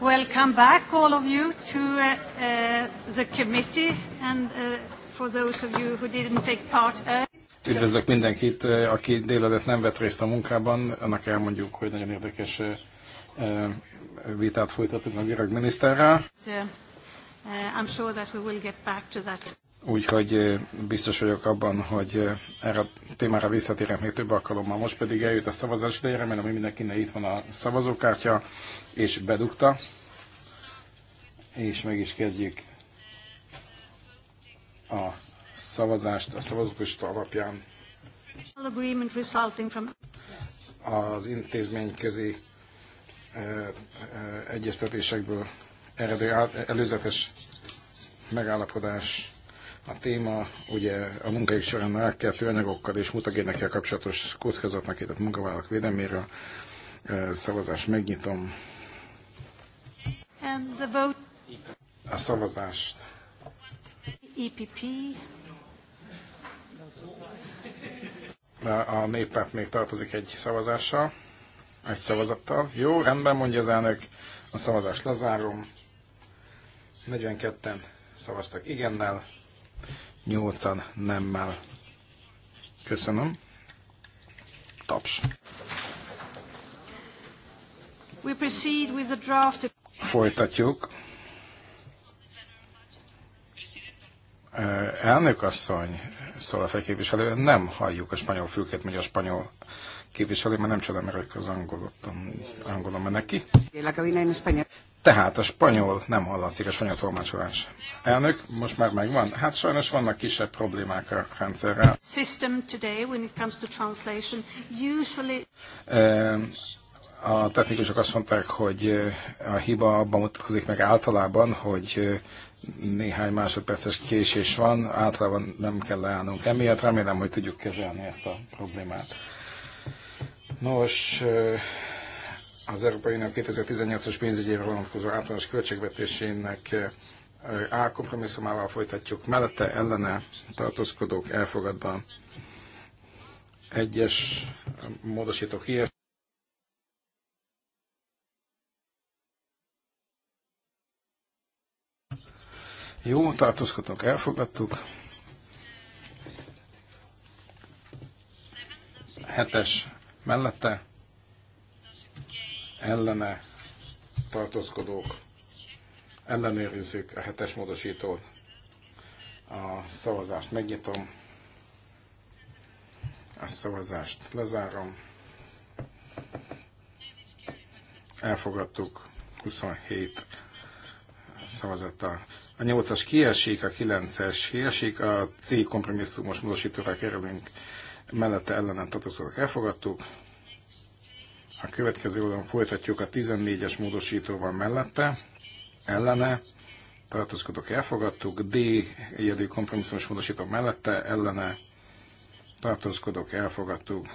Welcome back, all of you, to uh, uh, the committee and uh, for those of you who didn't take part. earlier. Uh, Üdvözlök mindenkit, uh, aki délelőtt nem vett részt a munkában, annak elmondjuk, hogy nagyon érdekes uh, vitát folytatunk a görög miniszterrel. I'm sure that we will get back to that. Úgyhogy biztos vagyok abban, hogy erre a témára visszatérek még több alkalommal. Most pedig eljött a szavazás ideje, remélem, hogy mindenkinek itt van a szavazókártya, és bedugta. És meg is kezdjük a szavazást a szavazókosta alapján. Az intézményközi egyeztetésekből eredő előzetes megállapodás a téma ugye a munkájuk során átkeltő anyagokkal és mutagénekkel kapcsolatos kockázatnak érett munkavállalók védelméről. Szavazás megnyitom. And the vote. A szavazást. EPP. A néppárt még tartozik egy szavazással, egy szavazattal. Jó, rendben mondja az elnök, a szavazást lezárom. 42-en szavaztak igennel, nyolcan nemmel. Köszönöm. Taps. We proceed with the draft. Folytatjuk. Elnök asszony, szól a feképviselő, nem halljuk a spanyol fülkét, megy a spanyol képviselő, mert nem csodálom, mert az angolom, angolom neki. Tehát a spanyol nem hallatszik, a spanyol tolmácsolás. Elnök, most már megvan? Hát sajnos vannak kisebb problémák a rendszerrel. System today, when it comes to translation, usually... A technikusok azt mondták, hogy a hiba abban mutatkozik meg általában, hogy néhány másodperces késés van, általában nem kell leállnunk emiatt, remélem, hogy tudjuk kezelni ezt a problémát. Nos, az Európai Unió 2018-as pénzügyére vonatkozó általános költségvetésének eh, A kompromisszumával folytatjuk, mellette ellene tartózkodók elfogadva egyes módosítók írt. Jó, tartózkodók elfogadtuk. Hetes mellette ellene tartózkodók, ellenőrizzük a hetes módosítót. A szavazást megnyitom, a szavazást lezárom. Elfogadtuk 27 szavazattal. A 8-as kiesik, a 9-es kiesik, a C kompromisszumos módosítóra kerülünk, mellette ellenen tartozatok elfogadtuk. A következő oldalon folytatjuk a 14-es módosítóval mellette, ellene, tartózkodok elfogadtuk, D egyedül kompromisszumos módosító mellette, ellene, tartózkodok elfogadtuk,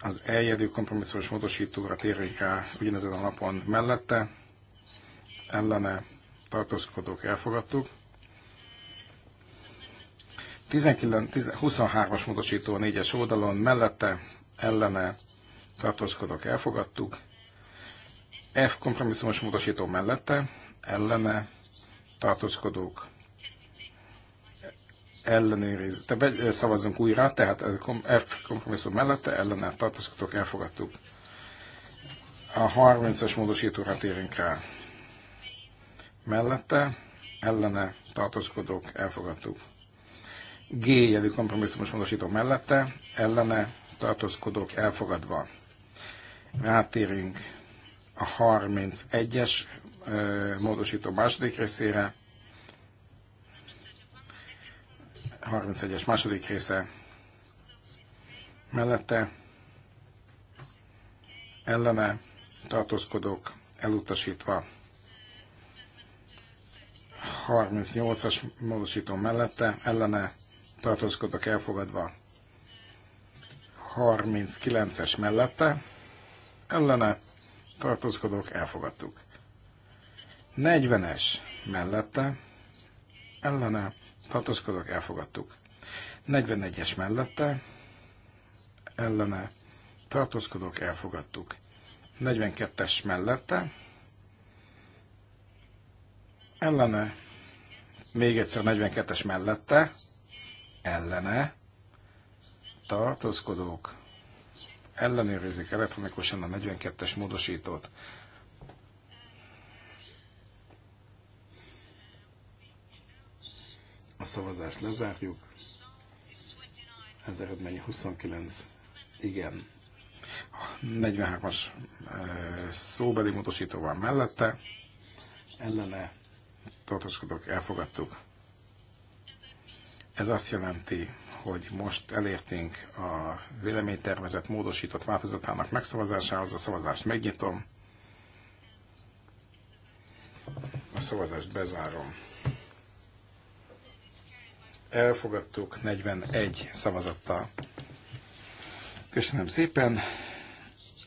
az eljedő kompromisszumos módosítóra térjünk rá ugyanezen a napon mellette, ellene tartózkodók elfogadtuk. 19, 23-as módosító a 4-es oldalon mellette, ellene tartózkodok, elfogadtuk. F kompromisszumos módosító mellette, ellene, tartózkodók, ellenőriz, te szavazzunk újra, tehát F kompromisszum mellette, ellene, tartózkodók, elfogadtuk. A 30-as módosítóra térünk rá. Mellette, ellene, tartózkodók, elfogadtuk. G jelű kompromisszumos módosító mellette, ellene, tartózkodók elfogadva. Rátérünk a 31-es módosító második részére. 31-es második része mellette ellene tartózkodók elutasítva. 38-as módosító mellette ellene tartózkodók elfogadva. 39-es mellette ellene tartózkodók elfogadtuk. 40-es mellette ellene tartózkodók elfogadtuk. 41-es mellette ellene tartózkodók elfogadtuk. 42-es mellette ellene még egyszer 42-es mellette ellene tartózkodók ellenőrizzük elektronikusan a 42-es módosítót. A szavazást lezárjuk. Ez eredmény 29. Igen. 43-as szóbeli módosító van mellette. Ellene tartózkodók elfogadtuk. Ez azt jelenti, hogy most elértünk a véleménytervezet módosított változatának megszavazásához. A szavazást megnyitom. A szavazást bezárom. Elfogadtuk 41 szavazattal. Köszönöm szépen.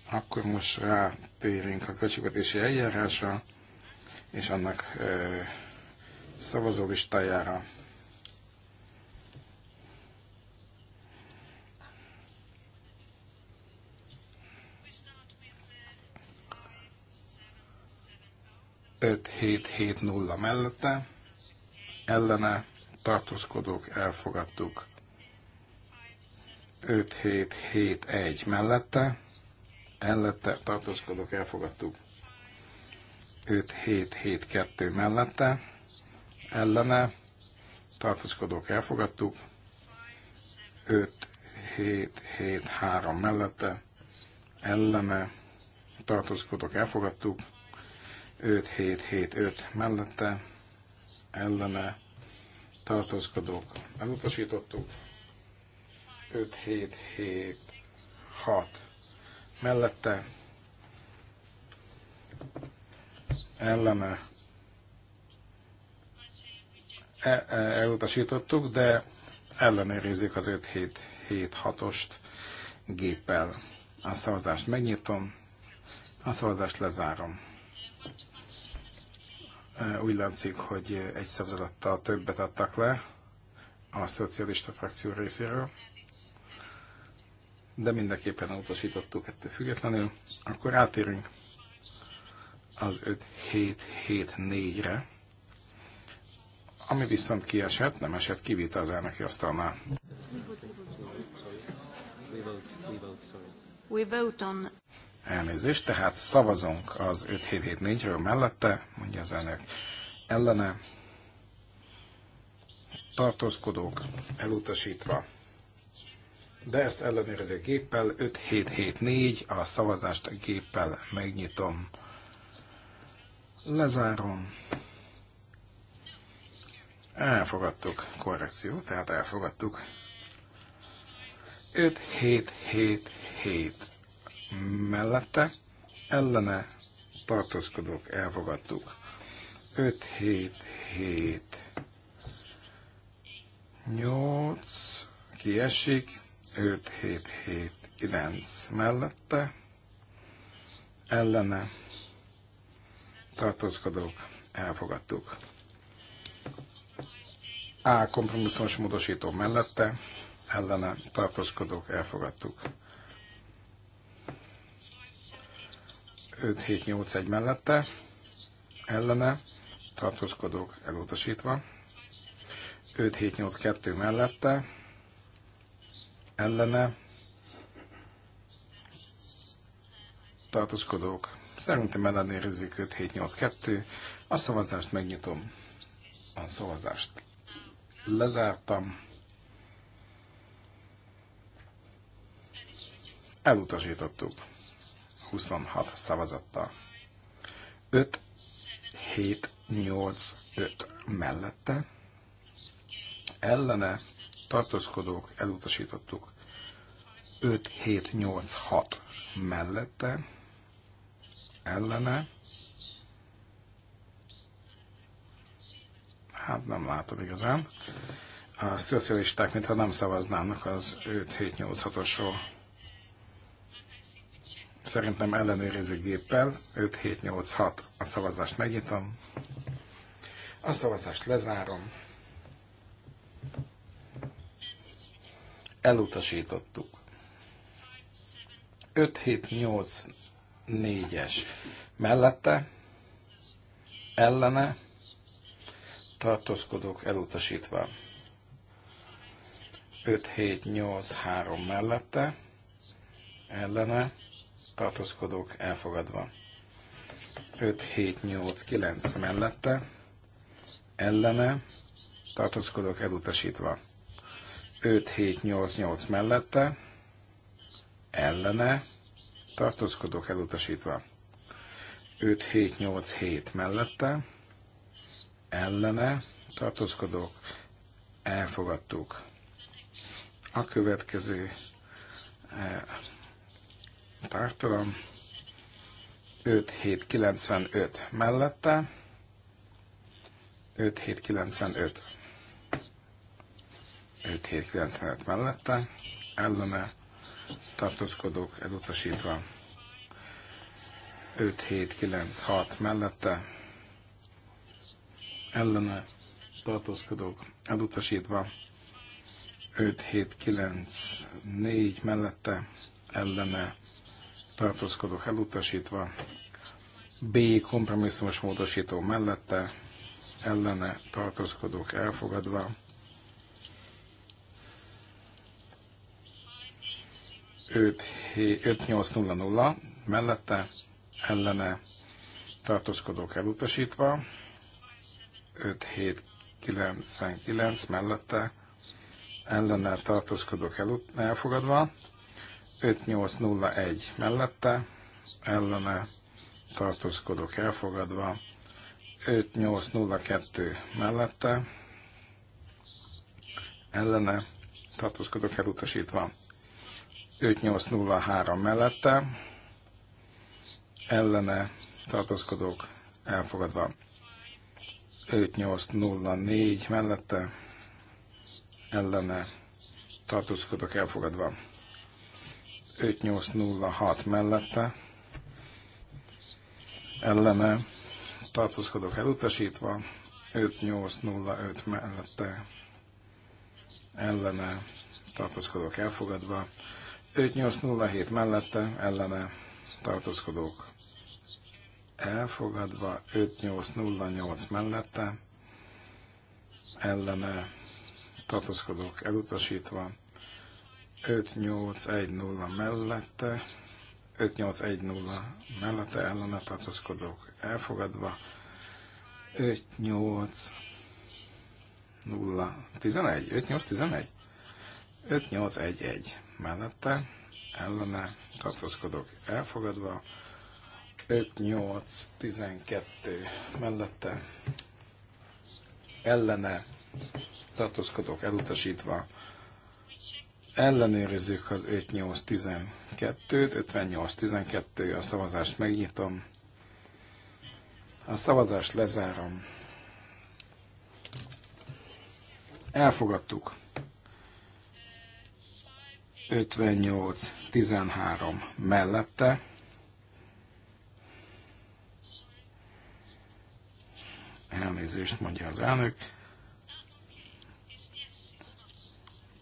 Akkor most rátérünk a költségvetési eljárásra és annak szavazólistájára. 5770 mellette, ellene tartózkodók elfogadtuk 5771 mellette, ellette tartózkodók elfogadtuk 5772 mellette, ellene tartózkodók elfogadtuk 5773 mellette, ellene tartózkodók elfogadtuk 5775 mellette ellene tartózkodók elutasítottuk, 5776 mellette ellene e, e, elutasítottuk, de ellenőrizzük az 5776-ost géppel. A szavazást megnyitom, a szavazást lezárom. Eh, úgy látszik, hogy egy szavazattal többet adtak le a szocialista frakció részéről, de mindenképpen utasítottuk ettől függetlenül. Akkor átérünk az 5774-re, ami viszont kiesett, nem esett kivita az elnöki asztalnál. We vote on Elnézést, tehát szavazunk az 5774-ről mellette, mondja az elnök ellene. Tartózkodók elutasítva. De ezt ellenőrző géppel 5774, a szavazást géppel megnyitom. Lezárom. Elfogadtuk, korrekció, tehát elfogadtuk. 5777 mellette, ellene tartózkodók elfogadtuk. 5-7-7 8 kiesik, 5-7-7-9 mellette, ellene tartózkodók elfogadtuk. A kompromisszumos módosító mellette, ellene tartózkodók elfogadtuk. 5 7 8 mellette, ellene, tartózkodók elutasítva, 5-7-8-2 mellette, ellene, tartózkodók, szerintem ellenérzik 5-7-8-2, a szavazást megnyitom, a szavazást lezártam, elutasítottuk. 26 szavazattal. 5, 7, 8, 5 mellette, ellene tartózkodók elutasítottuk 5, 7, 8, 6 mellette, ellene, hát nem látom igazán, a szocialisták mintha nem szavaznának az 5, 7, 8, 6-osról. Szerintem ellenőrizzük géppel. 5-7-8-6. A szavazást megnyitom. A szavazást lezárom. Elutasítottuk. 5-7-8-4-es. Mellette, ellene, tartózkodók elutasítva. 5-7-8-3 mellette, ellene, tartózkodók elfogadva. 5, 7, 8, 9 mellette, ellene, tartózkodók elutasítva. 5, 7, 8, 8 mellette, ellene, tartózkodók elutasítva. 5, 7, 8, 7 mellette, ellene, tartózkodók elfogadtuk. A következő eh, Tártalan. 5795 mellette. 5795. 5795 mellette. Ellene tartózkodók elutasítva. 5796 mellette. Ellene tartózkodók elutasítva. 5794 mellette ellene tartózkodók elutasítva, B kompromisszumos módosító mellette, ellene tartózkodók elfogadva, Őt, 5800 mellette, ellene tartózkodók elutasítva, 5799 mellette, ellene tartózkodók elut- elfogadva, 5801 mellette, ellene tartózkodok elfogadva, 5802 mellette, ellene tartózkodok elutasítva, 5803 mellette, ellene tartózkodok elfogadva, 5804 mellette, ellene tartózkodok elfogadva. 5806 mellette ellene tartózkodok elutasítva, 5805 mellette ellene tartózkodok elfogadva, 5807 mellette ellene tartózkodok elfogadva, 5808 mellette ellene tartózkodok elutasítva, 5810 mellette, 5810 mellette ellene tartózkodók elfogadva, 58011, 5811, 5811 mellette ellene tartózkodók elfogadva, 5812 mellette ellene tartózkodók elutasítva, Ellenőrizzük az 5812-t, 12 a szavazást megnyitom. A szavazást lezárom. Elfogadtuk. 58-13 mellette. Elnézést mondja az elnök.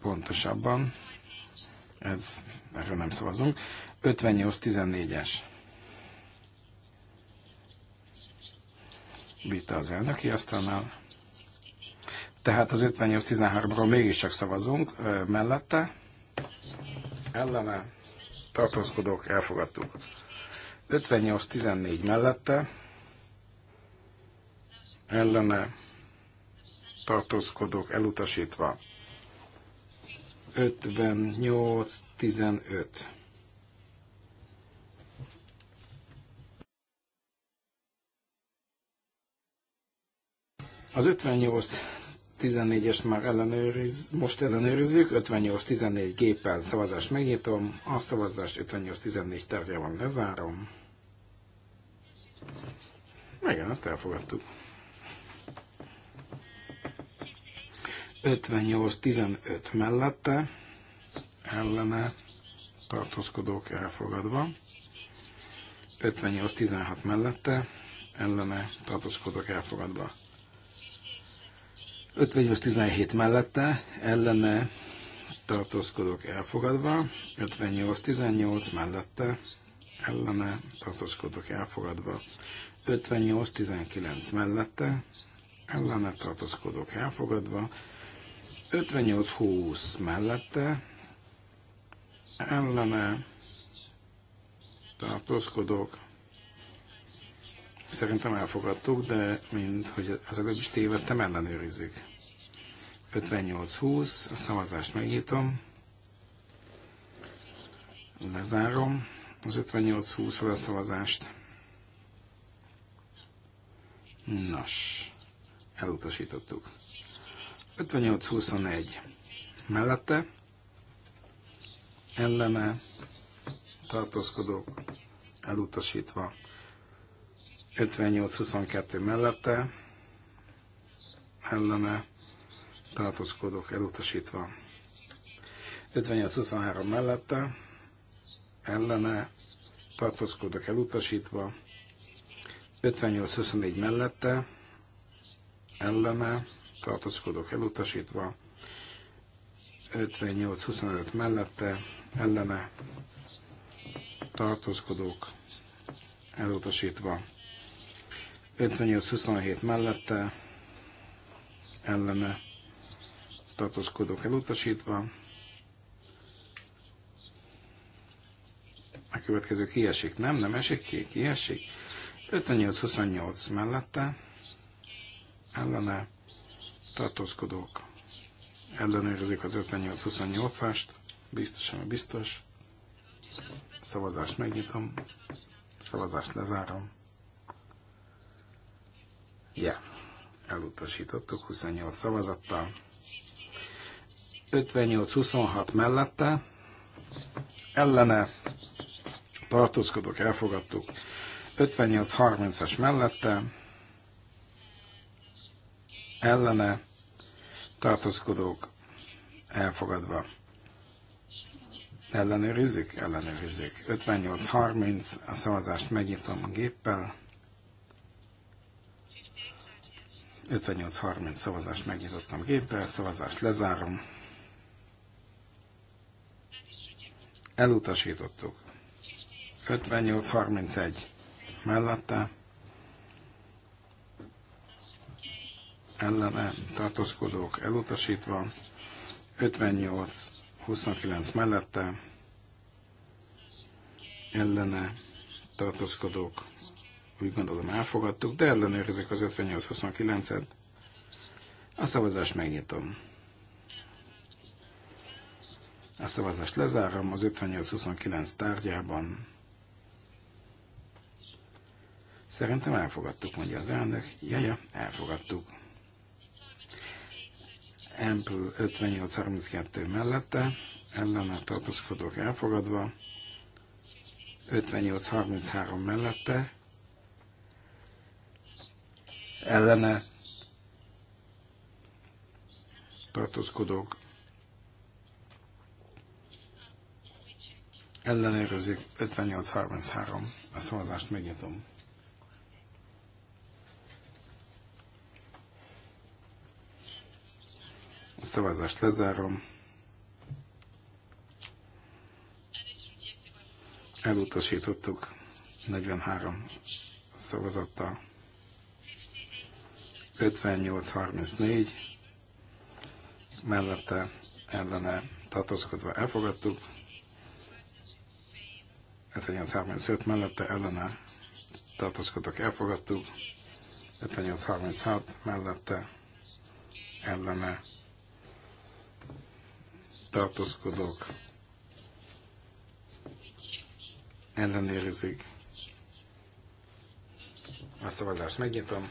Pontosabban ez, erről nem szavazunk. 58-14-es. Vita az elnöki asztalnál. Tehát az 58-13-ról mégiscsak szavazunk mellette. Ellene tartózkodók elfogadtuk. 58-14 mellette ellene tartózkodók elutasítva. 58-15. Az 58 14 es már ellenőriz, most ellenőrizzük, 58-14 géppel szavazást megnyitom, a szavazást 58-14 terje van, lezárom. Igen, ezt elfogadtuk. 58-15 mellette ellene tartózkodók elfogadva, 58-16 mellette ellene tartózkodók elfogadva. 58-17 mellette ellene tartózkodók elfogadva, 58-18 mellette ellene tartózkodók elfogadva, 58-19 mellette ellene tartózkodók elfogadva, 58-20 mellette ellene tartózkodok. Szerintem elfogadtuk, de mint hogy az előbb is tévedtem, ellenőrizik. 58-20, a szavazást megnyitom, lezárom az 58-20 felszavazást. Nos, elutasítottuk. 58-21 mellette ellene tartózkodók elutasítva. 58-22 mellette ellene tartózkodók elutasítva. 58-23 mellette ellene tartózkodók elutasítva. 58-24 mellette ellene tartózkodók elutasítva, 58-25 mellette, ellene tartózkodók elutasítva, 58-27 mellette, ellene tartózkodók elutasítva, a következő kiesik, nem, nem esik ki, kiesik, 58-28 mellette, ellene tartózkodók, ellenőrzik az 58-28-ást, biztos, ami biztos. Szavazást megnyitom, szavazást lezárom. Yeah. Elutasítottuk 28 szavazattal. 58-26 mellette, ellene tartózkodók elfogadtuk. 58-30-as mellette, ellene tartózkodók elfogadva. Ellenőrizzük? Ellenőrizzük. 58.30, a szavazást megnyitom a géppel. 58.30, szavazást megnyitottam géppel, szavazást lezárom. Elutasítottuk. 58.31, 31 mellette ellene tartózkodók elutasítva, 58, 29 mellette ellene tartózkodók úgy gondolom elfogadtuk, de ellenőrizik az 58-29-et. A szavazást megnyitom. A szavazást lezárom az 58-29 tárgyában. Szerintem elfogadtuk, mondja az elnök. Jaja, elfogadtuk. Ample 5832 mellette, ellene tartózkodók elfogadva, 5833 mellette, ellene tartózkodók ellenőrzik 5833. A szavazást megnyitom. A szavazást lezárom. Elutasítottuk 43 szavazattal. 58-34 mellette ellene tartózkodva elfogadtuk. 58-35 mellette ellene tartózkodva elfogadtuk. 58-36 mellette ellene tartózkodók ellenérzik. A szavazást megnyitom.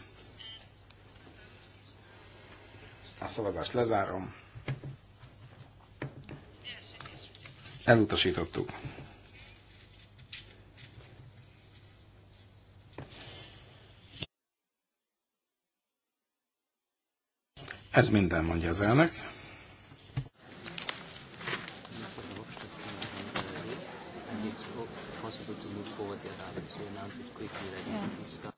A szavazást lezárom. Elutasítottuk. Ez minden, mondja az elnök. possible to move forward the other So You announce it quickly that yeah. you can start.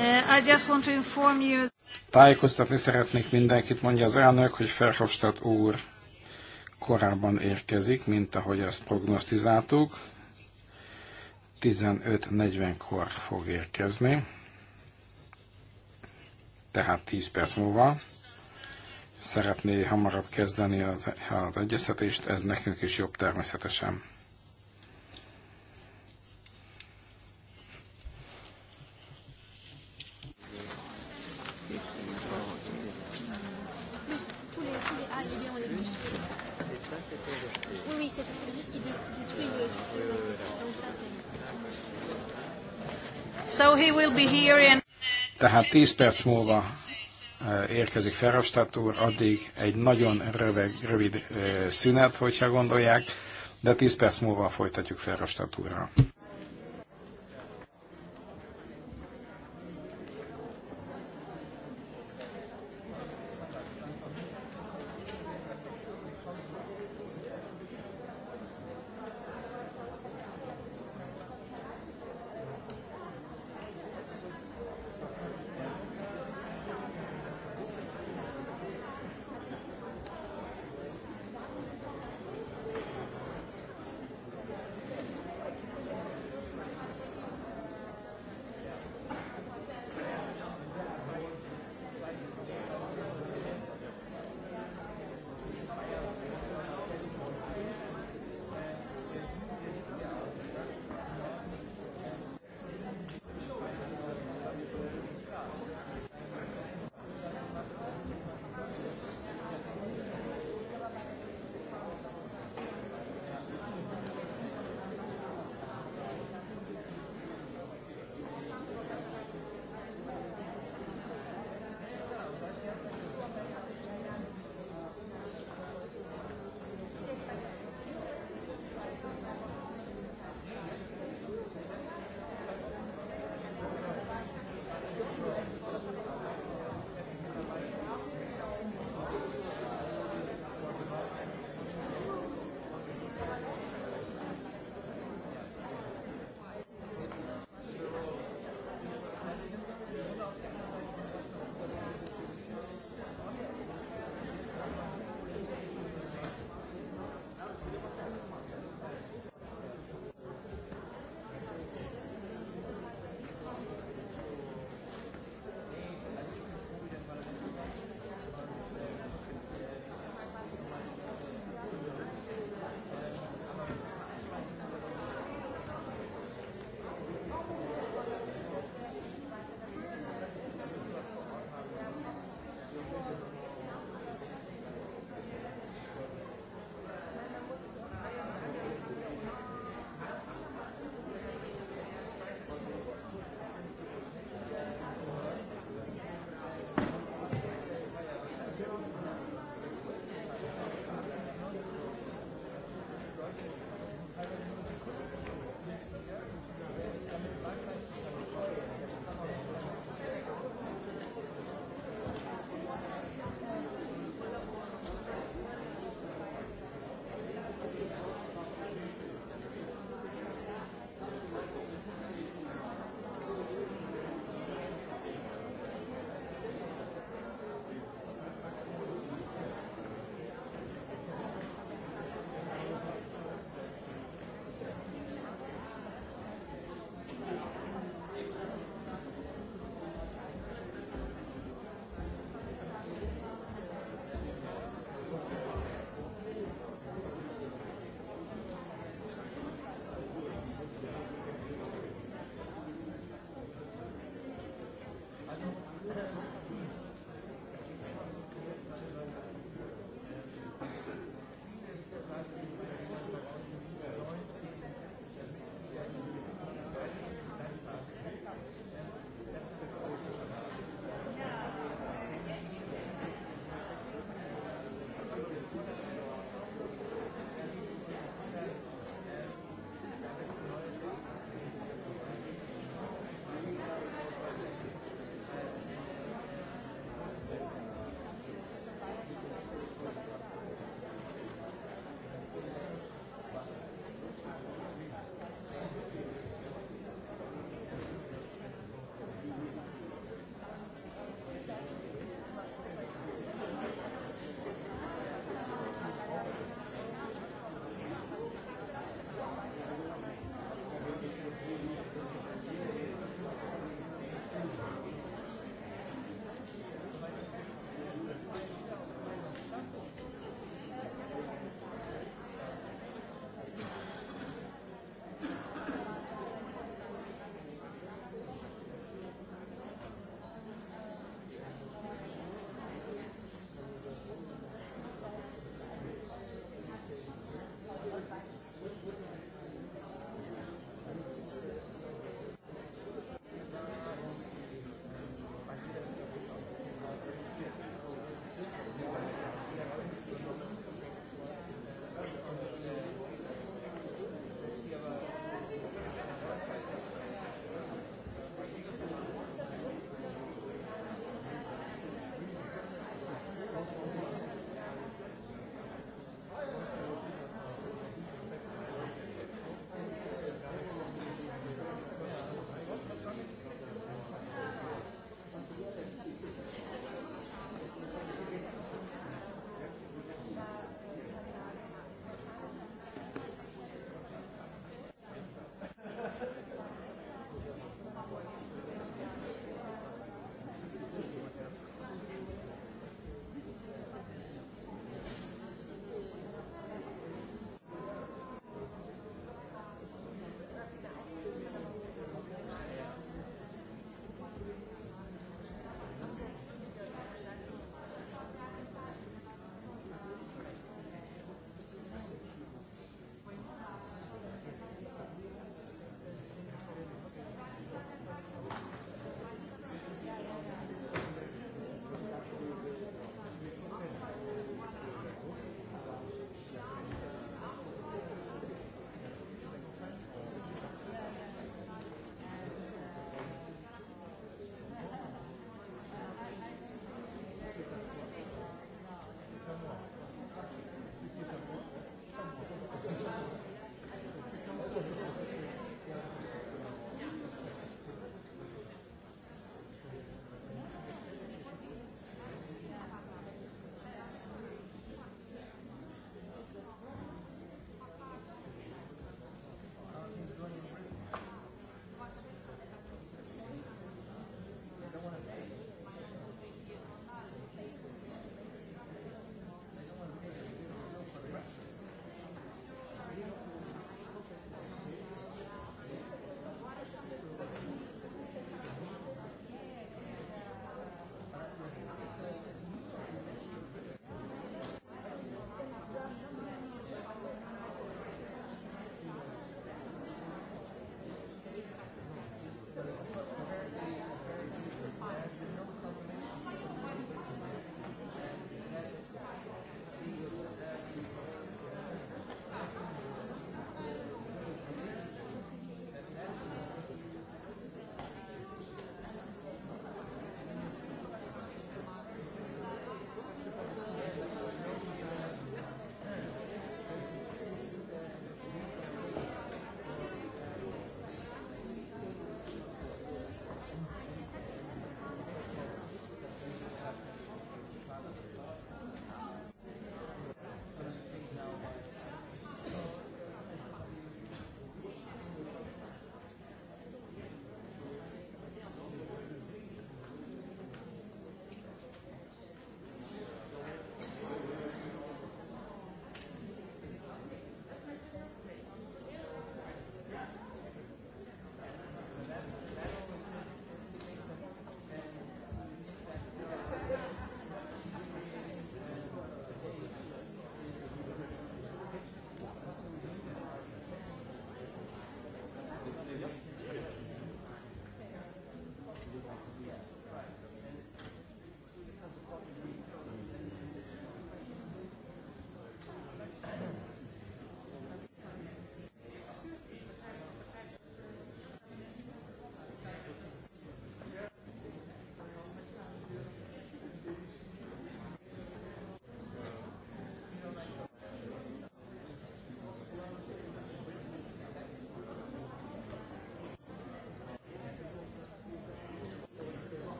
Uh, I just want to inform you... Tájékoztatni szeretnék mindenkit, mondja az elnök, hogy Ferhofstadt úr korábban érkezik, mint ahogy ezt prognosztizáltuk. 15.40-kor fog érkezni tehát 10 perc múlva. Szeretné hamarabb kezdeni az, az egyeztetést, ez nekünk is jobb természetesen. So he will be here in tehát 10 perc múlva érkezik Ferhofstadt úr, addig egy nagyon röveg, rövid szünet, hogyha gondolják, de 10 perc múlva folytatjuk Ferhofstadt úrral.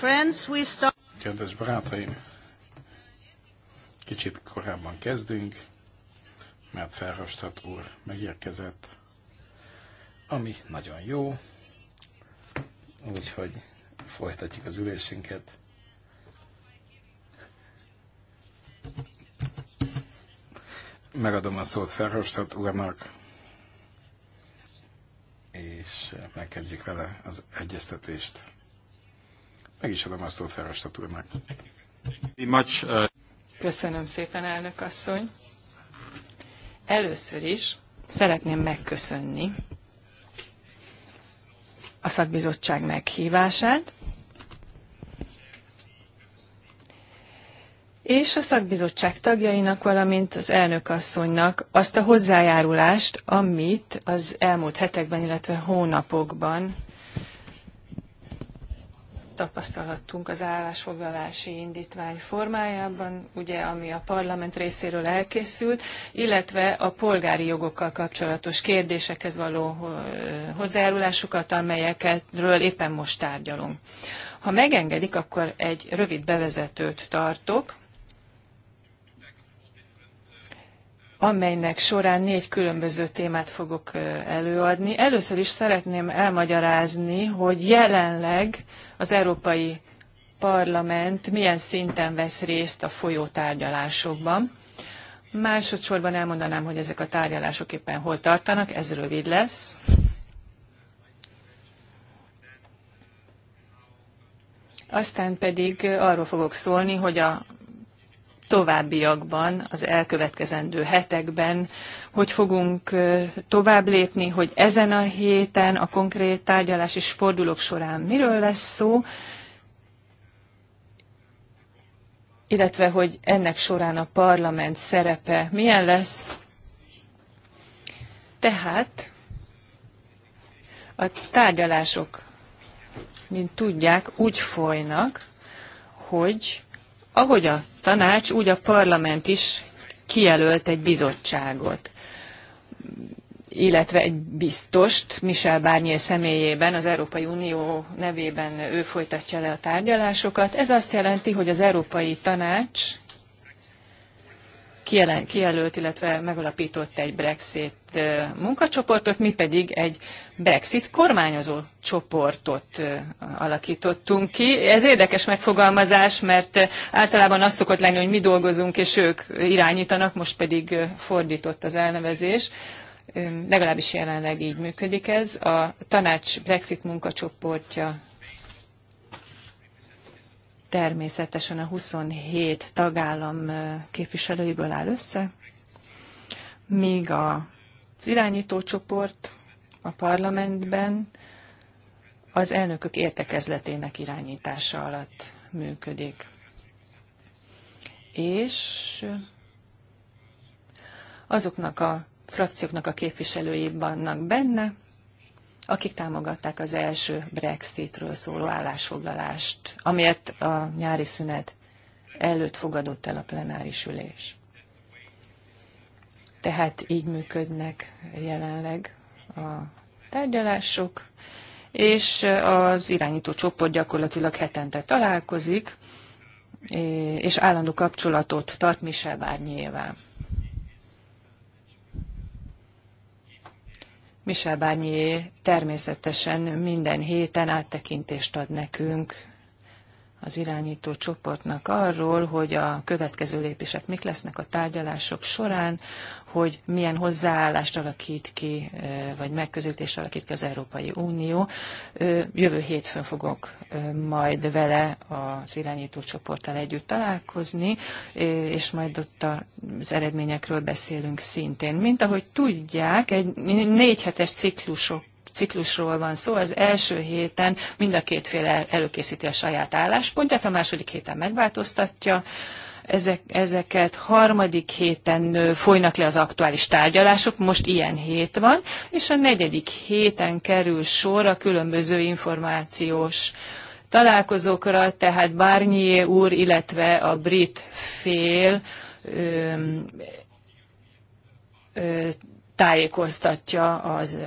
Friends, we start... Kedves barátaim, kicsit korábban kezdünk, mert Felrastat úr megérkezett, ami nagyon jó, úgyhogy folytatjuk az ülésünket. Megadom a szót Felrastat úrnak, és megkezdjük vele az egyeztetést. Meg is adom a Köszönöm szépen, elnök asszony. Először is szeretném megköszönni a szakbizottság meghívását, és a szakbizottság tagjainak, valamint az elnökasszonynak azt a hozzájárulást, amit az elmúlt hetekben, illetve hónapokban tapasztalhattunk az állásfoglalási indítvány formájában, ugye, ami a parlament részéről elkészült, illetve a polgári jogokkal kapcsolatos kérdésekhez való hozzájárulásukat, amelyekről éppen most tárgyalunk. Ha megengedik, akkor egy rövid bevezetőt tartok, amelynek során négy különböző témát fogok előadni. Először is szeretném elmagyarázni, hogy jelenleg az Európai Parlament milyen szinten vesz részt a folyó tárgyalásokban. Másodszorban elmondanám, hogy ezek a tárgyalások éppen hol tartanak, ez rövid lesz. Aztán pedig arról fogok szólni, hogy a továbbiakban, az elkövetkezendő hetekben, hogy fogunk tovább lépni, hogy ezen a héten a konkrét tárgyalás és fordulók során miről lesz szó, illetve hogy ennek során a parlament szerepe milyen lesz. Tehát a tárgyalások, mint tudják, úgy folynak, hogy ahogy a tanács, úgy a parlament is kijelölt egy bizottságot illetve egy biztost Michel Barnier személyében, az Európai Unió nevében ő folytatja le a tárgyalásokat. Ez azt jelenti, hogy az Európai Tanács kijelölt, illetve megalapított egy Brexit munkacsoportot, mi pedig egy Brexit kormányozó csoportot alakítottunk ki. Ez érdekes megfogalmazás, mert általában az szokott lenni, hogy mi dolgozunk, és ők irányítanak, most pedig fordított az elnevezés legalábbis jelenleg így működik ez. A tanács Brexit munkacsoportja természetesen a 27 tagállam képviselőiből áll össze, míg az irányító csoport a parlamentben az elnökök értekezletének irányítása alatt működik. És azoknak a frakcióknak a képviselői vannak benne, akik támogatták az első Brexitről szóló állásfoglalást, amelyet a nyári szünet előtt fogadott el a plenáris ülés. Tehát így működnek jelenleg a tárgyalások, és az irányító csoport gyakorlatilag hetente találkozik, és állandó kapcsolatot tart Michel Barnier-vel. Michel Barnier természetesen minden héten áttekintést ad nekünk az irányító csoportnak arról, hogy a következő lépések mik lesznek a tárgyalások során, hogy milyen hozzáállást alakít ki, vagy megközelítést alakít ki az Európai Unió. Jövő hétfőn fogok majd vele az irányító csoporttal együtt találkozni, és majd ott az eredményekről beszélünk szintén. Mint ahogy tudják, egy négy hetes ciklusok ciklusról van szó. Az első héten mind a két fél előkészíti a saját álláspontját, a második héten megváltoztatja ezek, ezeket harmadik héten folynak le az aktuális tárgyalások, most ilyen hét van, és a negyedik héten kerül sor a különböző információs találkozókra, tehát Barnier úr, illetve a brit fél ö, ö, tájékoztatja az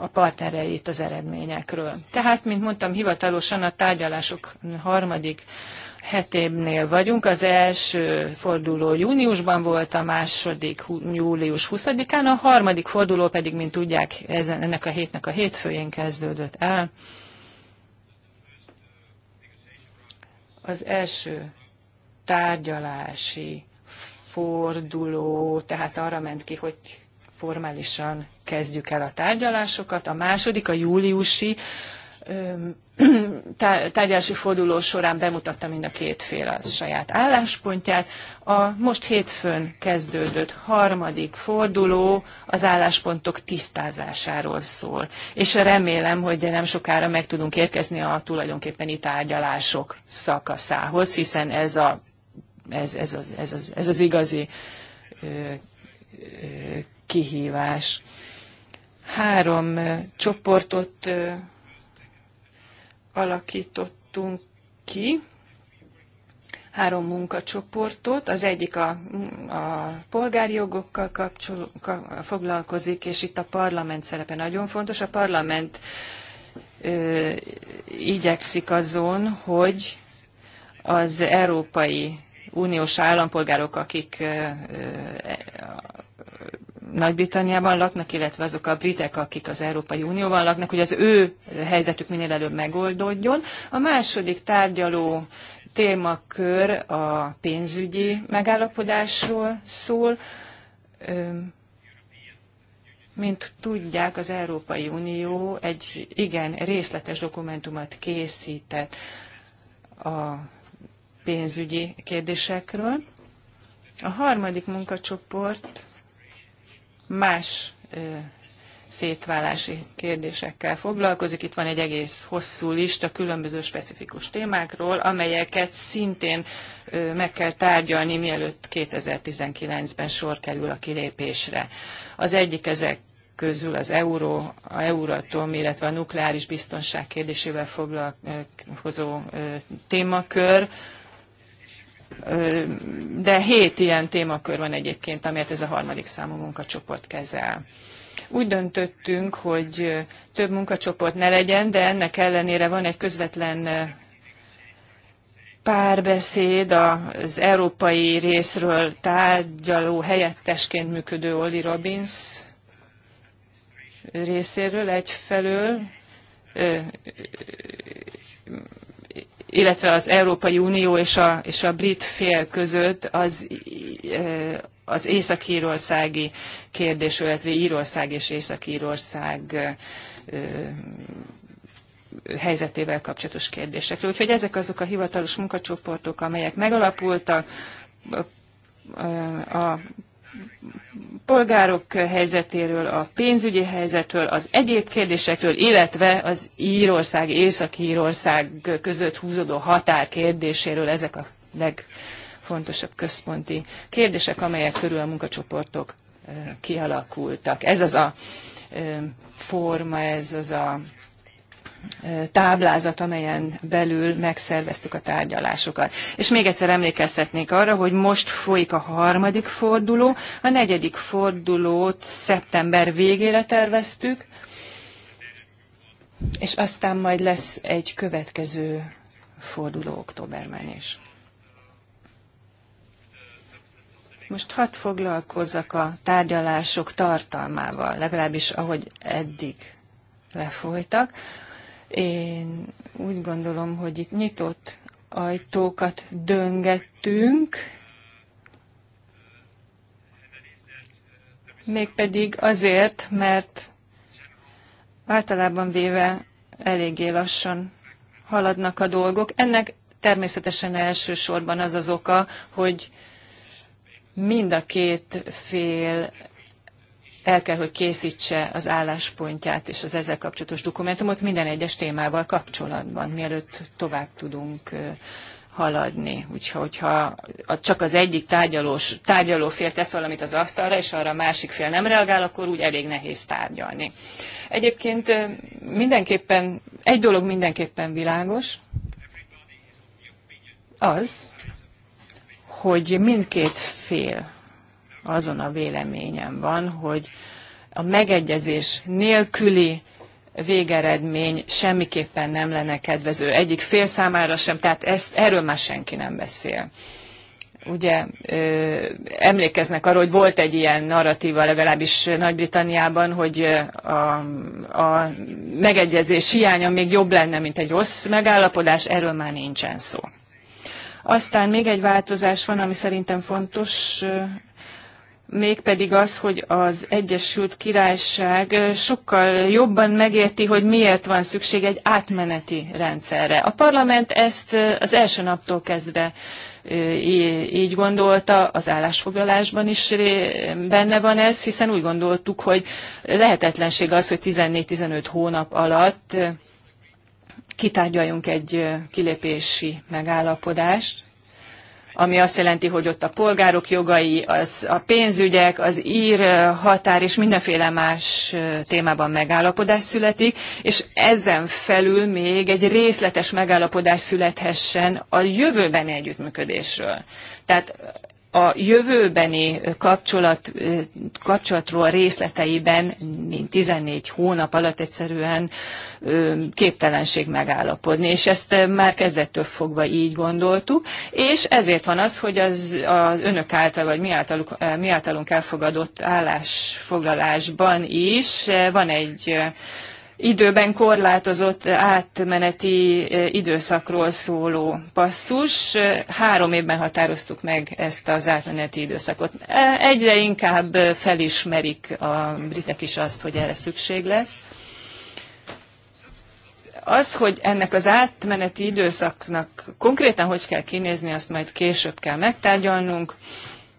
a partnereit az eredményekről. Tehát, mint mondtam, hivatalosan a tárgyalások harmadik hetébnél vagyunk. Az első forduló júniusban volt, a második július 20-án, a harmadik forduló pedig, mint tudják, ezen, ennek a hétnek a hétfőjén kezdődött el. Az első tárgyalási forduló, tehát arra ment ki, hogy formálisan kezdjük el a tárgyalásokat. A második, a júliusi tárgyalási forduló során bemutatta mind a két fél a saját álláspontját. A most hétfőn kezdődött harmadik forduló az álláspontok tisztázásáról szól, és remélem, hogy nem sokára meg tudunk érkezni a tulajdonképpeni tárgyalások szakaszához, hiszen ez, a, ez, ez, az, ez, az, ez az igazi ö, ö, kihívás. Három csoportot alakítottunk ki, három munkacsoportot. Az egyik a, a polgári jogokkal kapcsol, ka, foglalkozik, és itt a parlament szerepe nagyon fontos. A parlament ö, igyekszik azon, hogy az európai uniós állampolgárok, akik nagy-Britanniában laknak, illetve azok a britek, akik az Európai Unióban laknak, hogy az ő helyzetük minél előbb megoldódjon. A második tárgyaló témakör a pénzügyi megállapodásról szól. Mint tudják, az Európai Unió egy igen részletes dokumentumot készített a pénzügyi kérdésekről. A harmadik munkacsoport más szétválási kérdésekkel foglalkozik. Itt van egy egész hosszú lista különböző specifikus témákról, amelyeket szintén meg kell tárgyalni, mielőtt 2019-ben sor kerül a kilépésre. Az egyik ezek közül az euró, a euratom, illetve a nukleáris biztonság kérdésével foglalkozó témakör, de hét ilyen témakör van egyébként, amelyet ez a harmadik számú munkacsoport kezel. Úgy döntöttünk, hogy több munkacsoport ne legyen, de ennek ellenére van egy közvetlen párbeszéd az európai részről tárgyaló helyettesként működő Oli Robbins részéről egyfelől, illetve az Európai Unió és a, és a brit fél között az, az észak-írországi kérdés, illetve Írország és Észak-Írország helyzetével kapcsolatos kérdésekről. Úgyhogy ezek azok a hivatalos munkacsoportok, amelyek megalapultak a polgárok helyzetéről, a pénzügyi helyzetről, az egyéb kérdésekről, illetve az Írország, Észak-Írország között húzódó határ kérdéséről ezek a legfontosabb központi kérdések, amelyek körül a munkacsoportok eh, kialakultak. Ez az a eh, forma, ez az a táblázat, amelyen belül megszerveztük a tárgyalásokat. És még egyszer emlékeztetnék arra, hogy most folyik a harmadik forduló, a negyedik fordulót szeptember végére terveztük, és aztán majd lesz egy következő forduló októberben is. Most hadd foglalkozzak a tárgyalások tartalmával, legalábbis ahogy eddig lefolytak. Én úgy gondolom, hogy itt nyitott ajtókat döngettünk, mégpedig azért, mert általában véve eléggé lassan haladnak a dolgok. Ennek természetesen elsősorban az az oka, hogy mind a két fél el kell, hogy készítse az álláspontját és az ezzel kapcsolatos dokumentumot minden egyes témával kapcsolatban, mielőtt tovább tudunk haladni. Úgyhogy ha csak az egyik tárgyalós, tárgyaló fél tesz valamit az asztalra, és arra a másik fél nem reagál, akkor úgy elég nehéz tárgyalni. Egyébként mindenképpen, egy dolog mindenképpen világos, az, hogy mindkét fél azon a véleményem van, hogy a megegyezés nélküli végeredmény semmiképpen nem lenne kedvező egyik fél számára sem, tehát ezt, erről már senki nem beszél. Ugye ö, emlékeznek arról, hogy volt egy ilyen narratíva legalábbis Nagy-Britanniában, hogy a, a megegyezés hiánya még jobb lenne, mint egy rossz megállapodás, erről már nincsen szó. Aztán még egy változás van, ami szerintem fontos mégpedig az, hogy az Egyesült Királyság sokkal jobban megérti, hogy miért van szükség egy átmeneti rendszerre. A parlament ezt az első naptól kezdve így gondolta, az állásfoglalásban is benne van ez, hiszen úgy gondoltuk, hogy lehetetlenség az, hogy 14-15 hónap alatt kitárgyaljunk egy kilépési megállapodást, ami azt jelenti, hogy ott a polgárok jogai, az a pénzügyek, az ír határ és mindenféle más témában megállapodás születik, és ezen felül még egy részletes megállapodás születhessen a jövőben együttműködésről. Tehát a jövőbeni kapcsolat, kapcsolatról részleteiben, mint 14 hónap alatt egyszerűen képtelenség megállapodni, és ezt már kezdettől fogva így gondoltuk, és ezért van az, hogy az, az önök által, vagy mi, általuk, mi általunk elfogadott állásfoglalásban is van egy időben korlátozott átmeneti időszakról szóló passzus. Három évben határoztuk meg ezt az átmeneti időszakot. E, egyre inkább felismerik a britek is azt, hogy erre szükség lesz. Az, hogy ennek az átmeneti időszaknak konkrétan hogy kell kinézni, azt majd később kell megtárgyalnunk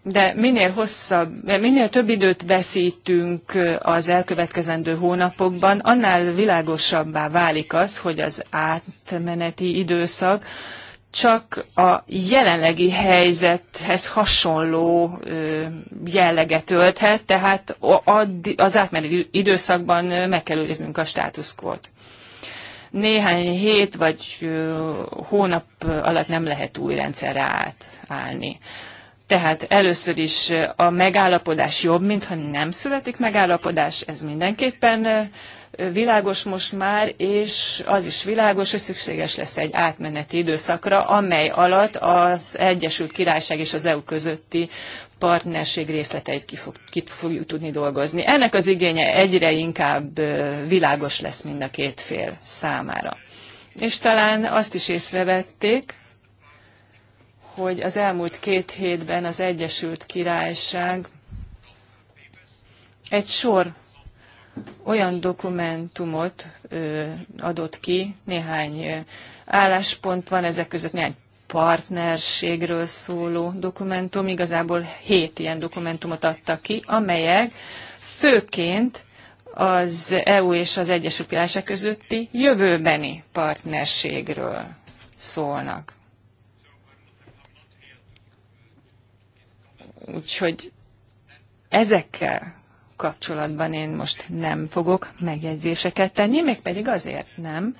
de minél hosszabb, minél több időt veszítünk az elkövetkezendő hónapokban, annál világosabbá válik az, hogy az átmeneti időszak csak a jelenlegi helyzethez hasonló jelleget ölthet, tehát az átmeneti időszakban meg kell őriznünk a státuszkót. Néhány hét vagy hónap alatt nem lehet új rendszerre átállni. Tehát először is a megállapodás jobb, mintha nem születik megállapodás, ez mindenképpen világos most már, és az is világos, hogy szükséges lesz egy átmeneti időszakra, amely alatt az Egyesült Királyság és az EU közötti partnerség részleteit ki, fog, ki fogjuk tudni dolgozni. Ennek az igénye egyre inkább világos lesz mind a két fél számára. És talán azt is észrevették, hogy az elmúlt két hétben az Egyesült Királyság egy sor olyan dokumentumot adott ki, néhány álláspont van, ezek között néhány partnerségről szóló dokumentum, igazából hét ilyen dokumentumot adtak ki, amelyek főként az EU és az Egyesült Királyság közötti jövőbeni partnerségről szólnak. Úgyhogy ezekkel kapcsolatban én most nem fogok megjegyzéseket tenni, mégpedig azért nem,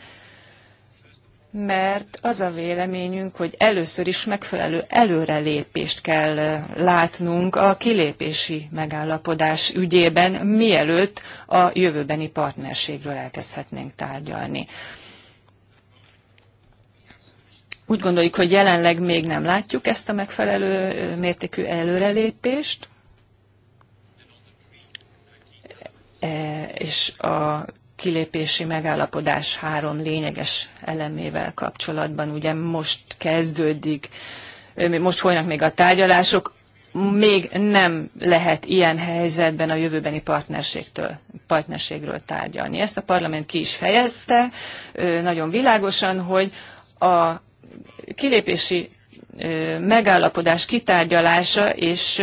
mert az a véleményünk, hogy először is megfelelő előrelépést kell látnunk a kilépési megállapodás ügyében, mielőtt a jövőbeni partnerségről elkezdhetnénk tárgyalni. Úgy gondoljuk, hogy jelenleg még nem látjuk ezt a megfelelő mértékű előrelépést, e, és a kilépési megállapodás három lényeges elemével kapcsolatban ugye most kezdődik, most folynak még a tárgyalások, még nem lehet ilyen helyzetben a jövőbeni partnerségtől, partnerségről tárgyalni. Ezt a parlament ki is fejezte nagyon világosan, hogy a kilépési megállapodás kitárgyalása és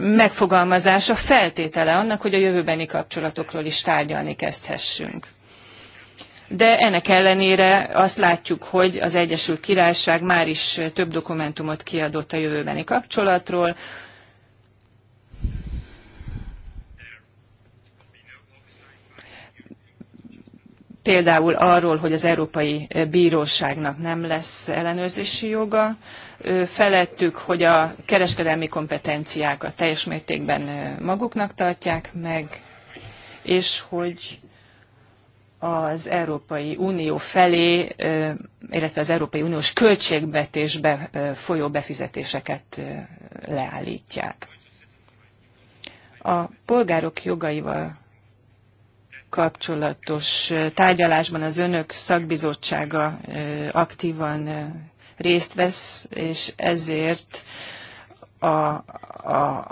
megfogalmazása feltétele annak, hogy a jövőbeni kapcsolatokról is tárgyalni kezdhessünk. De ennek ellenére azt látjuk, hogy az Egyesült Királyság már is több dokumentumot kiadott a jövőbeni kapcsolatról, például arról, hogy az Európai Bíróságnak nem lesz ellenőrzési joga, felettük, hogy a kereskedelmi kompetenciákat teljes mértékben maguknak tartják meg, és hogy az Európai Unió felé, illetve az Európai Uniós költségvetésbe folyó befizetéseket leállítják. A polgárok jogaival kapcsolatos tárgyalásban az önök szakbizottsága aktívan részt vesz, és ezért a, a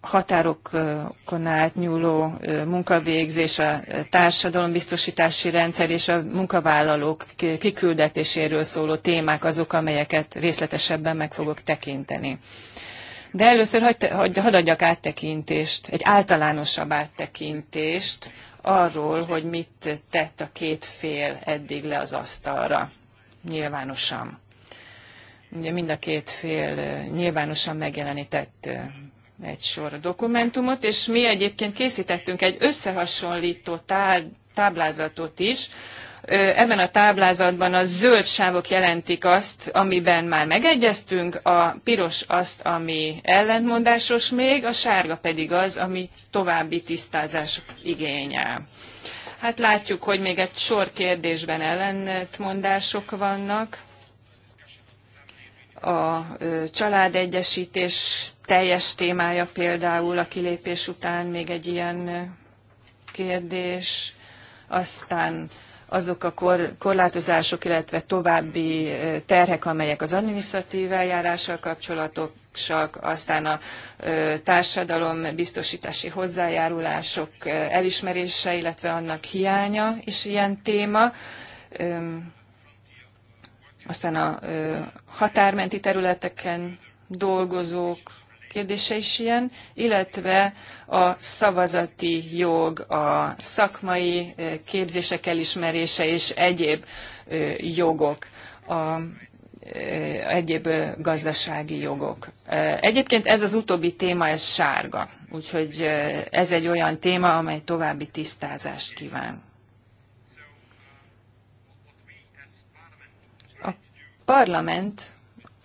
határokon átnyúló munkavégzés, a biztosítási rendszer és a munkavállalók kiküldetéséről szóló témák azok, amelyeket részletesebben meg fogok tekinteni. De először hadd hagy, adjak áttekintést, egy általánosabb áttekintést arról, hogy mit tett a két fél eddig le az asztalra nyilvánosan. Ugye mind a két fél nyilvánosan megjelenített egy sor dokumentumot, és mi egyébként készítettünk egy összehasonlító táblázatot is, ebben a táblázatban a zöld sávok jelentik azt, amiben már megegyeztünk, a piros azt, ami ellentmondásos még, a sárga pedig az, ami további tisztázás igényel. Hát látjuk, hogy még egy sor kérdésben ellentmondások vannak. A családegyesítés teljes témája például a kilépés után még egy ilyen kérdés. Aztán azok a kor, korlátozások, illetve további terhek, amelyek az adminisztratív eljárással kapcsolatosak, aztán a társadalom biztosítási hozzájárulások elismerése, illetve annak hiánya is ilyen téma. Aztán a határmenti területeken dolgozók, kérdése is ilyen, illetve a szavazati jog, a szakmai képzések elismerése és egyéb jogok. A egyéb gazdasági jogok. Egyébként ez az utóbbi téma, ez sárga, úgyhogy ez egy olyan téma, amely további tisztázást kíván. A parlament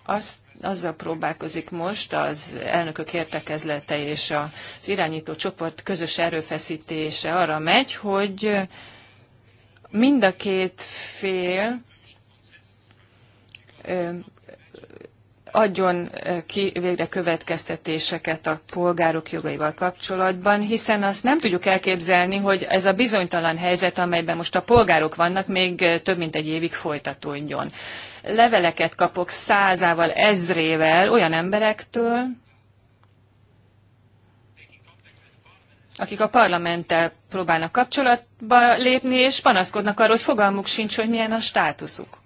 azt azzal próbálkozik most az elnökök értekezlete és az irányító csoport közös erőfeszítése arra megy, hogy mind a két fél adjon ki végre következtetéseket a polgárok jogaival kapcsolatban, hiszen azt nem tudjuk elképzelni, hogy ez a bizonytalan helyzet, amelyben most a polgárok vannak, még több mint egy évig folytatódjon leveleket kapok százával, ezrével olyan emberektől, akik a parlamenttel próbálnak kapcsolatba lépni, és panaszkodnak arról, hogy fogalmuk sincs, hogy milyen a státuszuk.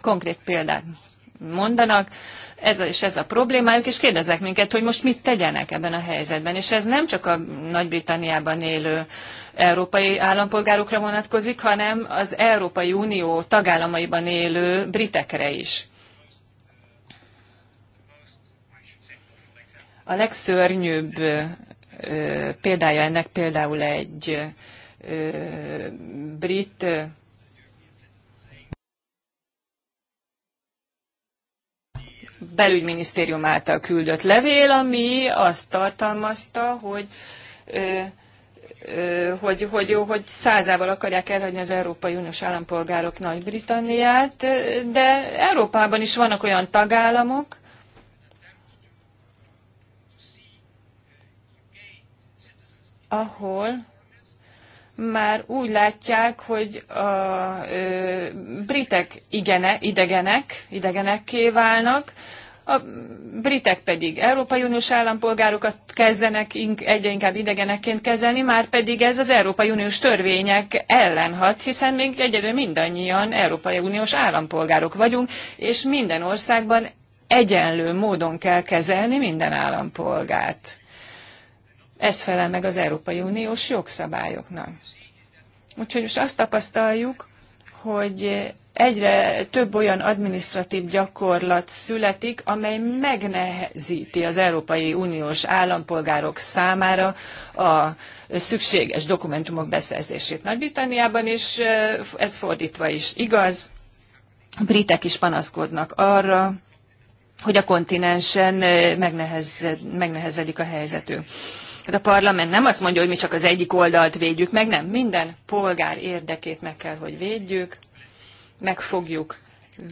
Konkrét példát mondanak, ez a, és ez a problémájuk, és kérdeznek minket, hogy most mit tegyenek ebben a helyzetben. És ez nem csak a Nagy-Britanniában élő európai állampolgárokra vonatkozik, hanem az Európai Unió tagállamaiban élő britekre is. A legszörnyűbb példája ennek például egy brit belügyminisztérium által küldött levél, ami azt tartalmazta, hogy hogy, hogy, hogy százával akarják elhagyni az Európai Uniós állampolgárok Nagy-Britanniát, de Európában is vannak olyan tagállamok, ahol már úgy látják, hogy a ö, britek igene, idegenek, idegenekké válnak, a britek pedig Európai Uniós állampolgárokat kezdenek egyre inkább idegenekként kezelni, már pedig ez az Európai Uniós törvények ellen hat, hiszen még egyedül mindannyian Európai Uniós állampolgárok vagyunk, és minden országban egyenlő módon kell kezelni minden állampolgárt. Ez felel meg az Európai Uniós jogszabályoknak. Úgyhogy most azt tapasztaljuk, hogy egyre több olyan administratív gyakorlat születik, amely megnehezíti az Európai Uniós állampolgárok számára a szükséges dokumentumok beszerzését Nagy-Britanniában, és ez fordítva is igaz. A britek is panaszkodnak arra, hogy a kontinensen megnehezedik a helyzetük. Tehát a parlament nem azt mondja, hogy mi csak az egyik oldalt védjük meg, nem. Minden polgár érdekét meg kell, hogy védjük, meg fogjuk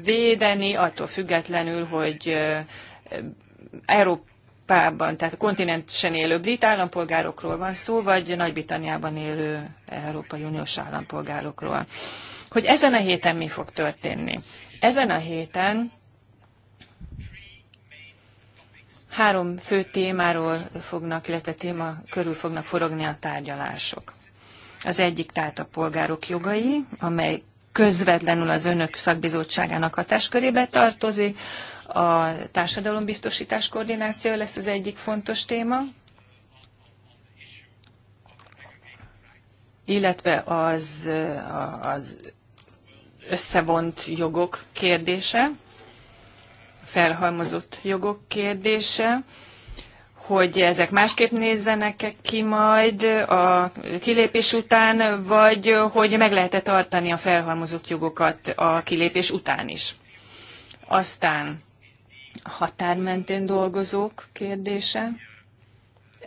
védeni, attól függetlenül, hogy Európában, tehát a kontinensen élő brit állampolgárokról van szó, vagy Nagy-Britanniában élő Európai Uniós állampolgárokról. Hogy ezen a héten mi fog történni? Ezen a héten Három fő témáról fognak, illetve téma körül fognak forogni a tárgyalások. Az egyik tehát a polgárok jogai, amely közvetlenül az önök szakbizottságának hatáskörébe tartozik. A társadalombiztosítás koordináció lesz az egyik fontos téma, illetve az, az összevont jogok kérdése felhalmozott jogok kérdése, hogy ezek másképp nézzenek -e ki majd a kilépés után, vagy hogy meg lehet-e tartani a felhalmozott jogokat a kilépés után is. Aztán határmentén dolgozók kérdése.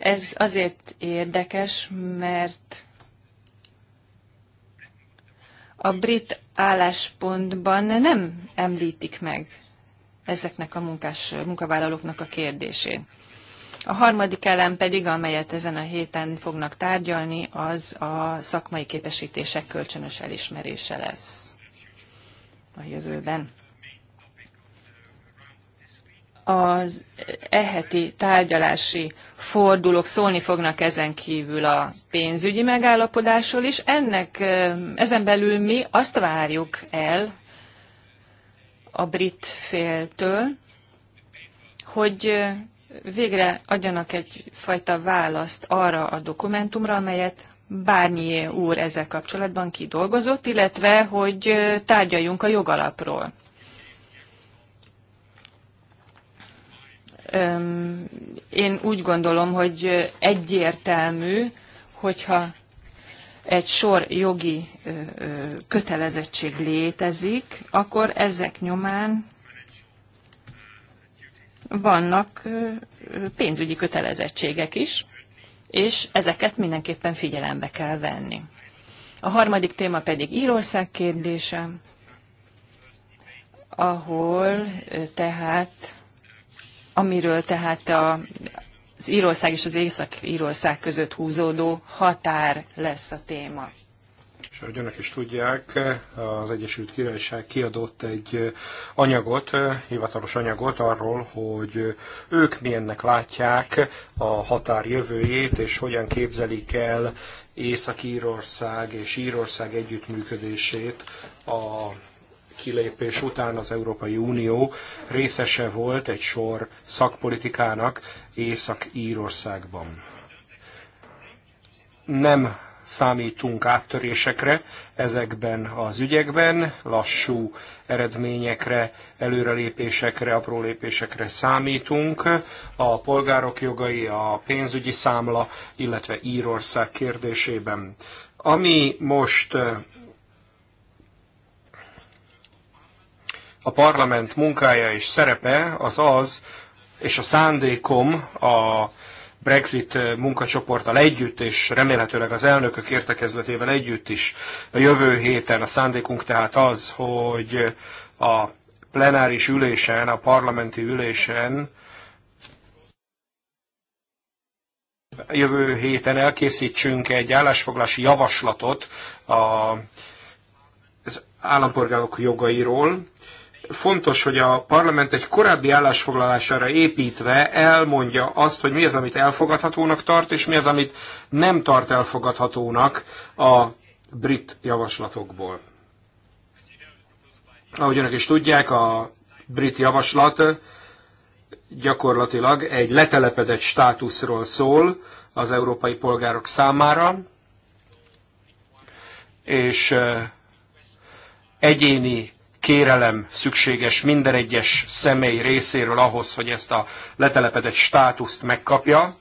Ez azért érdekes, mert a brit álláspontban nem említik meg ezeknek a munkás, munkavállalóknak a kérdését. A harmadik elem pedig, amelyet ezen a héten fognak tárgyalni, az a szakmai képesítések kölcsönös elismerése lesz a jövőben. Az eheti tárgyalási fordulók szólni fognak ezen kívül a pénzügyi megállapodásról is. Ennek, ezen belül mi azt várjuk el a brit féltől, hogy végre adjanak egyfajta választ arra a dokumentumra, amelyet Bárnyi úr ezzel kapcsolatban kidolgozott, illetve hogy tárgyaljunk a jogalapról. Én úgy gondolom, hogy egyértelmű, hogyha egy sor jogi kötelezettség létezik, akkor ezek nyomán vannak pénzügyi kötelezettségek is, és ezeket mindenképpen figyelembe kell venni. A harmadik téma pedig Írország kérdése, ahol tehát, amiről tehát a, az Írország és az Észak-Írország között húzódó határ lesz a téma. És ahogy önök is tudják, az Egyesült Királyság kiadott egy anyagot, hivatalos anyagot arról, hogy ők milyennek látják a határ jövőjét, és hogyan képzelik el Észak-Írország és Írország együttműködését a kilépés után az Európai Unió részese volt egy sor szakpolitikának Észak-Írországban. Nem számítunk áttörésekre ezekben az ügyekben, lassú eredményekre, előrelépésekre, apró lépésekre számítunk. A polgárok jogai, a pénzügyi számla, illetve Írország kérdésében. Ami most a parlament munkája és szerepe az az, és a szándékom a Brexit munkacsoporttal együtt, és remélhetőleg az elnökök értekezletével együtt is a jövő héten a szándékunk tehát az, hogy a plenáris ülésen, a parlamenti ülésen jövő héten elkészítsünk egy állásfoglási javaslatot a, az állampolgárok jogairól, fontos, hogy a parlament egy korábbi állásfoglalására építve elmondja azt, hogy mi az, amit elfogadhatónak tart, és mi az, amit nem tart elfogadhatónak a brit javaslatokból. Ahogy önök is tudják, a brit javaslat gyakorlatilag egy letelepedett státuszról szól az európai polgárok számára, és egyéni kérelem szükséges minden egyes személy részéről ahhoz, hogy ezt a letelepedett státuszt megkapja.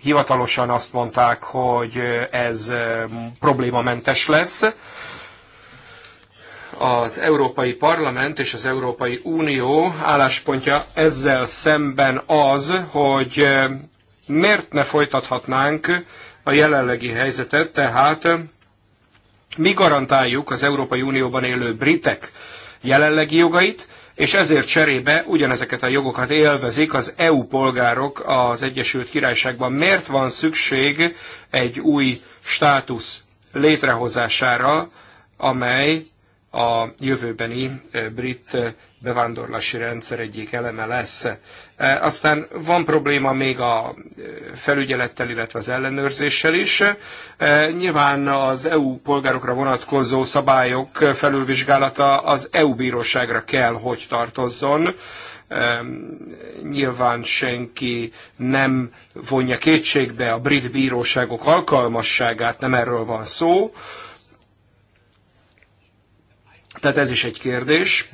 Hivatalosan azt mondták, hogy ez problémamentes lesz. Az Európai Parlament és az Európai Unió álláspontja ezzel szemben az, hogy miért ne folytathatnánk a jelenlegi helyzetet, tehát mi garantáljuk az Európai Unióban élő britek jelenlegi jogait, és ezért cserébe ugyanezeket a jogokat élvezik az EU polgárok az Egyesült Királyságban. Miért van szükség egy új státusz létrehozására, amely a jövőbeni eh, brit eh, bevándorlási rendszer egyik eleme lesz. E, aztán van probléma még a e, felügyelettel, illetve az ellenőrzéssel is. E, nyilván az EU polgárokra vonatkozó szabályok felülvizsgálata az EU bíróságra kell, hogy tartozzon nyilván senki nem vonja kétségbe a brit bíróságok alkalmasságát, nem erről van szó. Tehát ez is egy kérdés.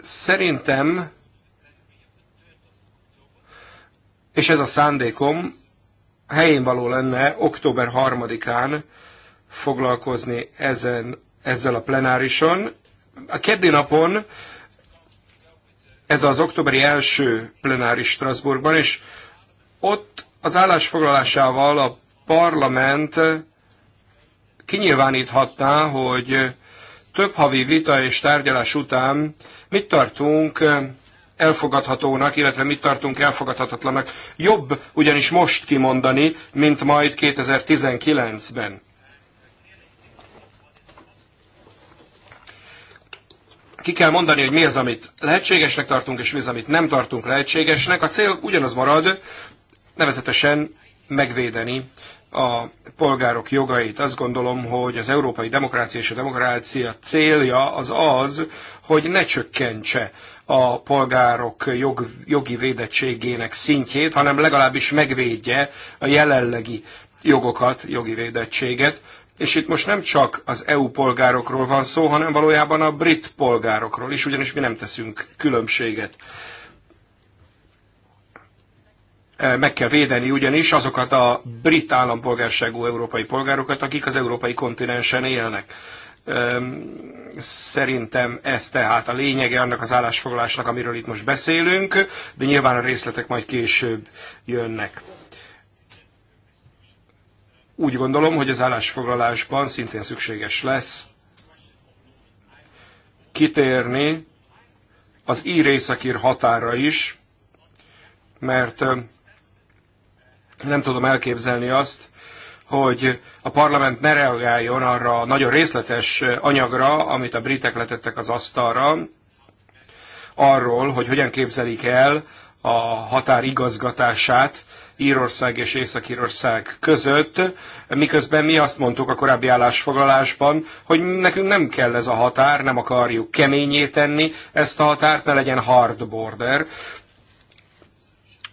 Szerintem, és ez a szándékom, helyén való lenne október 3-án foglalkozni ezen, ezzel a plenárison. A keddi napon ez az októberi első plenáris Strasbourgban, és ott az állásfoglalásával a parlament kinyilváníthatná, hogy több havi vita és tárgyalás után mit tartunk eh, elfogadhatónak, illetve mit tartunk elfogadhatatlanak. Jobb ugyanis most kimondani, mint majd 2019-ben. ki kell mondani, hogy mi az, amit lehetségesnek tartunk, és mi az, amit nem tartunk lehetségesnek. A cél ugyanaz marad, nevezetesen megvédeni a polgárok jogait. Azt gondolom, hogy az európai demokrácia és a demokrácia célja az az, hogy ne csökkentse a polgárok jog, jogi védettségének szintjét, hanem legalábbis megvédje a jelenlegi jogokat, jogi védettséget. És itt most nem csak az EU polgárokról van szó, hanem valójában a brit polgárokról is, ugyanis mi nem teszünk különbséget meg kell védeni ugyanis azokat a brit állampolgárságú európai polgárokat, akik az európai kontinensen élnek. Szerintem ez tehát a lényege annak az állásfoglalásnak, amiről itt most beszélünk, de nyilván a részletek majd később jönnek. Úgy gondolom, hogy az állásfoglalásban szintén szükséges lesz kitérni az ír-északír határa is, mert nem tudom elképzelni azt, hogy a parlament ne reagáljon arra a nagyon részletes anyagra, amit a britek letettek az asztalra, arról, hogy hogyan képzelik el a határ igazgatását Írország és Észak-Írország között, miközben mi azt mondtuk a korábbi állásfoglalásban, hogy nekünk nem kell ez a határ, nem akarjuk keményé tenni ezt a határt, ne legyen hard border.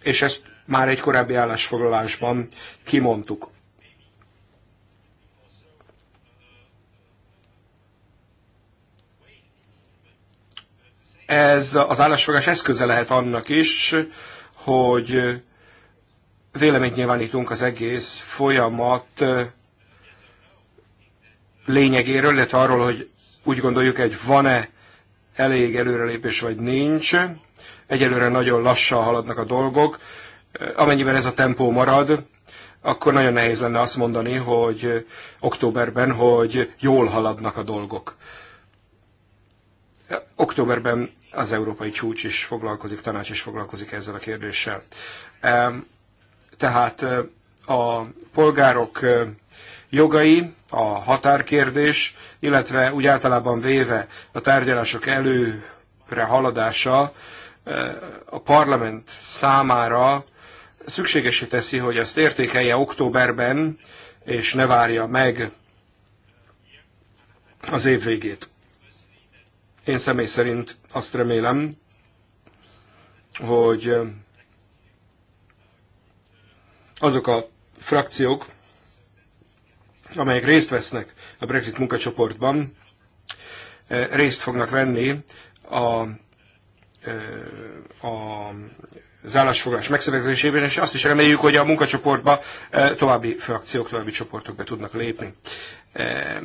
És ezt már egy korábbi állásfoglalásban kimondtuk. Ez az állásfoglalás eszköze lehet annak is, hogy véleményt nyilvánítunk az egész folyamat lényegéről, illetve arról, hogy úgy gondoljuk, hogy van-e elég előrelépés, vagy nincs. Egyelőre nagyon lassan haladnak a dolgok amennyiben ez a tempó marad, akkor nagyon nehéz lenne azt mondani, hogy októberben, hogy jól haladnak a dolgok. Októberben az európai csúcs is foglalkozik, tanács is foglalkozik ezzel a kérdéssel. Tehát a polgárok jogai, a határkérdés, illetve úgy általában véve a tárgyalások előre haladása a parlament számára szükségesé teszi, hogy ezt értékelje októberben, és ne várja meg az év végét. Én személy szerint azt remélem, hogy azok a frakciók, amelyek részt vesznek a Brexit munkacsoportban, eh, részt fognak venni a, eh, a az állásfoglalás megszervezésében, és azt is reméljük, hogy a munkacsoportba eh, további frakciók, további csoportok be tudnak lépni. Eh,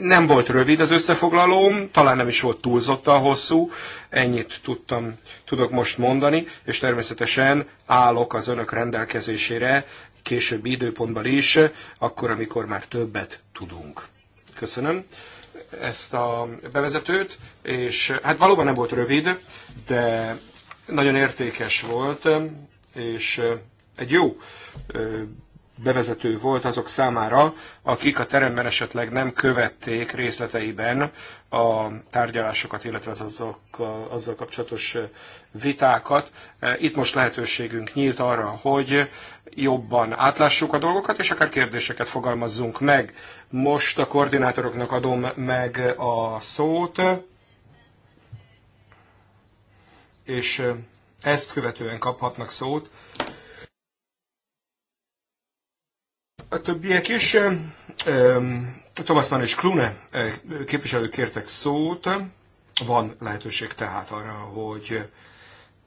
nem volt rövid az összefoglalóm, talán nem is volt túlzottan hosszú, ennyit tudtam, tudok most mondani, és természetesen állok az önök rendelkezésére későbbi időpontban is, akkor, amikor már többet tudunk. Köszönöm ezt a bevezetőt, és hát valóban nem volt rövid, de nagyon értékes volt, és egy jó bevezető volt azok számára, akik a teremben esetleg nem követték részleteiben a tárgyalásokat, illetve az azok, azzal kapcsolatos vitákat. Itt most lehetőségünk nyílt arra, hogy jobban átlássuk a dolgokat, és akár kérdéseket fogalmazzunk meg. Most a koordinátoroknak adom meg a szót és ezt követően kaphatnak szót. A többiek is, Thomas Mann és Klune képviselők kértek szót, van lehetőség tehát arra, hogy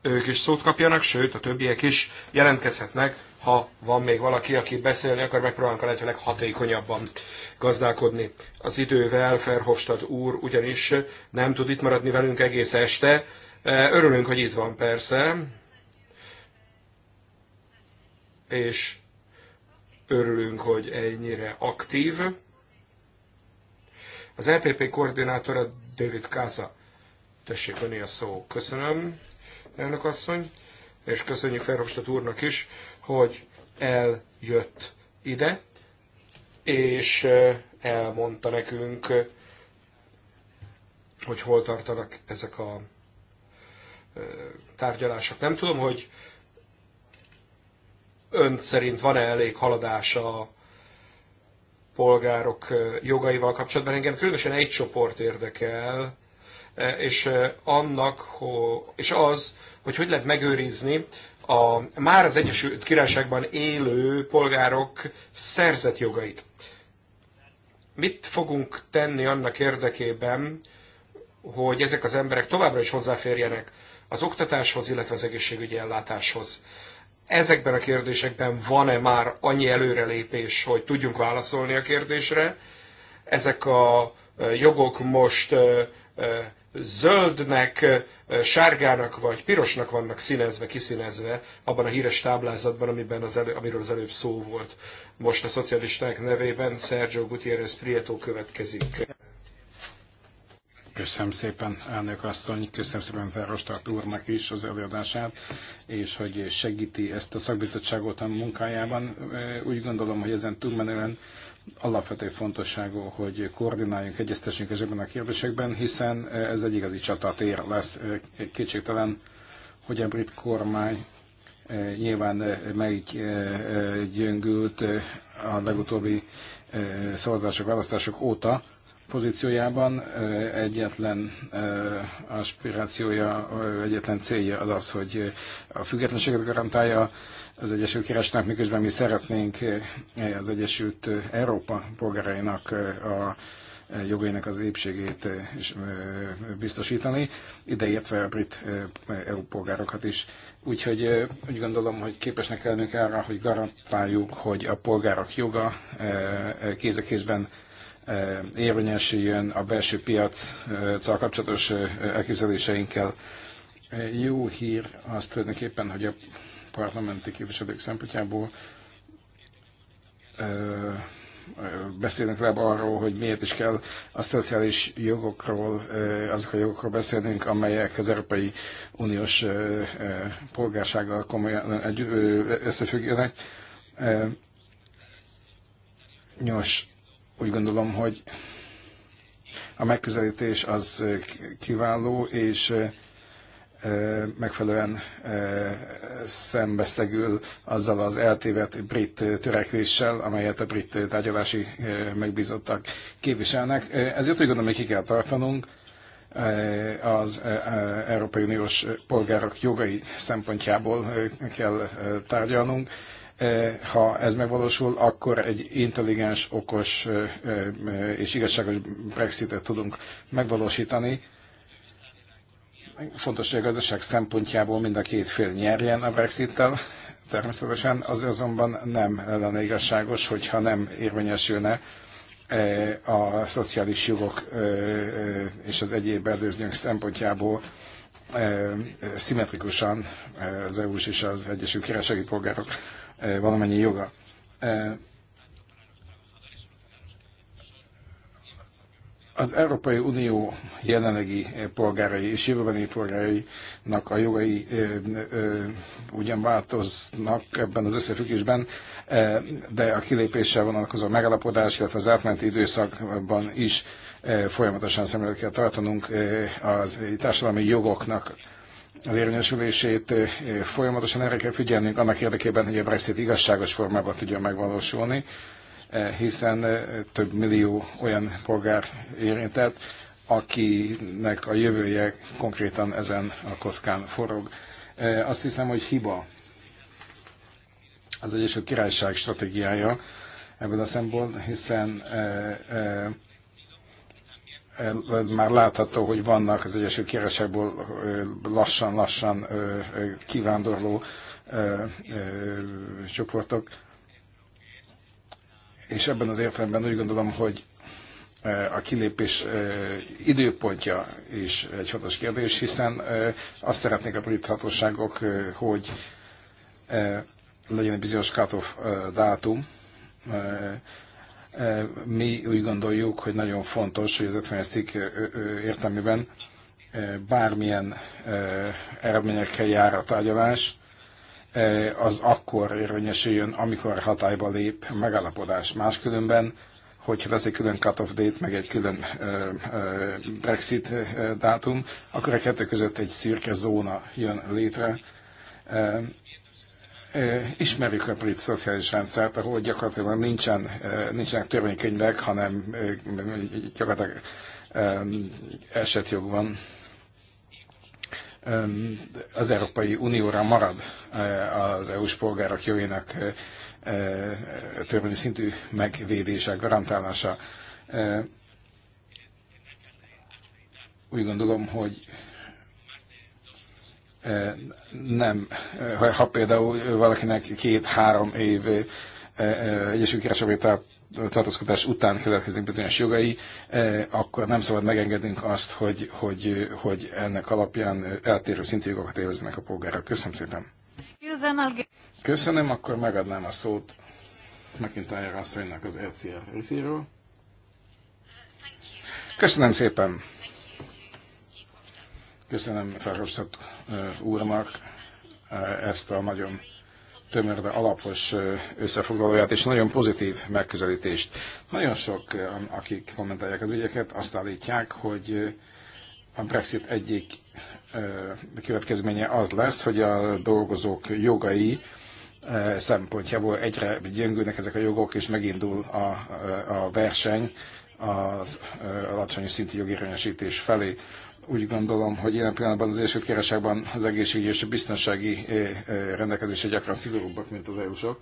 ők is szót kapjanak, sőt a többiek is jelentkezhetnek, ha van még valaki, aki beszélni akar, megpróbálunk a lehetőleg hatékonyabban gazdálkodni. Az idővel Ferhofstadt úr ugyanis nem tud itt maradni velünk egész este, Eh, örülünk, hogy itt van persze, és örülünk, hogy ennyire aktív. Az LPP e koordinátora David Kaza, Tessék venni a szó. Köszönöm, elnök asszony, és köszönjük Ferhofstadt úrnak is, hogy eljött ide, és eh, elmondta nekünk, hogy hol tartanak ezek a tárgyalások. Nem tudom, hogy ön szerint van-e elég haladás a polgárok jogaival kapcsolatban. Engem különösen egy csoport érdekel, és annak, és az, hogy hogy lehet megőrizni a már az Egyesült Királyságban élő polgárok szerzett jogait. Mit fogunk tenni annak érdekében, hogy ezek az emberek továbbra is hozzáférjenek az oktatáshoz, illetve az egészségügyi ellátáshoz. Ezekben a kérdésekben van-e már annyi előrelépés, hogy tudjunk válaszolni a kérdésre? Ezek a jogok most zöldnek, sárgának vagy pirosnak vannak színezve, kiszínezve abban a híres táblázatban, amiben az elő, amiről az előbb szó volt. Most a szocialisták nevében Sergio Gutierrez Prieto következik. Köszönöm szépen, elnök asszony, köszönöm szépen Ferrostart úrnak is az előadását, és hogy segíti ezt a szakbizottságot a munkájában. Úgy gondolom, hogy ezen túlmenően alapvető fontosságú, hogy koordináljunk, egyeztessünk ezekben a kérdésekben, hiszen ez egy igazi csatatér lesz kétségtelen, hogy a brit kormány nyilván gyöngült a legutóbbi szavazások, választások óta, pozíciójában egyetlen aspirációja, egyetlen célja az az, hogy a függetlenséget garantálja az Egyesült Királyságnak, miközben mi szeretnénk az Egyesült Európa polgárainak a jogainak az épségét is biztosítani, ideértve a brit EU polgárokat is. Úgyhogy úgy gondolom, hogy képesnek lennünk arra, hogy garantáljuk, hogy a polgárok joga kéz a kézben érvényesüljön a belső piaccal kapcsolatos elképzeléseinkkel. Jó hír az tulajdonképpen, hogy a parlamenti képviselők szempontjából beszélünk le arról, hogy miért is kell a szociális jogokról, azok a jogokról beszélnünk, amelyek az Európai Uniós polgársággal komolyan összefüggőnek. Nos, úgy gondolom, hogy a megközelítés az kiváló, és megfelelően szembeszegül azzal az eltévet brit törekvéssel, amelyet a brit tárgyalási megbízottak képviselnek. Ezért úgy gondolom, hogy ki kell tartanunk az Európai Uniós polgárok jogai szempontjából kell tárgyalnunk. Eh, ha ez megvalósul, akkor egy intelligens, okos eh, eh, és igazságos Brexitet tudunk megvalósítani. Fontos, hogy a gazdaság szempontjából mind a két fél nyerjen a Brexittel. Természetesen az azonban nem lenne igazságos, hogyha nem érvényesülne a szociális jogok és az egyéb előnyök szempontjából szimmetrikusan az EU-s és az Egyesült Királysági Polgárok valamennyi joga. Az Európai Unió jelenlegi polgárai és jövőbeni polgárainak a jogai ö, ö, ugyan változnak ebben az összefüggésben, de a kilépéssel vonatkozó megalapodás, illetve az átmeneti időszakban is folyamatosan szemlélőt kell tartanunk a társadalmi jogoknak az érvényesülését folyamatosan erre kell figyelnünk annak érdekében, hogy a Brexit igazságos formában tudjon megvalósulni, hiszen több millió olyan polgár érintett, akinek a jövője konkrétan ezen a kockán forog. Azt hiszem, hogy hiba az Egyesült Királyság stratégiája ebben a szempontból, hiszen már látható, hogy vannak az Egyesült Királyságból lassan-lassan kivándorló csoportok, és ebben az értelemben úgy gondolom, hogy a kilépés időpontja is egy fontos kérdés, hiszen azt szeretnék a brit hatóságok, hogy legyen egy bizonyos cut-off dátum, E, mi úgy gondoljuk, hogy nagyon fontos, hogy az 50-es cikk értelmében e, bármilyen e, eredményekkel jár a tárgyalás, az akkor érvényesüljön, amikor hatályba lép a megállapodás. Máskülönben, hogyha lesz egy külön cut-off date, meg egy külön Brexit dátum, akkor a kettő között egy szürke zóna jön létre, Ismerjük a brit szociális rendszert, ahol gyakorlatilag nincsen, nincsenek törvénykönyvek, hanem gyakorlatilag esetjog van. Az Európai Unióra marad az EU-s polgárok jövének törvényi szintű megvédése, garantálása. Úgy gondolom, hogy nem, ha például valakinek két-három év Egyesült Királyságban tartózkodás után keletkeznek bizonyos jogai, akkor nem szabad megengednünk azt, hogy, hogy, hogy ennek alapján eltérő szintű jogokat élveznek a polgárok. Köszönöm szépen. Köszönöm, akkor megadnám a szót McIntyre asszonynak az ECR részéről. Köszönöm szépen. Köszönöm Ferhostat úrnak ezt a nagyon tömör, de alapos összefoglalóját, és nagyon pozitív megközelítést. Nagyon sok, akik kommentálják az ügyeket, azt állítják, hogy a Brexit egyik következménye az lesz, hogy a dolgozók jogai szempontjából egyre gyöngülnek ezek a jogok, és megindul a, a verseny az alacsony szintű jogérvényesítés felé úgy gondolom, hogy ilyen pillanatban az első Királyságban az egészségügyi és a biztonsági eh, eh, rendelkezése gyakran szigorúbbak, mint az EU-sok.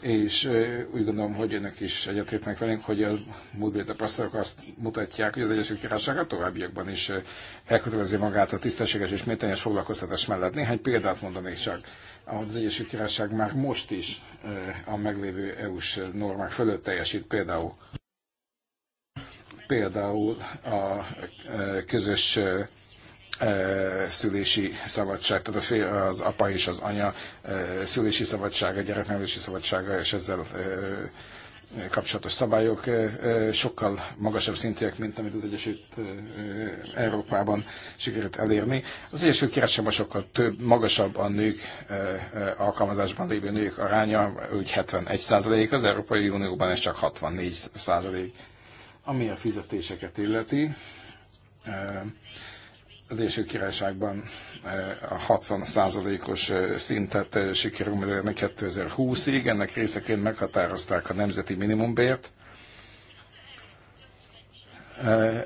És eh, úgy gondolom, hogy önök is egyetértnek velünk, hogy a múltbéli tapasztalatok azt mutatják, hogy az Egyesült Királyság a továbbiakban is elkötelezi magát a tisztességes és méltányos foglalkoztatás mellett. Néhány példát mondanék csak, ahogy az Egyesült Királyság már most is a meglévő EU-s normák fölött teljesít például Például a e, közös e, e, szülési szabadság, tehát a az apa és az anya szülési szabadsága, gyereknevelési szabadsága, és ezzel kapcsolatos szabályok sokkal magasabb szintűek, mint amit az Egyesült Európában sikerült elérni. Az Egyesült Királyságban sokkal több, magasabb a nők alkalmazásban lévő nők aránya, úgy 71 százalék, az Európai Unióban ez csak 64 százalék ami a fizetéseket illeti, az első királyságban a 60%-os szintet sikerül elérni 2020-ig, ennek részeként meghatározták a nemzeti minimumbért.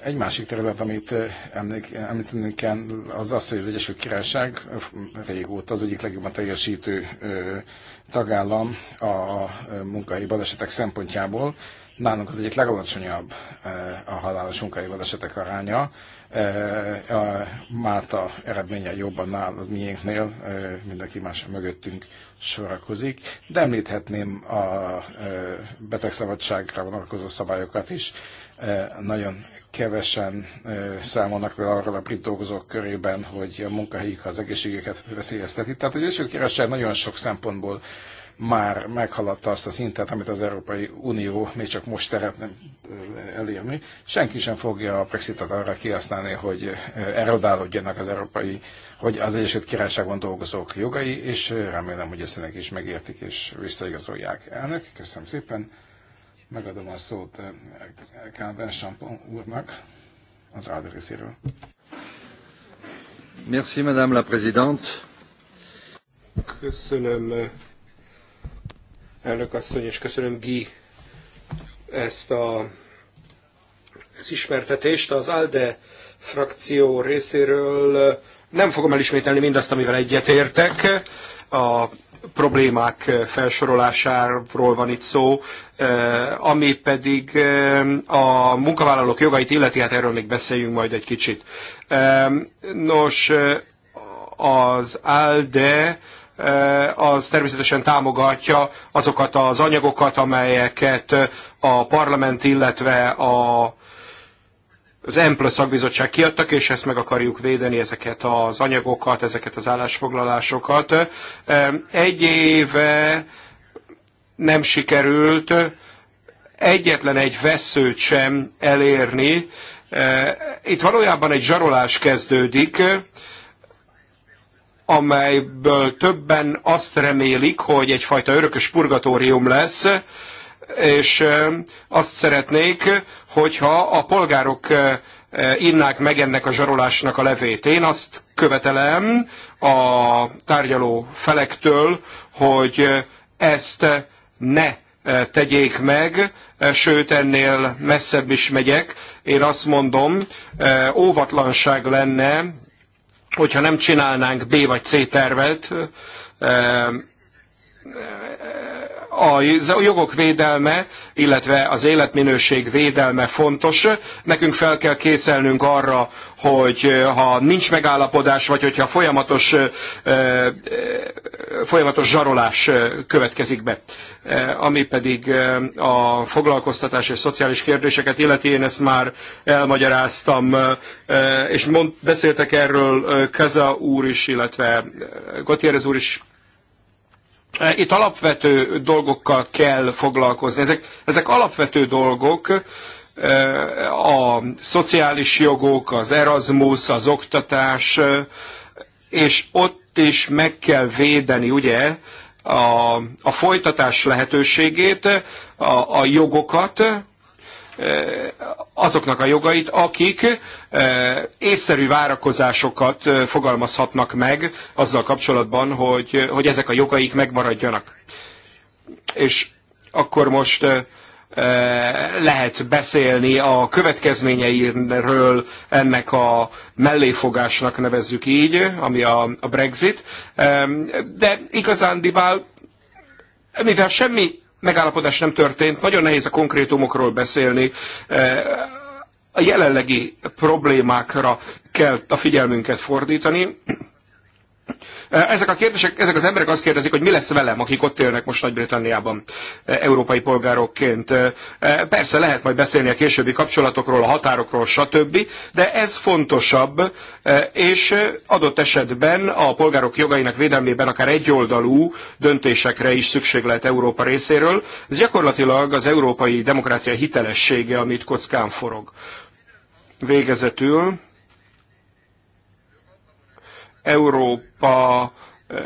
Egy másik terület, amit említeni kell, az az, hogy az Egyesült Királyság régóta az egyik legjobban teljesítő tagállam a munkahelyi balesetek szempontjából. Nálunk az egyik legalacsonyabb eh, a halálos munkaélet esetek aránya. Eh, a Máta eredménye jobban nál az miénknél, eh, mindenki más mögöttünk sorakozik. De említhetném a betegszabadságra vonatkozó szabályokat is. Nagyon kevesen számolnak vele arról a brit dolgozók körében, hogy a munkahelyük az egészségüket veszélyezteti. Tehát az első Királyság nagyon sok szempontból már meghaladta azt a szintet, amit az Európai Unió még csak most szeretne elérni. Senki sem fogja a Brexitet arra kihasználni, hogy erodálódjanak az európai, hogy az Egyesült Királyságban dolgozók jogai, és remélem, hogy ezt ennek is megértik és visszaigazolják. Elnök, köszönöm szépen. Megadom a szót Kádár Sampon úrnak az Aldi részéről. Merci, Madame la Présidente. Köszönöm, elnök asszony, és köszönöm Guy ezt a, az ismertetést. Az ALDE frakció részéről nem fogom elismételni mindazt, amivel egyetértek. A problémák felsorolásáról van itt szó, ami pedig eh, a munkavállalók jogait illeti, hát erről még beszéljünk majd egy kicsit. Eh, nos, eh, az ALDE Eh, az természetesen támogatja azokat az anyagokat, amelyeket a parlament, illetve a, az EMPLA szakbizottság kiadtak, és ezt meg akarjuk védeni, ezeket az anyagokat, ezeket az állásfoglalásokat. Eh, egy éve nem sikerült egyetlen egy veszőt sem elérni. Eh, itt valójában egy zsarolás kezdődik, amelyből többen azt remélik, hogy egyfajta örökös purgatórium lesz, és azt szeretnék, hogyha a polgárok innák meg ennek a zsarolásnak a levét. Én azt követelem a tárgyaló felektől, hogy ezt ne tegyék meg, sőt ennél messzebb is megyek. Én azt mondom, óvatlanság lenne hogyha nem csinálnánk B vagy C tervet, a jogok védelme, illetve az életminőség védelme fontos. Nekünk fel kell készelnünk arra, hogy eh, ha nincs megállapodás, vagy hogyha folyamatos, eh, eh, folyamatos zsarolás következik be. Ami pedig a foglalkoztatás és szociális kérdéseket illeti, én ezt már elmagyaráztam, és mond, beszéltek erről Keza úr is, illetve Gutierrez úr is E, itt alapvető dolgokkal kell foglalkozni. Ezek, ezek alapvető dolgok, e, a szociális jogok, az Erasmus, az oktatás, e, és ott is meg kell védeni, ugye, a, a folytatás lehetőségét, a, a jogokat, azoknak a jogait, akik észszerű várakozásokat fogalmazhatnak meg azzal kapcsolatban, hogy, hogy ezek a jogaik megmaradjanak. És akkor most lehet beszélni a következményeiről ennek a melléfogásnak nevezzük így, ami a, a Brexit. De igazándiból, mivel semmi megállapodás nem történt, nagyon nehéz a konkrétumokról beszélni, eh, a jelenlegi problémákra kell a figyelmünket fordítani, Eh, ezek a kérdések, ezek az emberek azt kérdezik, hogy mi lesz velem, akik ott élnek most Nagy-Britanniában eh, európai polgárokként. Eh, persze lehet majd beszélni a későbbi kapcsolatokról, a határokról, stb., de ez fontosabb, és adott esetben a polgárok jogainak védelmében akár egyoldalú döntésekre is szükség lehet Európa részéről. Ez gyakorlatilag az európai demokrácia hitelessége, amit kockán forog. Végezetül Európa eh,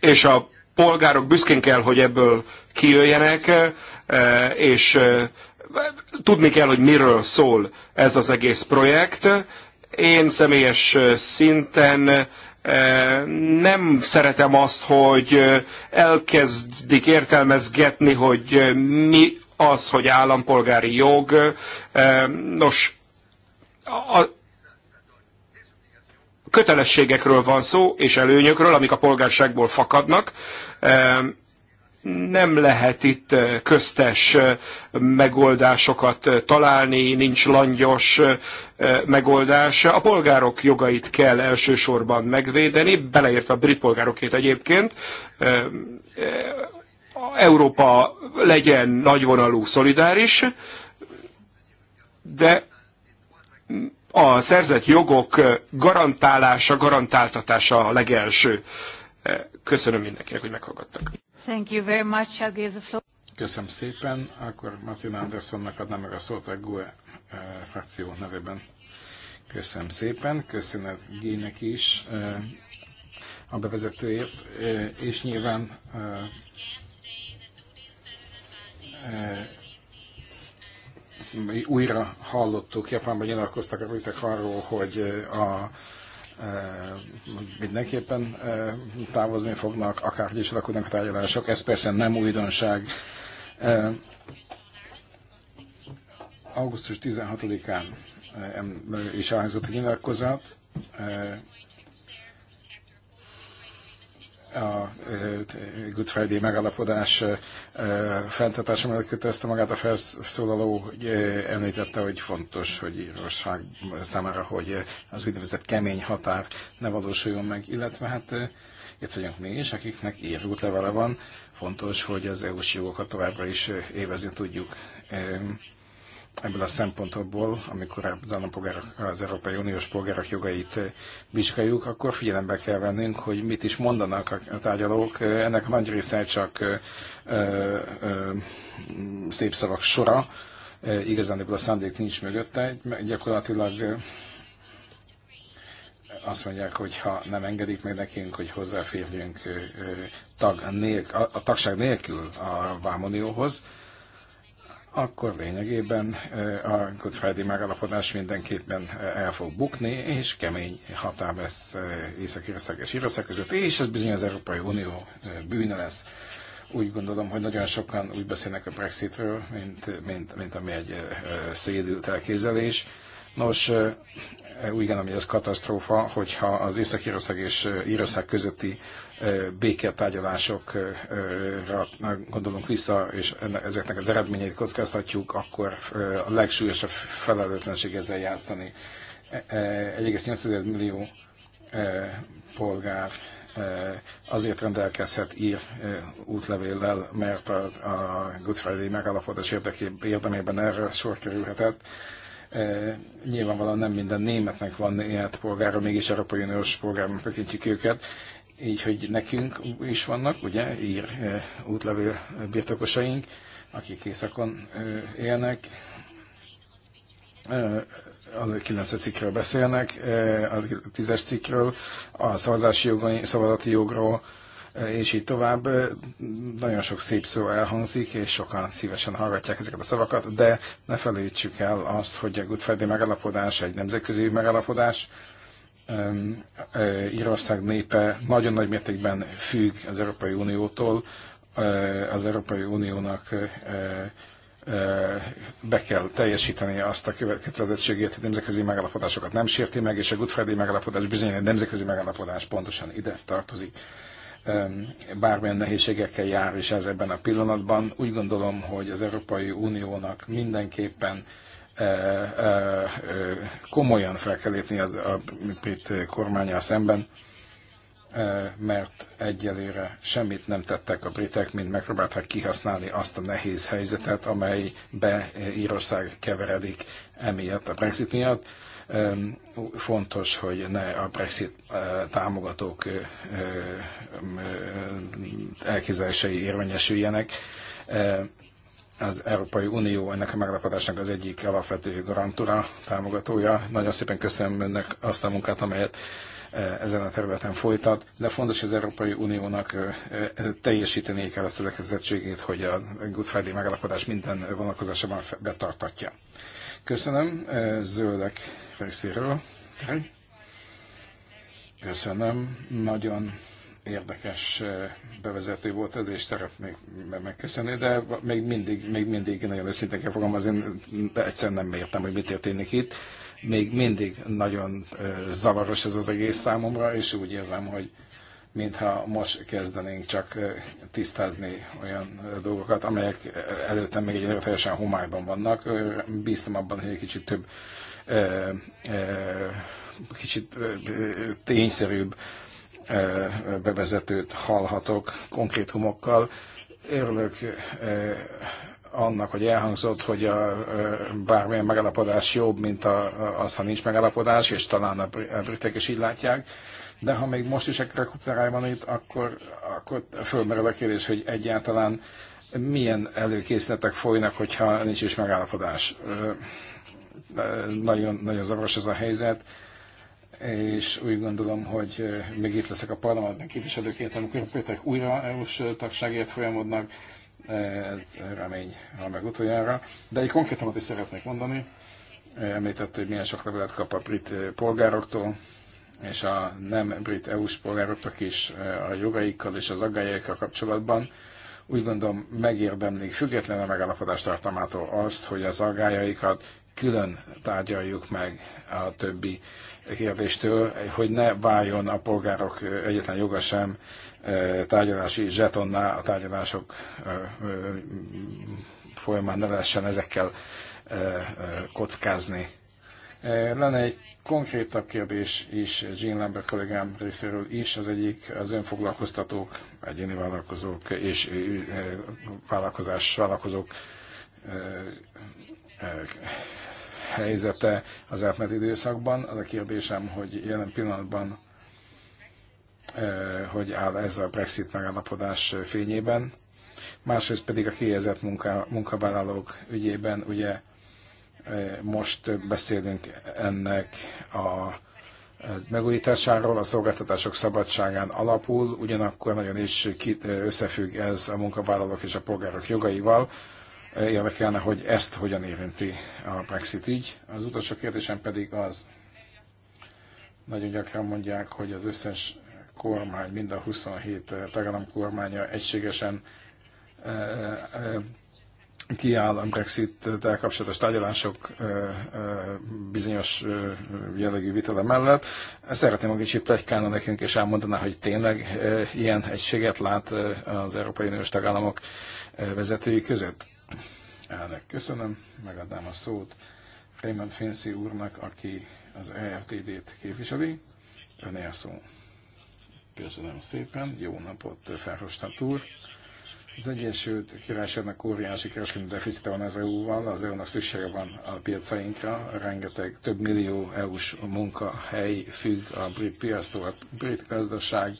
és a polgárok büszkén kell, hogy ebből kijöjjenek, eh, és eh, tudni kell, hogy miről szól ez az egész projekt. Én személyes szinten nem szeretem azt, hogy elkezdik értelmezgetni, hogy mi az, hogy állampolgári jog. Nos, kötelességekről van szó, és előnyökről, amik a polgárságból fakadnak. Nem lehet itt köztes megoldásokat találni, nincs langyos megoldás. A polgárok jogait kell elsősorban megvédeni, beleértve a brit polgárokét egyébként. Európa legyen nagyvonalú, szolidáris, de a szerzett jogok garantálása, garantáltatása a legelső. Köszönöm mindenkinek, hogy meghallgattak. Thank you very much. I'll give the floor. Köszönöm szépen. Akkor Martin Andersonnak adnám meg a szót a GUE frakció nevében. Köszönöm szépen. Köszönet Gének is a bevezetőért, és nyilván újra hallottuk, Japánban nyilatkoztak a britek arról, hogy eh, a eh, mindenképpen eh, távozni fognak, akárhogy is alakulnak a tárgyalások. Ez persze nem újdonság. Augusztus 16-án is elhangzott a nyilatkozat, a Good Friday megállapodás fenntartása mellett kötözte magát a felszólaló, említette, hogy fontos, hogy Írország számára, hogy az úgynevezett kemény határ ne valósuljon meg, illetve hát itt vagyunk mi is, akiknek ír útlevele van, fontos, hogy az EU-s jogokat továbbra is évezni tudjuk ebből a szempontból, amikor az, állampolgárok, az Európai Uniós polgárok jogait eh, vizsgáljuk, akkor figyelembe kell vennünk, hogy mit is mondanak a tárgyalók. Eh, ennek a nagy része csak ö, eh, ö, szép szavak sora, igazán ebből a szándék nincs mögötte. Gyakorlatilag azt mondják, hogy ha nem engedik meg nekünk, hogy hozzáférjünk tag nélkül, a tagság nélkül a Vámunióhoz, akkor lényegében eh, a Good Friday megalapodás mindenképpen eh, el fog bukni, és kemény határ lesz eh, észak irország és Írország között, és ez bizony az Európai Unió bűne lesz. Úgy gondolom, hogy nagyon sokan úgy beszélnek a Brexitről, mint, mint, mint ami egy szédült elképzelés. Nos, úgy gondolom, hogy ez katasztrófa, hogyha az Észak-Írország és Írország közötti béketárgyalásokra gondolunk vissza, és ezeknek az eredményeit kockáztatjuk, akkor a legsúlyosabb felelőtlenség ezzel játszani. 1,8 e, e, millió polgár azért rendelkezhet ír útlevéllel, mert a, Good Friday megállapodás érdemében erre sor kerülhetett. Nyilvánvalóan nem minden németnek van német polgára, mégis Európai Uniós polgárnak tekintjük őket, így hogy nekünk is vannak, ugye, ír útlevél birtokosaink, akik éjszakon élnek, a 9 cikkről beszélnek, a 10-es cikkről, a szavazási jogon, szavazati jogról, és így tovább. Nagyon sok szép szó elhangzik, és sokan szívesen hallgatják ezeket a szavakat, de ne felejtsük el azt, hogy a Good Friday megalapodás egy nemzetközi megalapodás, Írország népe nagyon nagy mértékben függ az Európai Uniótól, az Európai Uniónak be kell teljesíteni azt a kötelezettségét, hogy nemzetközi megállapodásokat nem sérti meg, és a Good Friday megállapodás bizony egy nemzetközi megállapodás pontosan ide tartozik. Bármilyen nehézségekkel jár is ez ebben a pillanatban. Úgy gondolom, hogy az Európai Uniónak mindenképpen komolyan fel kell lépni az, a brit kormányjal szemben, mert egyelőre semmit nem tettek a britek, mint megpróbálták kihasználni azt a nehéz helyzetet, be Írország keveredik emiatt a Brexit miatt. Fontos, hogy ne a Brexit támogatók elképzelései érvényesüljenek az Európai Unió ennek a megállapodásnak az egyik alapvető garantúra, támogatója. Nagyon szépen köszönöm önnek azt a munkát, amelyet e, ezen a területen folytat, de fontos, hogy az Európai Uniónak e, e, teljesítenie kell a lekezettségét, hogy a Good Friday megállapodás minden vonalkozásában betartatja. Köszönöm zöldek részéről. Köszönöm, nagyon érdekes eh, bevezető volt ez, és szeretnék megköszönni, de még mindig, még mindig nagyon őszintén kell fogalmazni, de egyszerűen nem értem, hogy mi történik itt. Még mindig nagyon eh, zavaros ez az egész számomra, és úgy érzem, hogy mintha most kezdenénk csak eh, tisztázni olyan dolgokat, amelyek előttem még egy teljesen homályban vannak. Bíztam abban, hogy egy kicsit több kicsit tényszerűbb bevezetőt hallhatok konkrétumokkal. Örülök annak, hogy elhangzott, hogy a, bármilyen megállapodás jobb, mint a, az, ha nincs megállapodás, és talán a, britek is így látják. De ha még most is egy a van itt, akkor, akkor fölmerül a kérdés, hogy egyáltalán milyen előkészletek folynak, hogyha nincs is megállapodás. Nagyon, nagyon zavaros ez a helyzet és úgy gondolom, hogy még itt leszek a parlamentben képviselőként, amikor a péntek újra EU-s tagságért folyamodnak, ez remény, ha meg utoljára. De egy konkrétumot is szeretnék mondani. Említett, hogy milyen sok levelet kap a brit polgároktól, és a nem brit EU-s polgároktól is a jogaikkal és az aggájaikkal kapcsolatban. Úgy gondolom, megérdemlik független a megállapodás tartalmától azt, hogy az aggájaikat külön tárgyaljuk meg a többi kérdéstől, hogy ne váljon a polgárok egyetlen joga sem e, tárgyalási zsetonná a tárgyalások e, e, folyamán ne lehessen ezekkel kockázni. Lenne egy konkrétabb kérdés is Jean Lambert kollégám részéről is, az egyik az önfoglalkoztatók, egyéni vállalkozók és vállalkozás, vállalkozók helyzete az átmeneti időszakban. Az a kérdésem, hogy jelen pillanatban eh, hogy áll ez a Brexit megállapodás fényében. Másrészt pedig a kihelyezett munka, munkavállalók ügyében ugye eh, most beszélünk ennek a eh, megújításáról, a szolgáltatások szabadságán alapul, ugyanakkor nagyon is összefügg ez a munkavállalók és a polgárok jogaival. Érdekelne, hogy ezt hogyan érinti a Brexit ügy. Az utolsó kérdésem pedig az, nagyon gyakran mondják, hogy az összes kormány, mind a 27 eh, tagállam kormánya egységesen eh, eh, kiáll a Brexit-tel kapcsolatos tárgyalások bizonyos jellegű vitele mellett. Szeretném, hogy kicsit plegykálna nekünk, és elmondaná, hogy tényleg ilyen egységet lát az Európai Uniós tagállamok vezetői között. Elnök, köszönöm, megadnám a szót Raymond Finci úrnak, aki az ertd t képviseli. Öné a szó. Köszönöm szépen, jó napot, Ferhostat úr. Az Egyesült Királyságnak óriási kereskedelmi deficite van az EU-val, az EU-nak szüksége van a piacainkra, rengeteg több millió EU-s munkahely függ a brit piactól, a brit gazdaság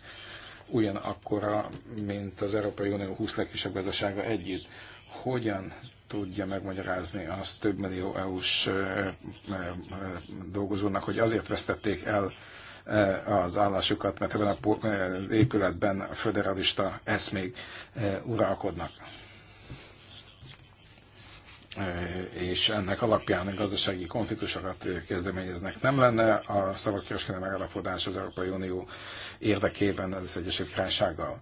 ugyanakkora, mint az Európai Unió 20 legkisebb gazdasága együtt. Hogyan tudja megmagyarázni az több millió EU-s dolgozónak, hogy azért vesztették el az állásukat, mert ebben a épületben a föderalista eszmék uralkodnak. És ennek alapján a gazdasági konfliktusokat kezdeményeznek. Nem lenne a szabadkereskedelmi megállapodás az Európai Unió érdekében az Egyesült Királysággal.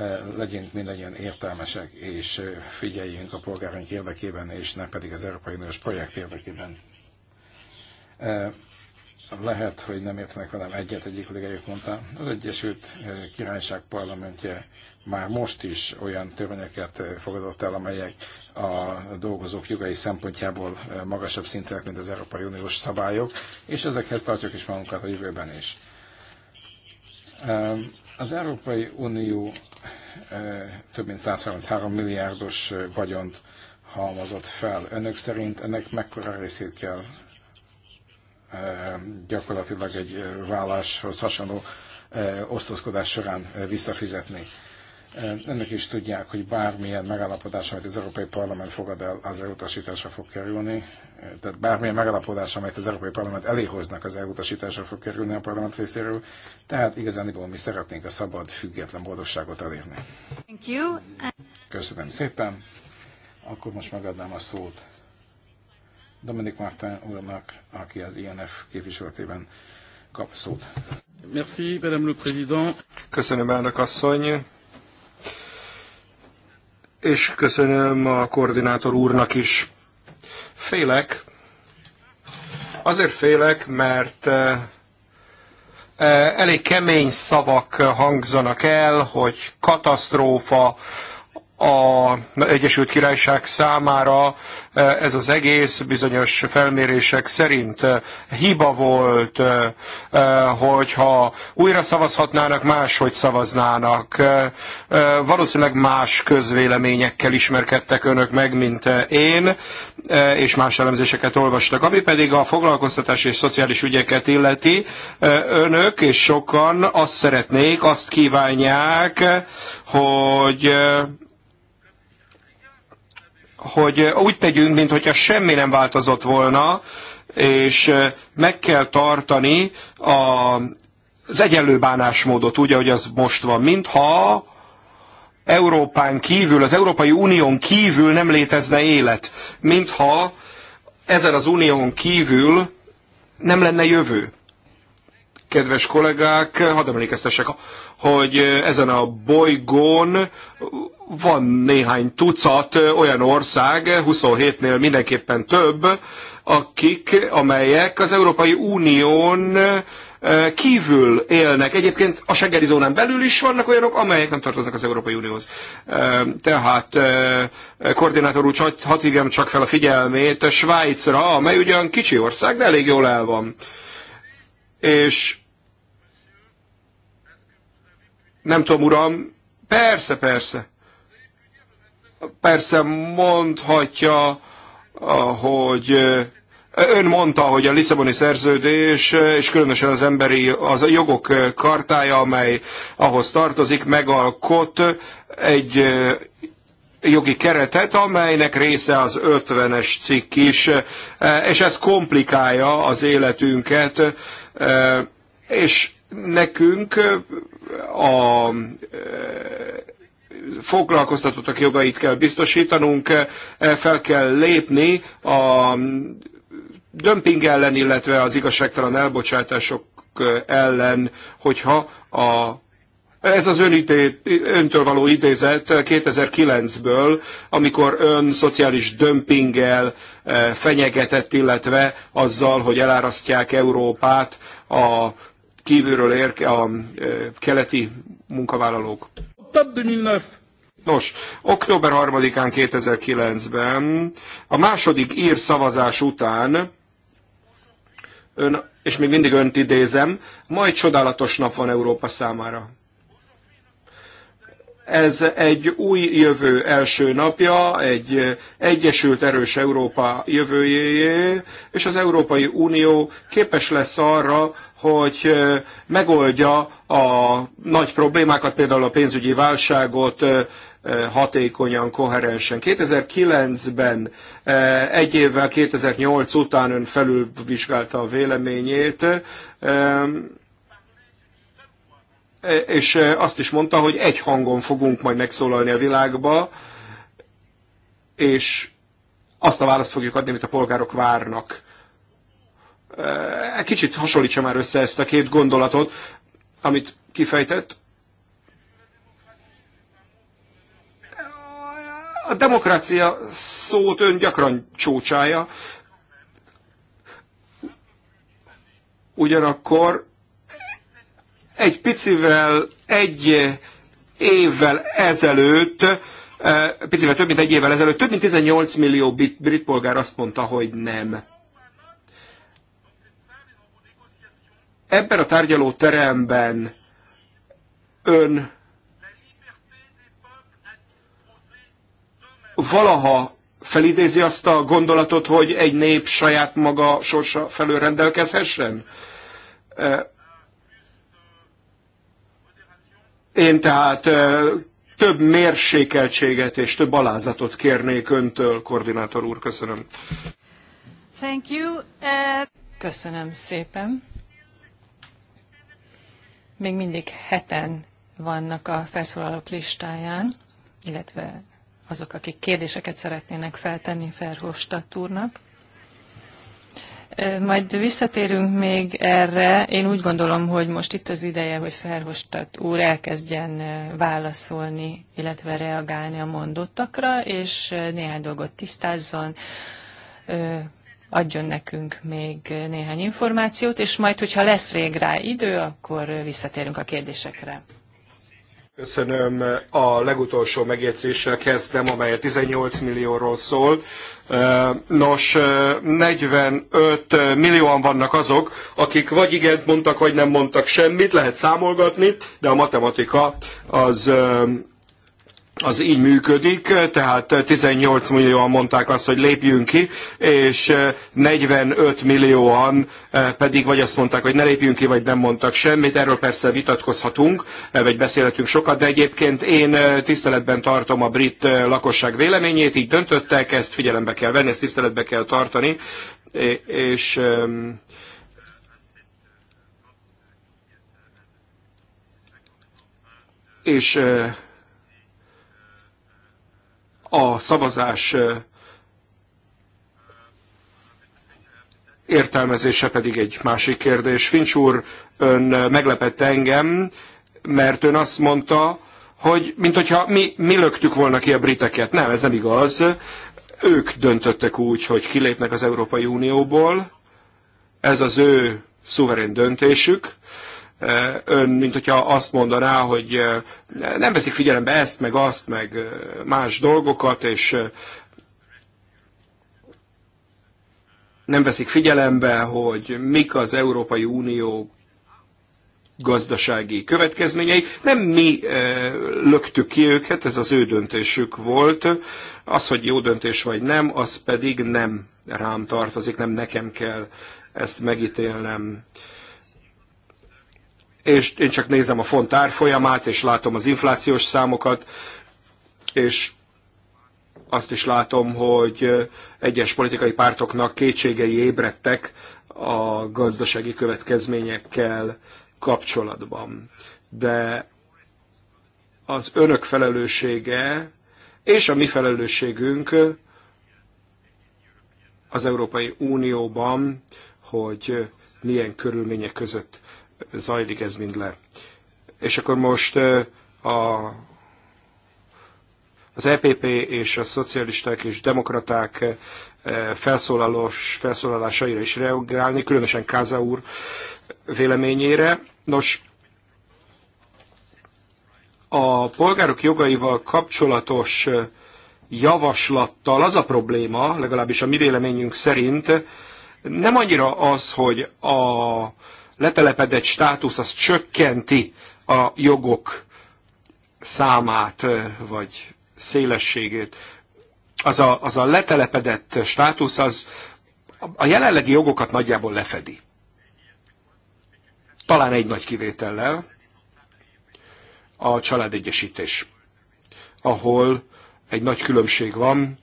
Eh, legyünk mindannyian értelmesek, és eh, figyeljünk a polgáraink érdekében, és nem pedig az Európai Uniós projekt érdekében. Eh, lehet, hogy nem értenek velem egyet, egyik kollégájuk mondta. Az Egyesült Királyság parlamentje már most is olyan törvényeket fogadott el, amelyek a dolgozók jogai szempontjából magasabb szintek, mint az Európai Uniós szabályok, és ezekhez tartjuk is magunkat a jövőben is. Az Európai Unió több mint 133 milliárdos vagyont halmozott fel. Önök szerint ennek mekkora részét kell gyakorlatilag egy válláshoz hasonló osztozkodás során visszafizetni? Önök is tudják, hogy bármilyen megállapodás, amit az Európai Parlament fogad el, az elutasításra fog kerülni. Tehát bármilyen megállapodás, amit az Európai Parlament eléhoznak, az elutasításra fog kerülni a parlament részéről. Tehát igazán mi szeretnénk a szabad, független boldogságot elérni. Thank you. Köszönöm szépen. Akkor most megadnám a szót Dominik Martin úrnak, aki az INF képviseletében kap szót. Merci, Madame le Président. Köszönöm, elnök asszony és köszönöm a koordinátor úrnak is. Félek, azért félek, mert eh, eh, elég kemény szavak hangzanak el, hogy katasztrófa, a Egyesült Királyság számára e, ez az egész bizonyos felmérések szerint e, hiba volt, e, hogyha újra szavazhatnának, máshogy szavaznának. Valószínűleg más közvéleményekkel ismerkedtek önök meg, mint én, és más elemzéseket olvastak. Ami pedig a foglalkoztatás és szociális ügyeket illeti, önök és sokan azt szeretnék, azt kívánják, hogy hogy úgy tegyünk, mintha semmi nem változott volna, és meg kell tartani a, az egyenlő bánásmódot, úgy, ahogy az most van, mintha Európán kívül, az Európai Unión kívül nem létezne élet, mintha ezen az unión kívül nem lenne jövő kedves kollégák, hadd emlékeztessek, hogy ezen a bolygón van néhány tucat olyan ország, 27-nél mindenképpen több, akik, amelyek az Európai Unión e, kívül élnek. Egyébként a Schengeni zónán belül is vannak olyanok, amelyek nem tartoznak az Európai Unióhoz. E, tehát e, koordinátor úr, hadd hívjam csak fel a figyelmét Svájcra, amely ugyan kicsi ország, de elég jól el van. És nem tudom, uram. Persze, persze. Persze mondhatja, ah, hogy eh, Ön mondta, hogy a Lisszaboni szerződés, eh, és különösen az emberi az a jogok eh, kartája, amely ahhoz tartozik, megalkot egy jogi keretet, amelynek része az 50-es cikk is, és ez komplikálja az életünket, és nekünk a e, foglalkoztatottak jogait kell biztosítanunk, e, fel kell lépni a dömping ellen, illetve az igazságtalan elbocsátások e, ellen, hogyha a ez az ön ide, öntől való idézet 2009-ből, amikor ön szociális dömpinggel fenyegetett, illetve azzal, hogy elárasztják Európát a kívülről érke a e, keleti munkavállalók. Nos, október 3-án 2009-ben a második ír szavazás után ön, és még mindig önt idézem, majd csodálatos nap van Európa számára. Ez egy új jövő első napja, egy egyesült erős Európa jövőjéjé, és az Európai Unió képes lesz arra, hogy megoldja a nagy problémákat, például a pénzügyi válságot, hatékonyan, koherensen. 2009-ben, egy évvel 2008 után ön felülvizsgálta a véleményét és azt is mondta, hogy egy hangon fogunk majd megszólalni a világba, és azt a választ fogjuk adni, amit a polgárok várnak. Kicsit hasonlítsa már össze ezt a két gondolatot, amit kifejtett. A demokrácia szót ön gyakran csócsája, ugyanakkor egy picivel egy eh, évvel ezelőtt, eh, picivel több mint egy évvel ezelőtt, több mint 18 millió brit polgár azt mondta, hogy nem. Ebben a tárgyaló teremben ön valaha felidézi azt a gondolatot, hogy egy nép saját maga sorsa felől rendelkezhessen? Eh, Én tehát több mérsékeltséget és több alázatot kérnék öntől, koordinátor úr. Köszönöm. Thank you. Uh, köszönöm szépen. Még mindig heten vannak a felszólalók listáján, illetve azok, akik kérdéseket szeretnének feltenni Ferhofstadt úrnak. Majd visszatérünk még erre. Én úgy gondolom, hogy most itt az ideje, hogy Ferhostat úr elkezdjen válaszolni, illetve reagálni a mondottakra, és néhány dolgot tisztázzon, adjon nekünk még néhány információt, és majd, hogyha lesz rég rá idő, akkor visszatérünk a kérdésekre. Köszönöm. A legutolsó megjegyzéssel kezdem, amely a 18 millióról szól. Nos, 45 millióan vannak azok, akik vagy igent mondtak, vagy nem mondtak semmit, lehet számolgatni, de a matematika az az így működik, tehát 18 millióan mondták azt, hogy lépjünk ki, és 45 millióan eh, pedig vagy azt mondták, hogy ne lépjünk ki, vagy nem mondtak semmit. Erről persze vitatkozhatunk, eh, vagy beszélhetünk sokat, de egyébként én eh, tiszteletben tartom a brit lakosság véleményét, így döntöttek, ezt figyelembe kell venni, ezt tiszteletbe kell tartani, és ehm, és, és a szavazás értelmezése pedig egy másik kérdés. Fincs úr, ön meglepett engem, mert ön azt mondta, hogy mint hogyha mi, mi löktük volna ki a briteket. Nem, ez nem igaz. Ők döntöttek úgy, hogy kilépnek az Európai Unióból. Ez az ő szuverén döntésük ön, mint hogyha azt mondaná, hogy nem veszik figyelembe ezt, meg azt, meg más dolgokat, és nem veszik figyelembe, hogy mik az Európai Unió gazdasági következményei. Nem mi e, löktük ki őket, ez az ő döntésük volt. Az, hogy jó döntés vagy nem, az pedig nem rám tartozik, nem nekem kell ezt megítélnem és én csak nézem a font árfolyamát, és látom az inflációs számokat, és azt is látom, hogy eh, egyes politikai pártoknak kétségei ébredtek a gazdasági következményekkel kapcsolatban. De az önök felelőssége és a mi felelősségünk az Európai Unióban, hogy milyen körülmények között zajlik ez mind le. És akkor most a, az EPP és a szocialisták és demokraták felszólalós, felszólalásaira is reagálni, különösen Káza úr véleményére. Nos, a polgárok jogaival kapcsolatos javaslattal az a probléma, legalábbis a mi véleményünk szerint, nem annyira az, hogy a letelepedett státusz az csökkenti a jogok számát, vagy szélességét. Az a, az a letelepedett státusz az a jelenlegi jogokat nagyjából lefedi. Talán egy nagy kivétellel a családegyesítés, ahol egy nagy különbség van